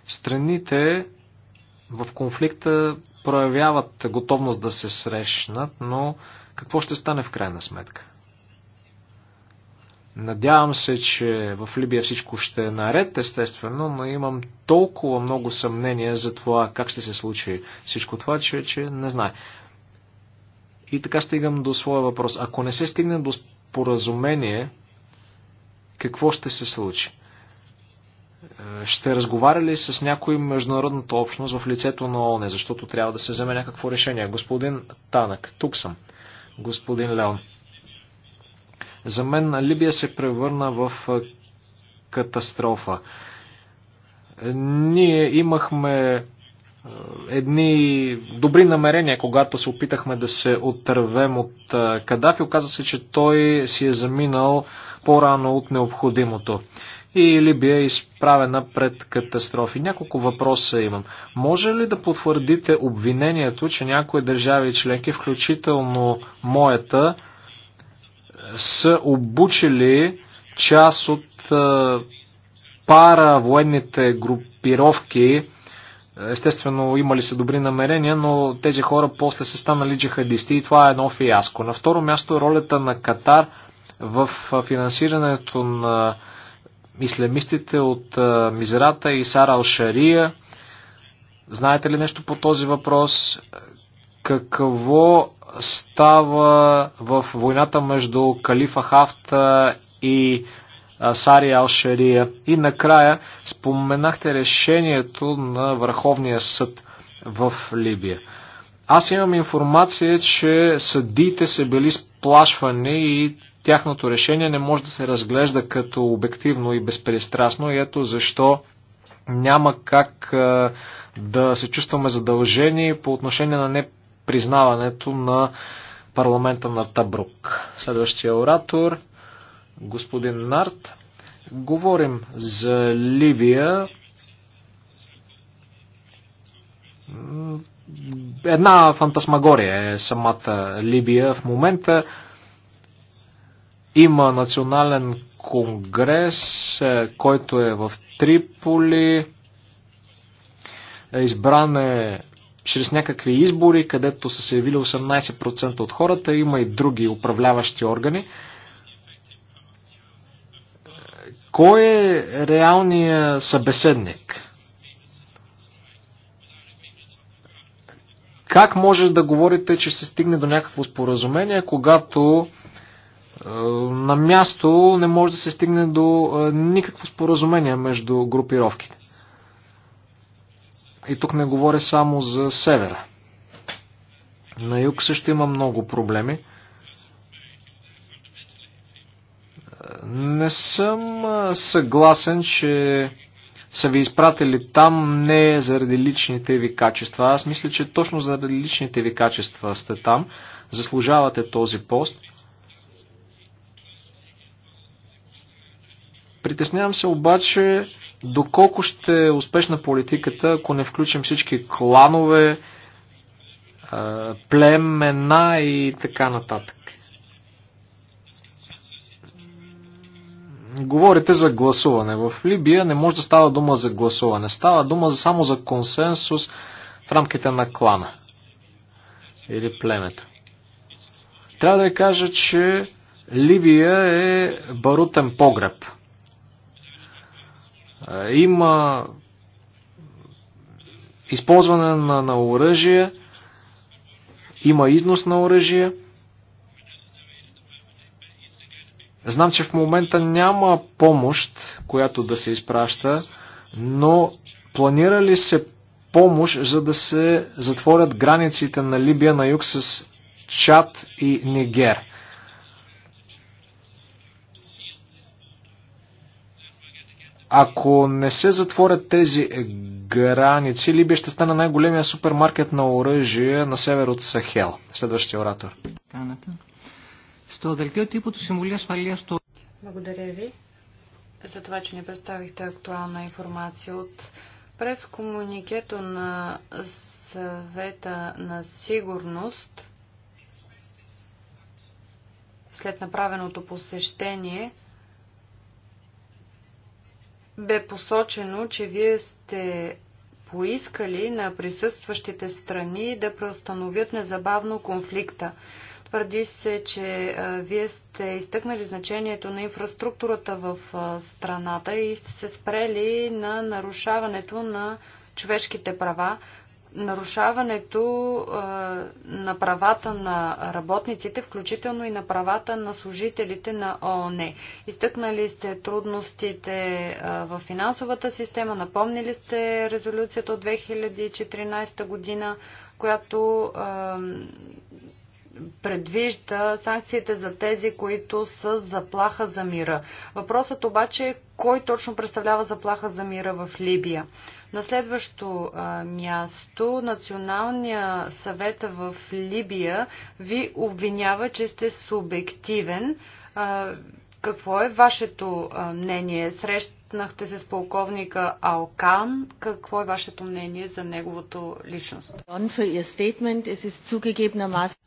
Страните в конфликта проявяват готовност да се срещнат, но какво ще стане в крайна сметка? Надявам се, че в Либия всичко ще е наред, естествено, но имам толкова много съмнения за това как ще се случи всичко това, че, че не знае. И така стигам до своя въпрос. Ако не се стигне до споразумение, какво ще се случи? Ще разговаря ли с някой международната общност в лицето на ООН, защото трябва да се вземе някакво решение? Господин Танък, тук съм. Господин Леон. За мен Либия се превърна в катастрофа. Ние имахме едни добри намерения, когато се опитахме да се отървем от Кадафи. Оказа се, че той си е заминал по-рано от необходимото и Либия е изправена пред катастрофи. Няколко въпроса имам. Може ли да потвърдите обвинението, че някои държави членки, включително моята, са обучили част от пара военните групировки, естествено имали са добри намерения, но тези хора после са станали джихадисти и това е едно фиаско. На второ място ролята на Катар в финансирането на Мислемистите от Мизрата и Сара Алшария. Знаете ли нещо по този въпрос? Какво става в войната между Калифа Хафта и Сари Алшария? И накрая споменахте решението на Върховния съд в Либия. Аз имам информация, че съдиите са били сплашвани и тяхното решение не може да се разглежда като обективно и безпристрастно и ето защо няма как да се чувстваме задължени по отношение на непризнаването на парламента на Табрук. Следващия оратор, господин Нарт. Говорим за Ливия. Една фантасмагория е самата Либия в момента. Има национален конгрес, е, който е в Триполи. Е, избран е чрез някакви избори, където са се явили 18% от хората. Има и други управляващи органи. Кой е реалният събеседник? Как може да говорите, че се стигне до някакво споразумение, когато е, на място не може да се стигне до е, никакво споразумение между групировките. И тук не говоря само за севера. На юг също има много проблеми. Не съм е, съгласен, че са ви изпратили там не заради личните ви качества. Аз мисля, че точно заради личните ви качества сте там. Заслужавате този пост – Притеснявам се обаче доколко ще е успешна политиката, ако не включим всички кланове, е, племена и така нататък. Говорите за гласуване. В Либия не може да става дума за гласуване. Става дума само за консенсус в рамките на клана или племето. Трябва да ви кажа, че Либия е барутен погреб – има използване на, на оръжие, има износ на оръжие. Знам, че в момента няма помощ, която да се изпраща, но планира ли се помощ, за да се затворят границите на Либия на юг с Чад и Нигер? Ако не се затворят тези граници, Либия ще стане най-големия супермаркет на оръжие на север от Сахел. Следващия оратор. Благодаря ви за това, че ни представихте актуална информация от през комуникето на съвета на сигурност след направеното посещение – бе посочено, че вие сте поискали на присъстващите страни да преустановят незабавно конфликта. Твърди се, че вие сте изтъкнали значението на инфраструктурата в страната и сте се спрели на нарушаването на човешките права, нарушаването а, на правата на работниците, включително и на правата на служителите на ООН. Изтъкнали сте трудностите в финансовата система, напомнили сте резолюцията от 2014 година, която а, предвижда санкциите за тези, които са заплаха за мира. Въпросът обаче е кой точно представлява заплаха за мира в Либия. На следващо място, Националния съвет в Либия ви обвинява, че сте субективен. Какво е вашето мнение? Срещнахте се с полковника Алкан. Какво е вашето мнение за неговото личност?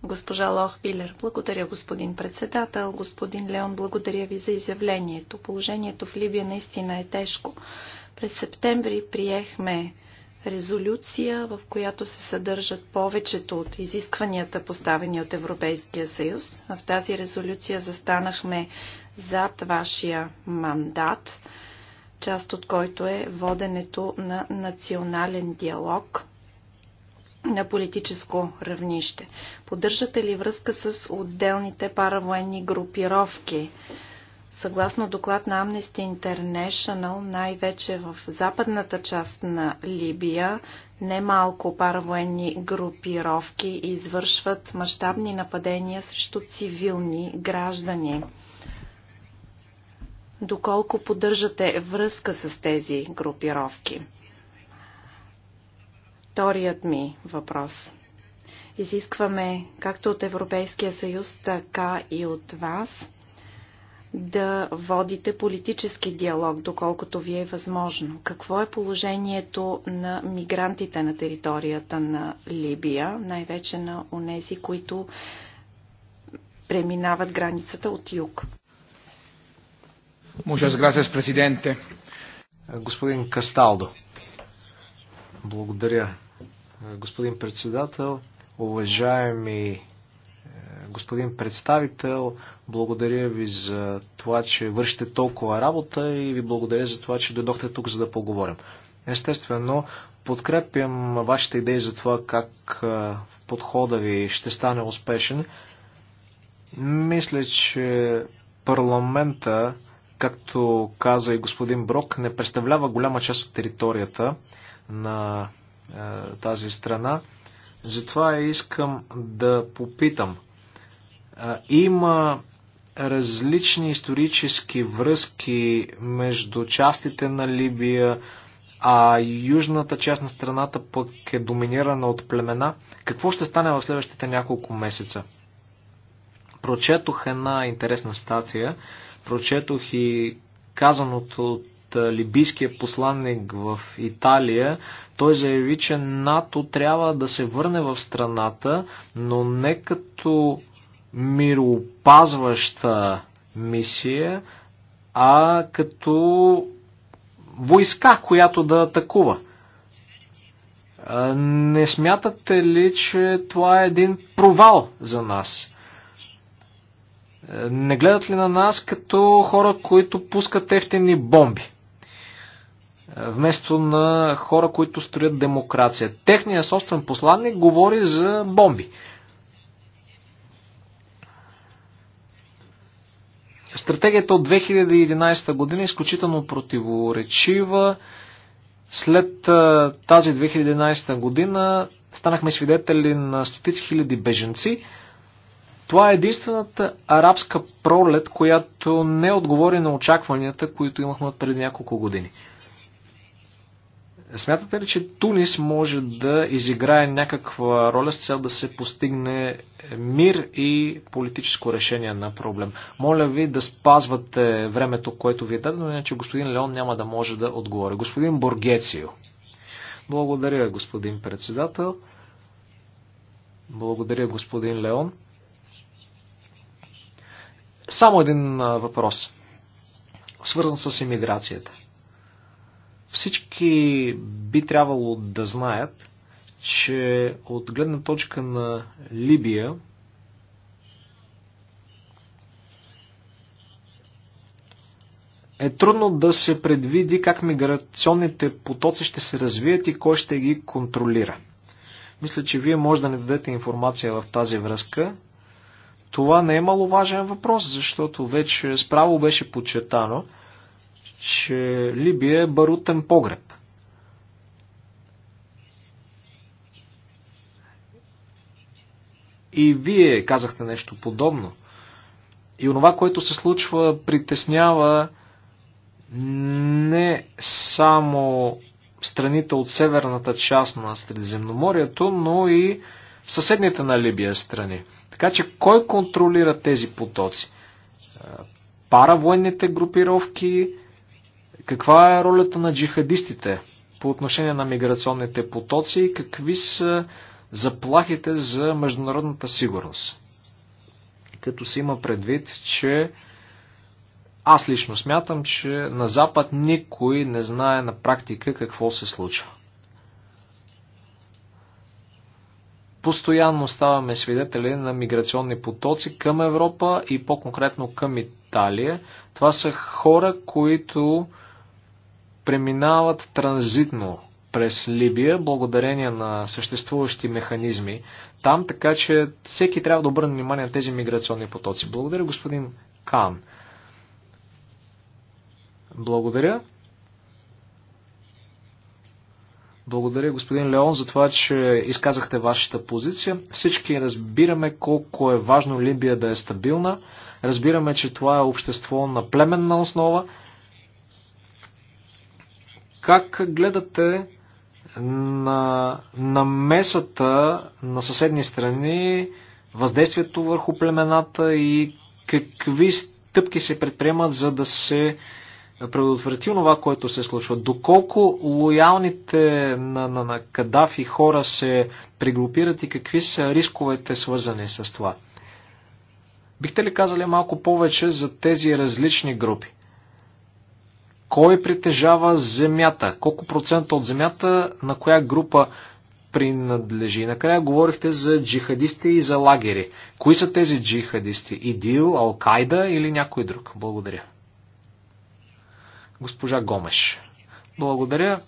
Госпожа Лох, Билер, благодаря господин председател. Господин Леон, благодаря ви за изявлението. Положението в Либия наистина е тежко. През септември приехме резолюция, в която се съдържат повечето от изискванията, поставени от Европейския съюз. В тази резолюция застанахме зад вашия мандат, част от който е воденето на национален диалог на политическо равнище. Поддържате ли връзка с отделните паравоенни групировки? Съгласно доклад на Amnesty International, най-вече в западната част на Либия, немалко паравоенни групировки извършват мащабни нападения срещу цивилни граждани. Доколко поддържате връзка с тези групировки? Вторият ми въпрос – изискваме както от Европейския съюз, така и от вас да водите политически диалог, доколкото ви е възможно. Какво е положението на мигрантите на територията на Либия, най-вече на онези, които преминават границата от юг? Muchas gracias, президенте. Господин Касталдо. Благодаря. Господин председател, уважаеми Господин представител, благодаря ви за това, че вършите толкова работа и ви благодаря за това, че дойдохте тук, за да поговорим. Естествено, подкрепям вашите идеи за това как подхода ви ще стане успешен. Мисля, че парламента, както каза и господин Брок, не представлява голяма част от територията на тази страна. Затова искам да попитам има различни исторически връзки между частите на Либия, а южната част на страната пък е доминирана от племена. Какво ще стане в следващите няколко месеца? Прочетох една интересна статия, прочетох и казаното от либийския посланник в Италия, той заяви, че НАТО трябва да се върне в страната, но не като мироопазваща мисия, а като войска, която да атакува. Не смятате ли, че това е един провал за нас? Не гледат ли на нас като хора, които пускат ефтини бомби? Вместо на хора, които строят демокрация. Техният собствен посланник говори за бомби. Стратегията от 2011 година е изключително противоречива. След тази 2011 година станахме свидетели на стотици хиляди беженци. Това е единствената арабска пролет, която не отговори на очакванията, които имахме преди няколко години. Смятате ли, че Тунис може да изиграе някаква роля с цел да се постигне мир и политическо решение на проблем? Моля ви да спазвате времето, което ви е дадено, иначе господин Леон няма да може да отговори. Господин Боргецио. Благодаря, господин председател. Благодаря, господин Леон. Само един въпрос, свързан с иммиграцията. Всички би трябвало да знаят, че от гледна точка на Либия, е трудно да се предвиди как миграционните потоци ще се развият и кой ще ги контролира. Мисля, че вие може да не дадете информация в тази връзка. Това не е маловажен въпрос, защото вече справо беше подчертано, че Либия е барутен погреб. И вие казахте нещо подобно. И онова, което се случва, притеснява не само страните от северната част на Средиземноморието, но и съседните на Либия страни. Така че кой контролира тези потоци? Е, паравоенните групировки, каква е ролята на джихадистите по отношение на миграционните потоци и какви са заплахите за международната сигурност? Като се има предвид, че аз лично смятам, че на Запад никой не знае на практика какво се случва. Постоянно ставаме свидетели на миграционни потоци към Европа и по-конкретно към Италия. Това са хора, които преминават транзитно през Либия, благодарение на съществуващи механизми там, така че всеки трябва да обърне внимание на тези миграционни потоци. Благодаря, господин Кан. Благодаря. Благодаря, господин Леон, за това, че изказахте вашата позиция. Всички разбираме колко е важно Либия да е стабилна. Разбираме, че това е общество на племенна основа. Как гледате на намесата на съседни страни, въздействието върху племената и какви стъпки се предприемат, за да се предотврати това, което се случва. Доколко лоялните на, на, на Кадафи хора се пригрупират и какви са рисковете свързани с това? Бихте ли казали малко повече за тези различни групи? Кой притежава земята? Колко процента от земята на коя група принадлежи? Накрая говорихте за джихадисти и за лагери. Кои са тези джихадисти? Идил, Алкайда или някой друг? Благодаря. Госпожа Гомеш. Благодаря.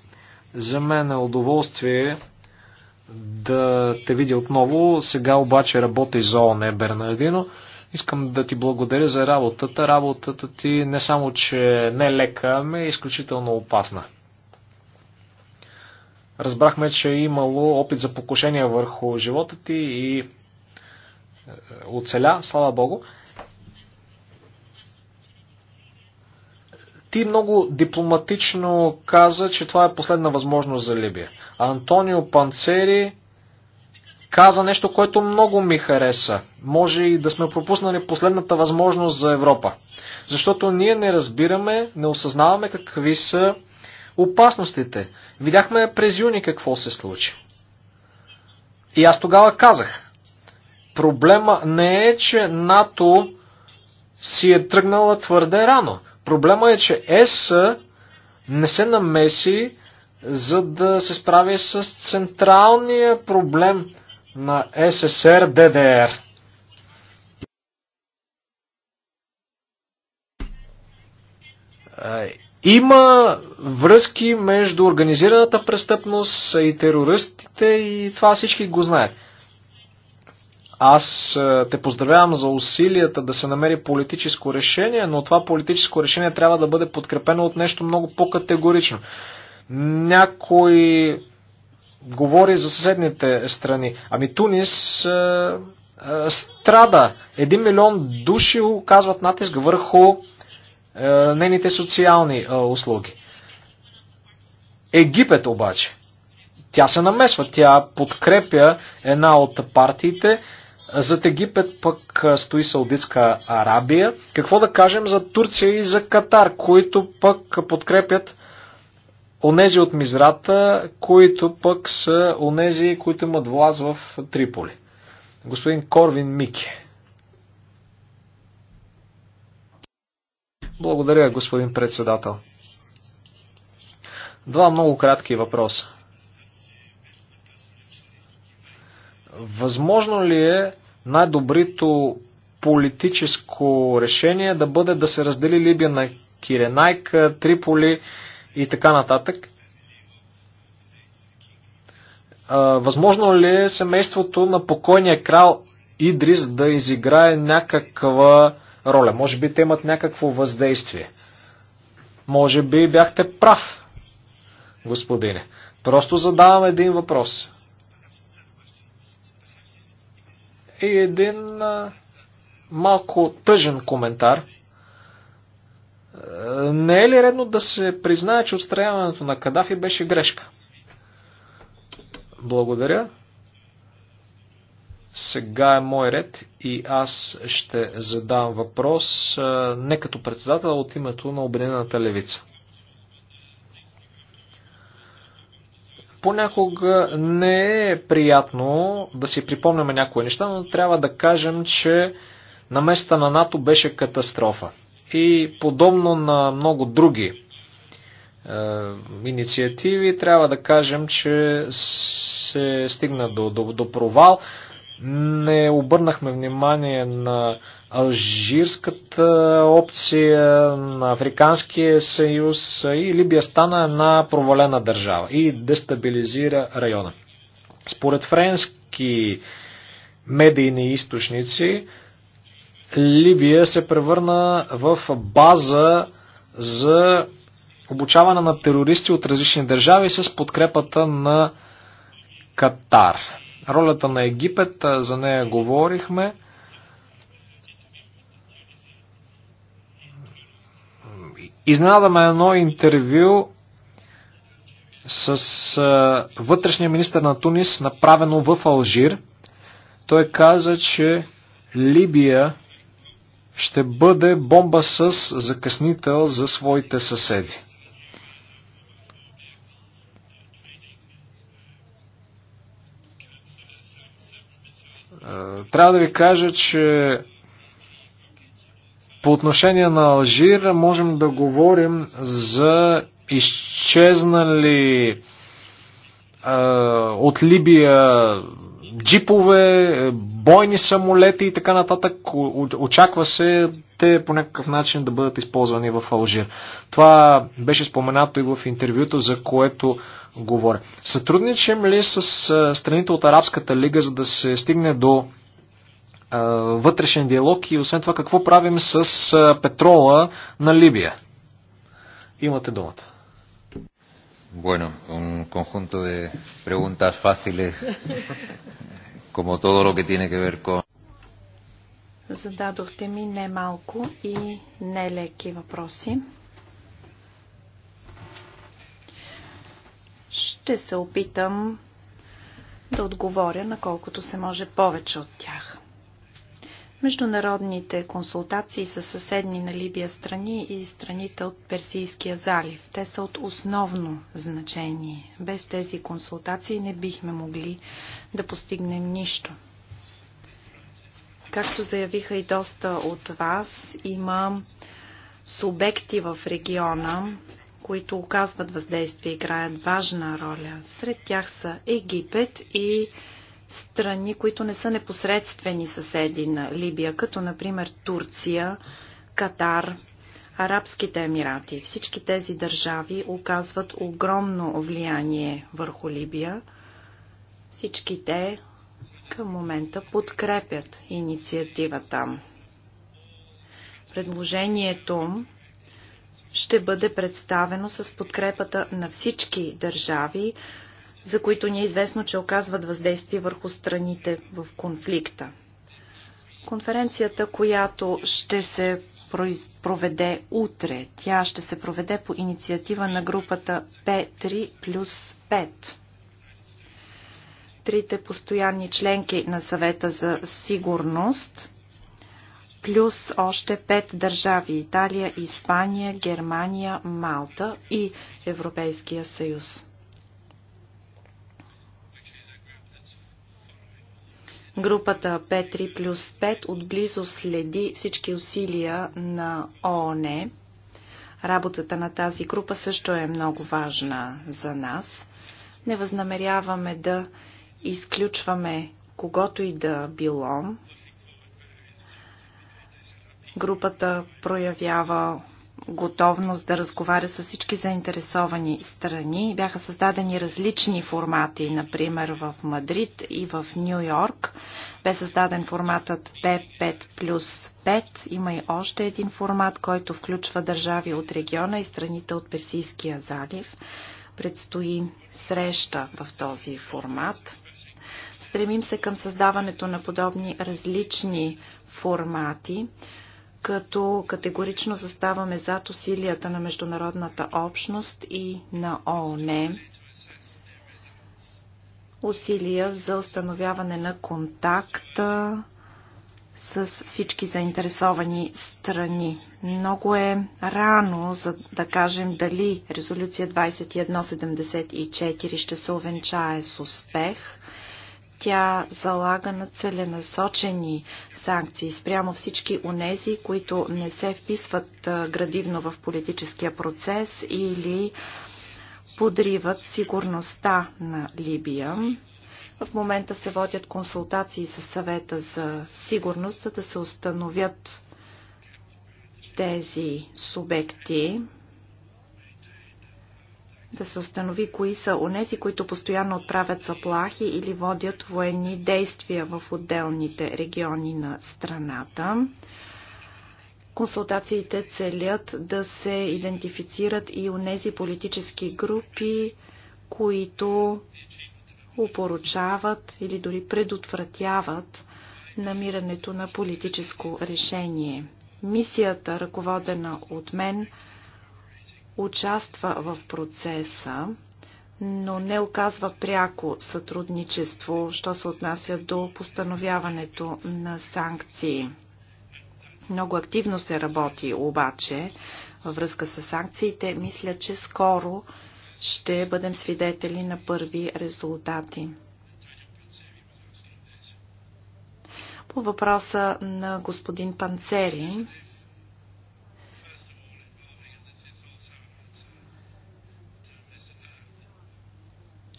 За мен е удоволствие да те видя отново. Сега обаче работи за ОНЕ Бернардино. Искам да ти благодаря за работата. Работата ти не само, че не е лека, ами е изключително опасна. Разбрахме, че е имало опит за покушение върху живота ти и е, оцеля, слава Богу. Ти много дипломатично каза, че това е последна възможност за Либия. Антонио Панцери каза нещо, което много ми хареса. Може и да сме пропуснали последната възможност за Европа. Защото ние не разбираме, не осъзнаваме какви са опасностите. Видяхме през юни какво се случи. И аз тогава казах. Проблема не е, че НАТО си е тръгнала твърде рано. Проблема е, че ЕС не се намеси за да се справи с централния проблем на СССР ДДР. Има връзки между организираната престъпност и терористите и това всички го знаят. Аз е, те поздравявам за усилията да се намери политическо решение, но това политическо решение трябва да бъде подкрепено от нещо много по-категорично. Някой говори за съседните страни. Ами Тунис е, е, страда. Един милион души оказват натиск върху е, нейните социални е, услуги. Египет обаче, тя се намесва, тя подкрепя една от партиите. Зад Египет пък е, стои Саудитска Арабия. Какво да кажем за Турция и за Катар, които пък подкрепят онези от Мизрата, които пък са онези, които имат власт в Триполи. Господин Корвин Мики. Благодаря, господин председател. Два много кратки въпроса. Възможно ли е най-добрито политическо решение да бъде да се раздели Либия на Киренайка, Триполи, и така нататък. Възможно ли е семейството на покойния крал Идрис да изиграе някаква роля? Може би те имат някакво въздействие. Може би бяхте прав, господине. Просто задавам един въпрос. И един малко тъжен коментар – е, не е ли редно да се признае, че отстраняването на Кадафи беше грешка? Благодаря. Сега е мой ред и аз ще задам въпрос е, не като председател от името на Обединената левица. Понякога не е приятно да си припомняме някои неща, но трябва да кажем, че на места на НАТО беше катастрофа и подобно на много други е, инициативи, трябва да кажем, че се стигна до, до, до провал. Не обърнахме внимание на алжирската опция, на Африканския съюз и Либия стана една провалена държава и дестабилизира района. Според френски медийни източници, Либия се превърна в база за обучаване на терористи от различни държави с подкрепата на Катар. Ролята на Египет, за нея говорихме. Изненадаме едно интервю с вътрешния министр на Тунис, направено в Алжир. Той каза, че Либия ще бъде бомба с закъснител за своите съседи. Е, трябва да ви кажа, че по отношение на Алжир можем да говорим за изчезнали е, от Либия джипове, бойни самолети и така нататък. Очаква се те по някакъв начин да бъдат използвани в Алжир. Това беше споменато и в интервюто, за което говоря. Сътрудничим ли с страните от Арабската лига, за да се стигне до вътрешен диалог и освен това какво правим с петрола на Либия? Имате думата. Bueno, un conjunto de preguntas fáciles, como todo lo que tiene que ver con. Зададохте ми немалко и нелеки въпроси. Ще се опитам да отговоря на колкото се може повече от тях международните консултации са съседни на Либия страни и страните от Персийския залив. Те са от основно значение. Без тези консултации не бихме могли да постигнем нищо. Както заявиха и доста от вас, има субекти в региона, които оказват въздействие и играят важна роля. Сред тях са Египет и Египет страни, които не са непосредствени съседи на Либия, като например Турция, Катар, Арабските емирати. Всички тези държави оказват огромно влияние върху Либия. Всички те към момента подкрепят инициатива там. Предложението ще бъде представено с подкрепата на всички държави, за които ни е известно, че оказват въздействие върху страните в конфликта. Конференцията, която ще се проведе утре, тя ще се проведе по инициатива на групата P3 плюс 5 трите постоянни членки на съвета за сигурност, плюс още пет държави Италия, Испания, Германия, Малта и Европейския съюз. Групата П3 плюс 5 отблизо следи всички усилия на ООН. Работата на тази група също е много важна за нас. Не възнамеряваме да изключваме когото и да било. Групата проявява готовност да разговаря с всички заинтересовани страни. Бяха създадени различни формати, например в Мадрид и в Нью Йорк. Бе създаден форматът P5 плюс 5. Има и още един формат, който включва държави от региона и страните от Персийския залив. Предстои среща в този формат. Стремим се към създаването на подобни различни формати като категорично заставаме зад усилията на международната общност и на ООН, усилия за установяване на контакта с всички заинтересовани страни. Много е рано за да кажем дали резолюция 2174 ще се увенчае с успех – тя залага на целенасочени санкции спрямо всички онези, които не се вписват градивно в политическия процес или подриват сигурността на Либия. В момента се водят консултации с съвета за сигурност, за да се установят тези субекти да се установи кои са онези, които постоянно отправят заплахи или водят военни действия в отделните региони на страната. Консултациите целят да се идентифицират и онези политически групи, които упоручават или дори предотвратяват намирането на политическо решение. Мисията, ръководена от мен, участва в процеса, но не оказва пряко сътрудничество, що се отнася до постановяването на санкции. Много активно се работи обаче във връзка с санкциите. Мисля, че скоро ще бъдем свидетели на първи резултати. По въпроса на господин Панцери,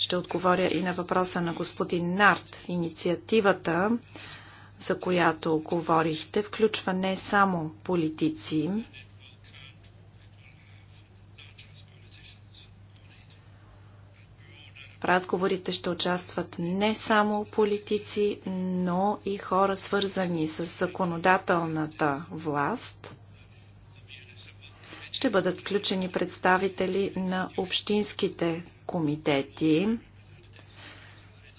Ще отговоря и на въпроса на господин Нарт. Инициативата, за която говорихте, включва не само политици, В разговорите ще участват не само политици, но и хора свързани с законодателната власт. Ще бъдат включени представители на общинските комитети,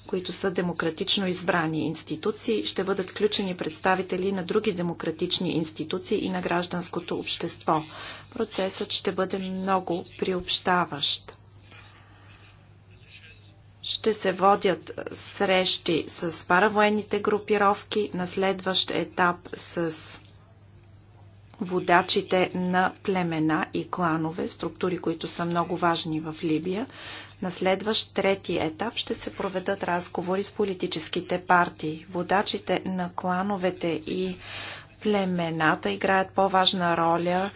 които са демократично избрани институции, ще бъдат включени представители на други демократични институции и на гражданското общество. Процесът ще бъде много приобщаващ. Ще се водят срещи с паравоенните групировки, на следващ етап с водачите на племена и кланове, структури, които са много важни в Либия. На следващ трети етап ще се проведат разговори с политическите партии. Водачите на клановете и племената играят по-важна роля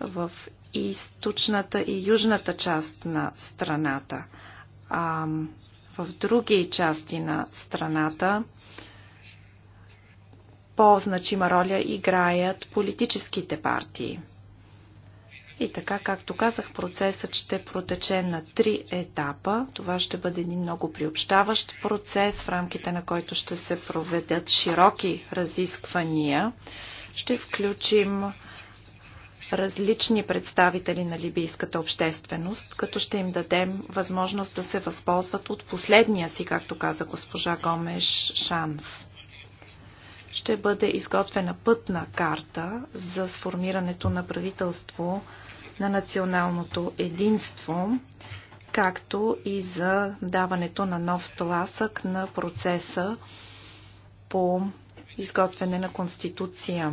в източната и южната част на страната. А в други части на страната по-значима роля играят политическите партии. И така, както казах, процесът ще протече на три етапа. Това ще бъде един много приобщаващ процес, в рамките на който ще се проведат широки разисквания. Ще включим различни представители на либийската общественост, като ще им дадем възможност да се възползват от последния си, както каза госпожа Гомеш, шанс ще бъде изготвена пътна карта за сформирането на правителство на националното единство, както и за даването на нов тласък на процеса по изготвяне на конституция.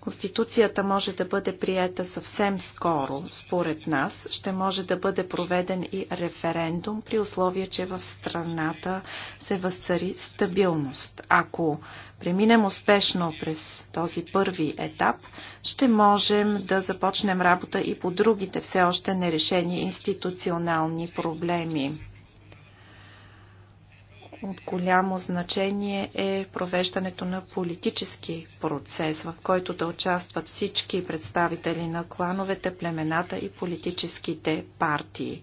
Конституцията може да бъде приета съвсем скоро, според нас. Ще може да бъде проведен и референдум при условие, че в страната се възцари стабилност. Ако преминем успешно през този първи етап, ще можем да започнем работа и по другите все още нерешени институционални проблеми. От голямо значение е провеждането на политически процес, в който да участват всички представители на клановете, племената и политическите партии.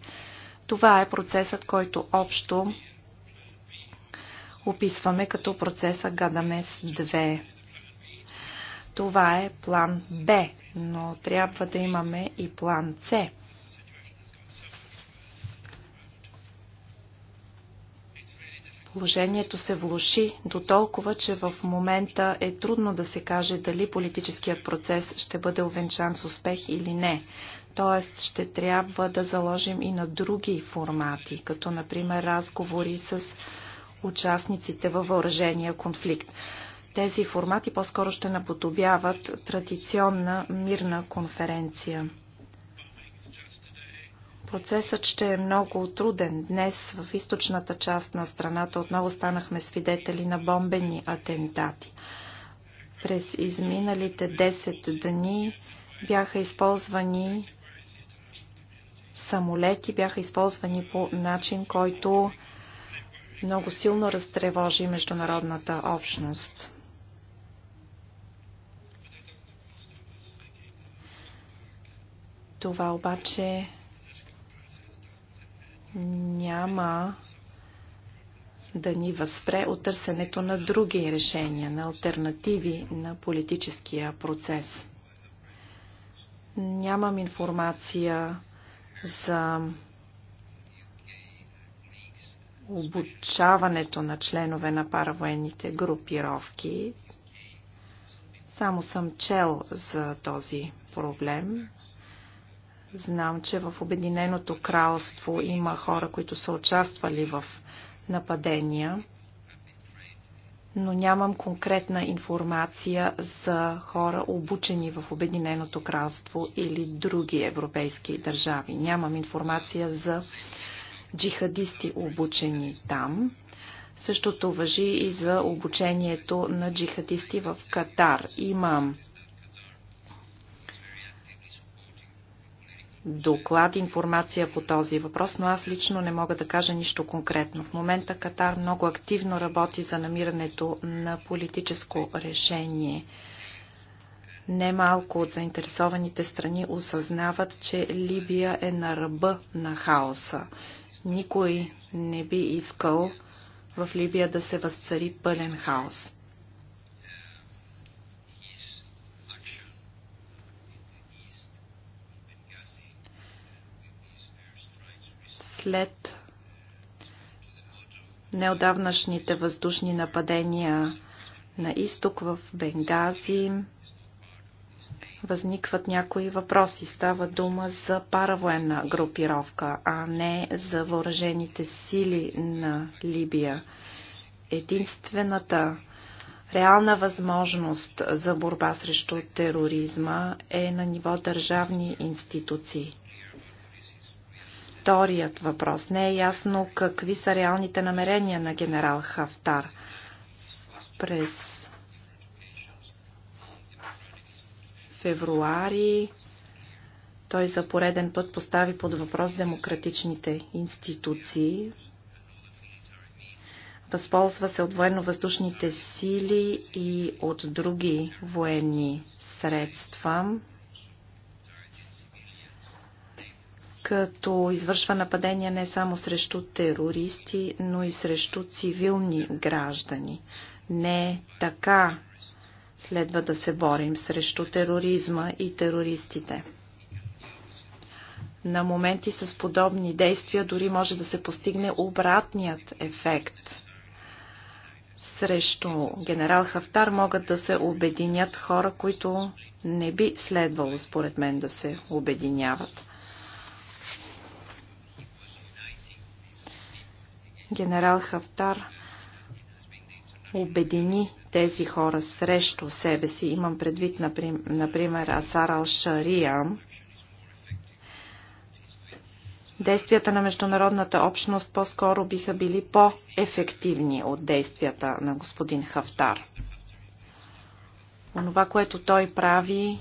Това е процесът, който общо описваме като процеса Гадамес 2. Това е план Б, но трябва да имаме и план С Положението се влуши до толкова, че в момента е трудно да се каже дали политическият процес ще бъде овенчан с успех или не. Тоест ще трябва да заложим и на други формати, като например разговори с участниците във въоръжения конфликт. Тези формати по-скоро ще наподобяват традиционна мирна конференция. Процесът ще е много труден. Днес в източната част на страната отново станахме свидетели на бомбени атентати. През изминалите 10 дни бяха използвани самолети, бяха използвани по начин, който много силно разтревожи международната общност. Това обаче няма да ни възпре от търсенето на други решения, на альтернативи на политическия процес. Нямам информация за обучаването на членове на паравоенните групировки. Само съм чел за този проблем. Знам, че в Обединеното кралство има хора, които са участвали в нападения, но нямам конкретна информация за хора обучени в Обединеното кралство или други европейски държави. Нямам информация за джихадисти обучени там. Същото въжи и за обучението на джихадисти в Катар. Имам доклад, информация по този въпрос, но аз лично не мога да кажа нищо конкретно. В момента Катар много активно работи за намирането на политическо решение. Немалко от заинтересованите страни осъзнават, че Либия е на ръба на хаоса. Никой не би искал в Либия да се възцари пълен хаос. след неодавнашните въздушни нападения на изток в Бенгази възникват някои въпроси. Става дума за паравоенна групировка, а не за въоръжените сили на Либия. Единствената реална възможност за борба срещу тероризма е на ниво държавни институции вторият въпрос. Не е ясно какви са реалните намерения на генерал Хафтар през февруари той за пореден път постави под въпрос демократичните институции. Възползва се от военно-въздушните сили и от други военни средства. като извършва нападения не само срещу терористи, но и срещу цивилни граждани. Не е така следва да се борим срещу тероризма и терористите. На моменти с подобни действия дори може да се постигне обратният ефект. Срещу генерал Хафтар могат да се обединят хора, които не би следвало, според мен, да се обединяват. Генерал Хафтар обедини тези хора срещу себе си. Имам предвид, например, Асар Ал-Шария. Действията на международната общност по-скоро биха били по-ефективни от действията на господин Хафтар. Онова, което той прави,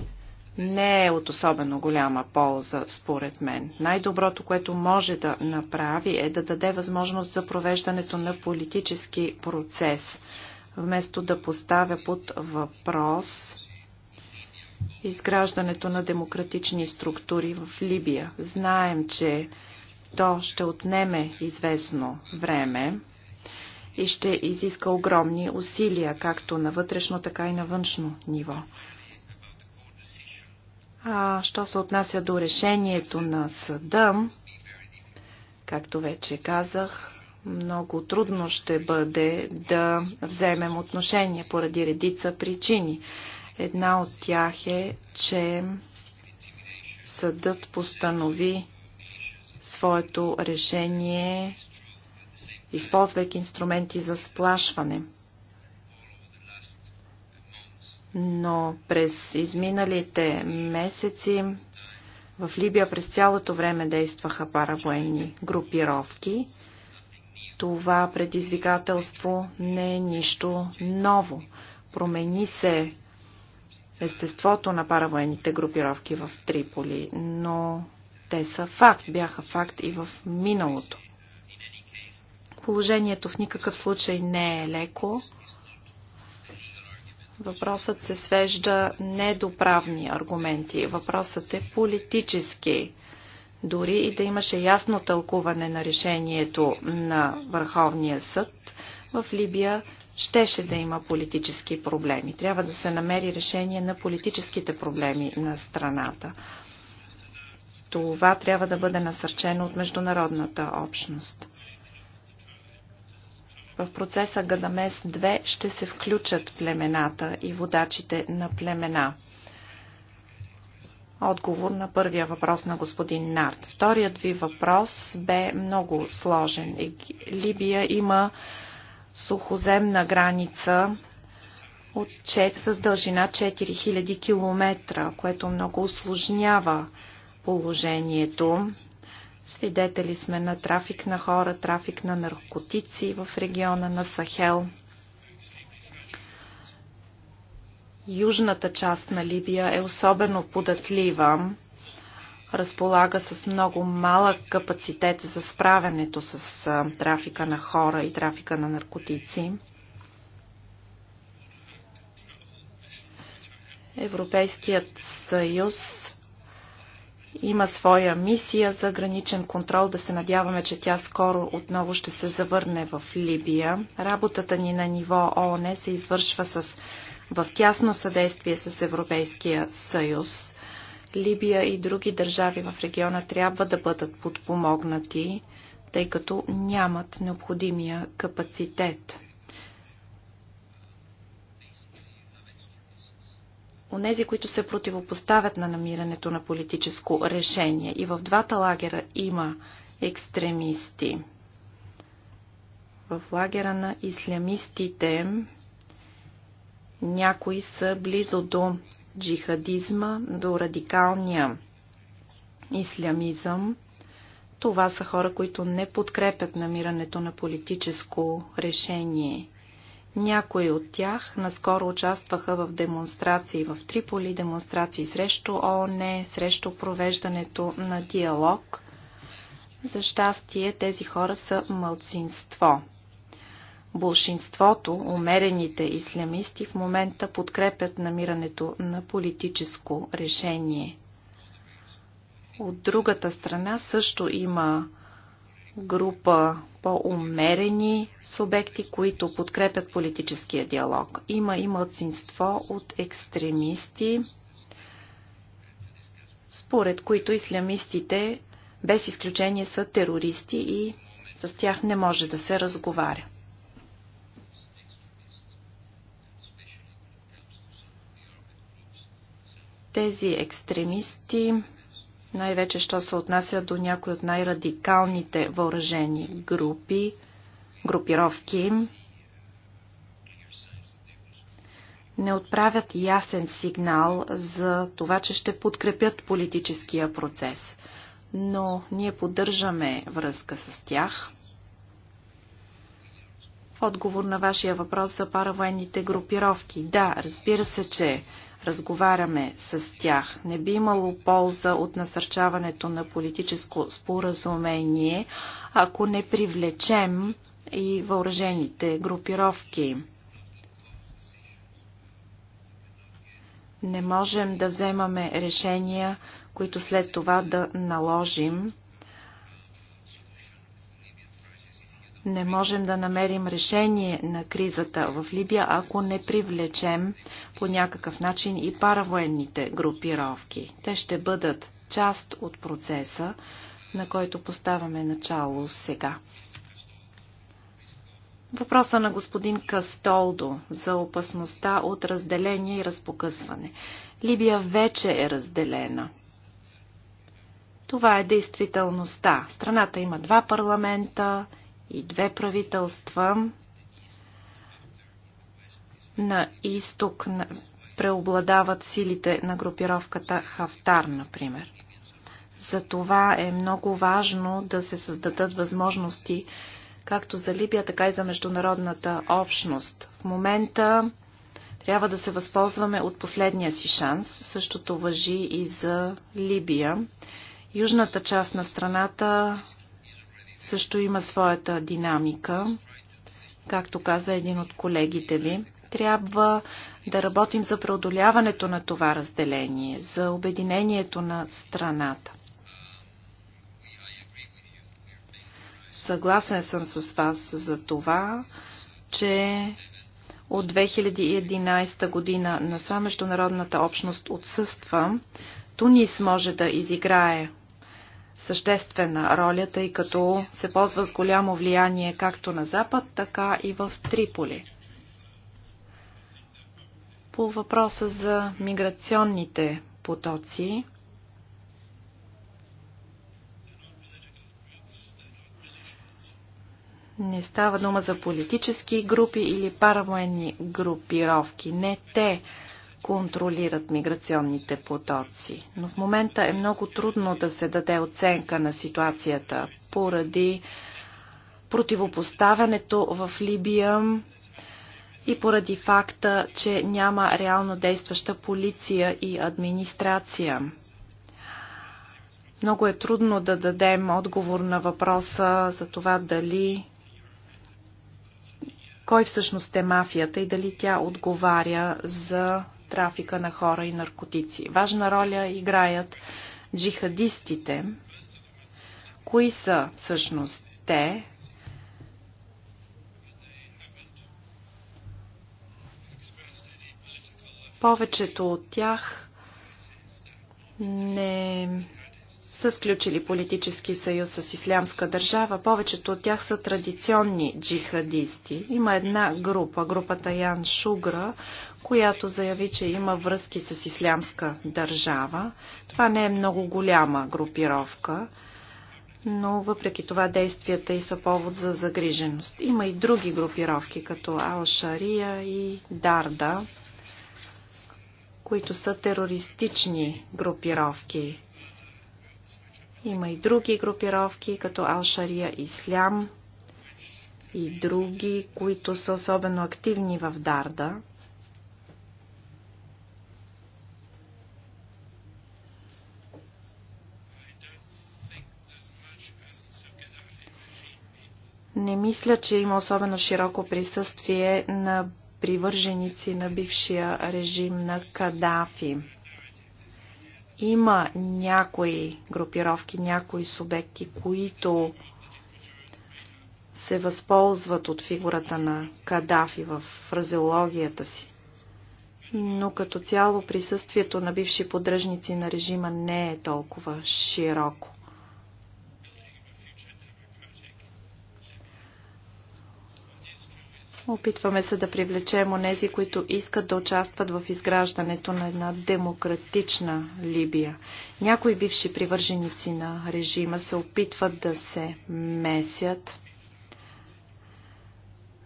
не е от особено голяма полза, според мен. Най-доброто, което може да направи, е да даде възможност за провеждането на политически процес, вместо да поставя под въпрос изграждането на демократични структури в Либия. Знаем, че то ще отнеме известно време и ще изиска огромни усилия, както на вътрешно, така и на външно ниво. А, що се отнася до решението на съда, както вече казах, много трудно ще бъде да вземем отношение поради редица причини. Една от тях е, че съдът постанови своето решение, използвайки инструменти за сплашване – но през изминалите месеци в Либия през цялото време действаха паравоенни групировки. Това предизвикателство не е нищо ново. Промени се естеството на паравоенните групировки в Триполи, но те са факт, бяха факт и в миналото. Положението в никакъв случай не е леко. Въпросът се свежда не до правни аргументи. Въпросът е политически. Дори и да имаше ясно тълкуване на решението на Върховния съд, в Либия щеше да има политически проблеми. Трябва да се намери решение на политическите проблеми на страната. Това трябва да бъде насърчено от международната общност. В процеса Гадамес 2 ще се включат племената и водачите на племена. Отговор на първия въпрос на господин Нарт. Вторият ви въпрос бе много сложен. Либия има сухоземна граница от, с дължина 4000 км, което много осложнява положението. Свидетели сме на трафик на хора, трафик на наркотици в региона на Сахел. Южната част на Либия е особено податлива. Разполага с много малък капацитет за справянето с трафика на хора и трафика на наркотици. Европейският съюз има своя мисия за граничен контрол. Да се надяваме, че тя скоро отново ще се завърне в Либия. Работата ни на ниво ООН се извършва с, в тясно съдействие с Европейския съюз. Либия и други държави в региона трябва да бъдат подпомогнати, тъй като нямат необходимия капацитет. онези, които се противопоставят на намирането на политическо решение. И в двата лагера има екстремисти. В лагера на ислямистите някои са близо до джихадизма, до радикалния ислямизъм. Това са хора, които не подкрепят намирането на политическо решение. Някои от тях наскоро участваха в демонстрации в Триполи, демонстрации срещу ООН, срещу провеждането на диалог. За щастие тези хора са мълцинство. Болшинството, умерените ислямисти, в момента подкрепят намирането на политическо решение. От другата страна също има група по-умерени субекти, които подкрепят политическия диалог. Има и мълцинство от екстремисти, според които ислямистите без изключение са терористи и с тях не може да се разговаря. Тези екстремисти най-вече, що се отнася до някои от най-радикалните въоръжени групи, групировки, не отправят ясен сигнал за това, че ще подкрепят политическия процес. Но ние поддържаме връзка с тях. В отговор на вашия въпрос за паравоенните групировки. Да, разбира се, че разговаряме с тях. Не би имало полза от насърчаването на политическо споразумение, ако не привлечем и въоръжените групировки. Не можем да вземаме решения, които след това да наложим Не можем да намерим решение на кризата в Либия, ако не привлечем по някакъв начин и паравоенните групировки. Те ще бъдат част от процеса, на който поставяме начало сега. Въпроса на господин Кастолдо за опасността от разделение и разпокъсване. Либия вече е разделена. Това е действителността. Страната има два парламента, и две правителства на изток преобладават силите на групировката Хафтар, например. Затова е много важно да се създадат възможности както за Либия, така и за международната общност. В момента трябва да се възползваме от последния си шанс. Същото въжи и за Либия. Южната част на страната също има своята динамика. Както каза един от колегите ви, трябва да работим за преодоляването на това разделение, за обединението на страната. Съгласен съм с вас за това, че от 2011 година насам международната общност отсъства. Тунис може да изиграе съществена роля, тъй като се ползва с голямо влияние както на Запад, така и в Триполи. По въпроса за миграционните потоци, не става дума за политически групи или паравоенни групировки. Не те контролират миграционните потоци. Но в момента е много трудно да се даде оценка на ситуацията поради противопоставянето в Либия и поради факта, че няма реално действаща полиция и администрация. Много е трудно да дадем отговор на въпроса за това дали кой всъщност е мафията и дали тя отговаря за трафика на хора и наркотици. Важна роля играят джихадистите. Кои са всъщност те? Повечето от тях не са сключили политически съюз с Ислямска държава. Повечето от тях са традиционни джихадисти. Има една група, групата Ян Шугра, която заяви, че има връзки с ислямска държава. Това не е много голяма групировка, но въпреки това действията и са повод за загриженост. Има и други групировки, като Ал-Шария и Дарда, които са терористични групировки. Има и други групировки, като Ал-Шария Ислям и други, които са особено активни в Дарда. Не мисля, че има особено широко присъствие на привърженици на бившия режим на Кадафи. Има някои групировки, някои субекти, които се възползват от фигурата на Кадафи в фразеологията си. Но като цяло присъствието на бивши поддръжници на режима не е толкова широко. Опитваме се да привлечем онези, които искат да участват в изграждането на една демократична Либия. Някои бивши привърженици на режима се опитват да се месят,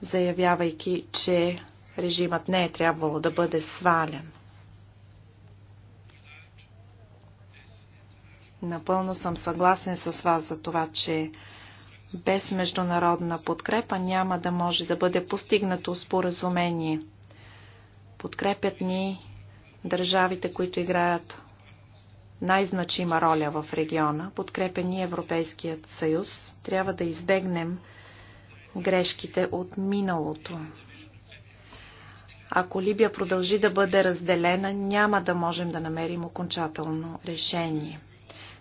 заявявайки, че режимът не е трябвало да бъде свален. Напълно съм съгласен с вас за това, че без международна подкрепа няма да може да бъде постигнато споразумение. Подкрепят ни държавите, които играят най-значима роля в региона, подкрепя ни Европейският съюз. Трябва да избегнем грешките от миналото. Ако Либия продължи да бъде разделена, няма да можем да намерим окончателно решение.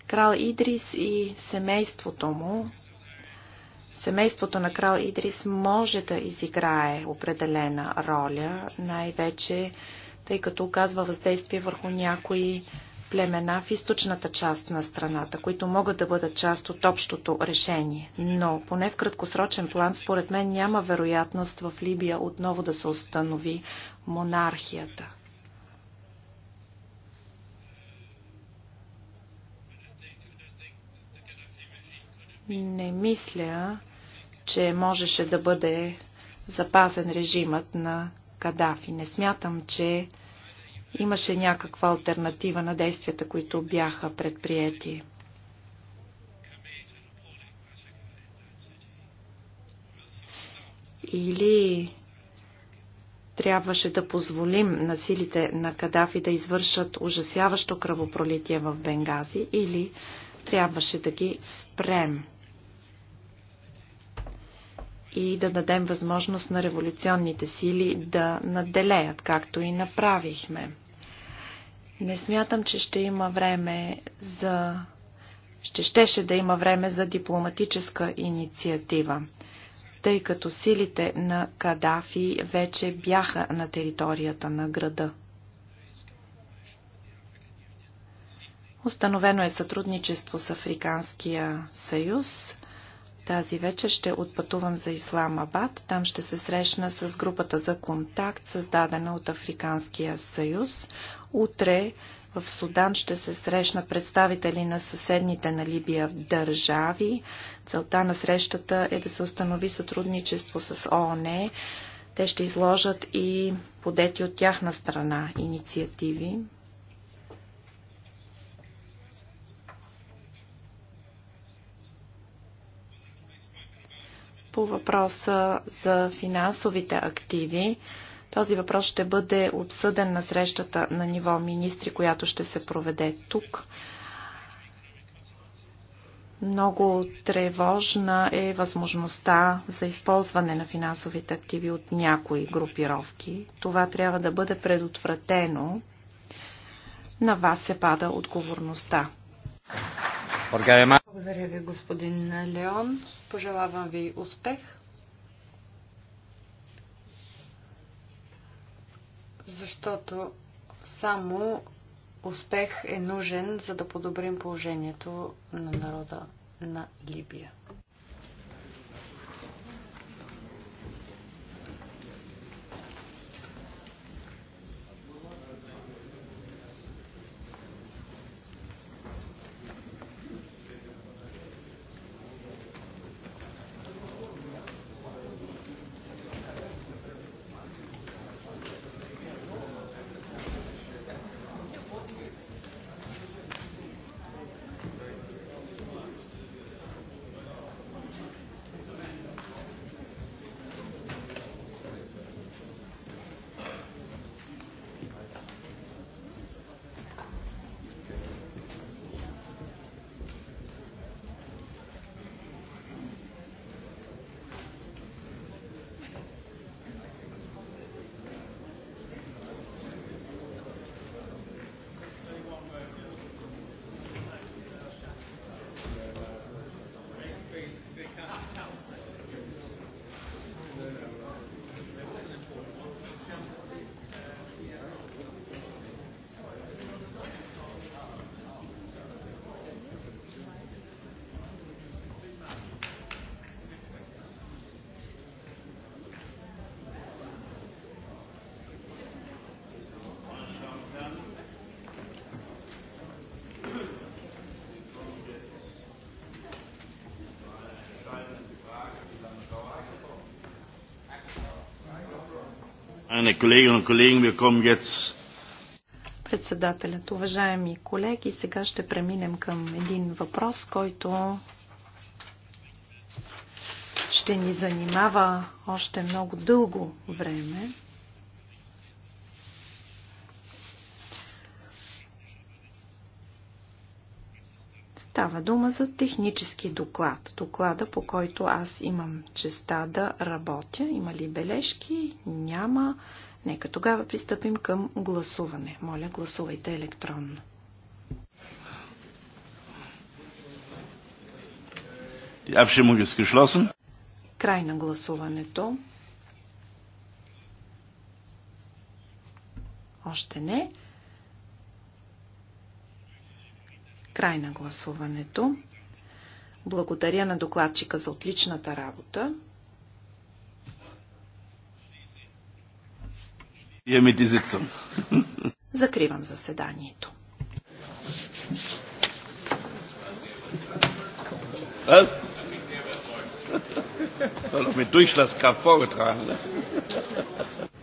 Крал Идрис и семейството му Семейството на крал Идрис може да изиграе определена роля, най-вече тъй като оказва въздействие върху някои племена в източната част на страната, които могат да бъдат част от общото решение. Но поне в краткосрочен план, според мен, няма вероятност в Либия отново да се установи монархията. Не мисля, че можеше да бъде запазен режимът на Кадафи. Не смятам, че имаше някаква альтернатива на действията, които бяха предприяти. Или трябваше да позволим на силите на Кадафи да извършат ужасяващо кръвопролитие в Бенгази, или трябваше да ги спрем и да дадем възможност на революционните сили да наделеят, както и направихме. Не смятам, че ще има време за... ще щеше да има време за дипломатическа инициатива, тъй като силите на Кадафи вече бяха на територията на града. Установено е сътрудничество с Африканския съюз. Тази вечер ще отпътувам за Исламабад. Там ще се срещна с групата за контакт, създадена от Африканския съюз. Утре в Судан ще се срещнат представители на съседните на Либия държави. Целта на срещата е да се установи сътрудничество с ООН. Те ще изложат и подети от тяхна страна инициативи. По въпроса за финансовите активи, този въпрос ще бъде обсъден на срещата на ниво министри, която ще се проведе тук. Много тревожна е възможността за използване на финансовите активи от някои групировки. Това трябва да бъде предотвратено. На вас се пада отговорността. Благодаря ви, господин Леон. Пожелавам ви успех. Защото само успех е нужен, за да подобрим положението на народа на Либия. Председателят, уважаеми колеги, сега ще преминем към един въпрос, който ще ни занимава още много дълго време. Става дума за технически доклад. Доклада, по който аз имам честа да работя. Има ли бележки? Няма. Нека тогава пристъпим към гласуване. Моля, гласувайте електронно. Край на гласуването. Още не. Край на гласуването. Благодаря на докладчика за отличната работа. Закривам заседанието. Was? Das war doch mit Durchschlagskraft vorgetragen. Ne?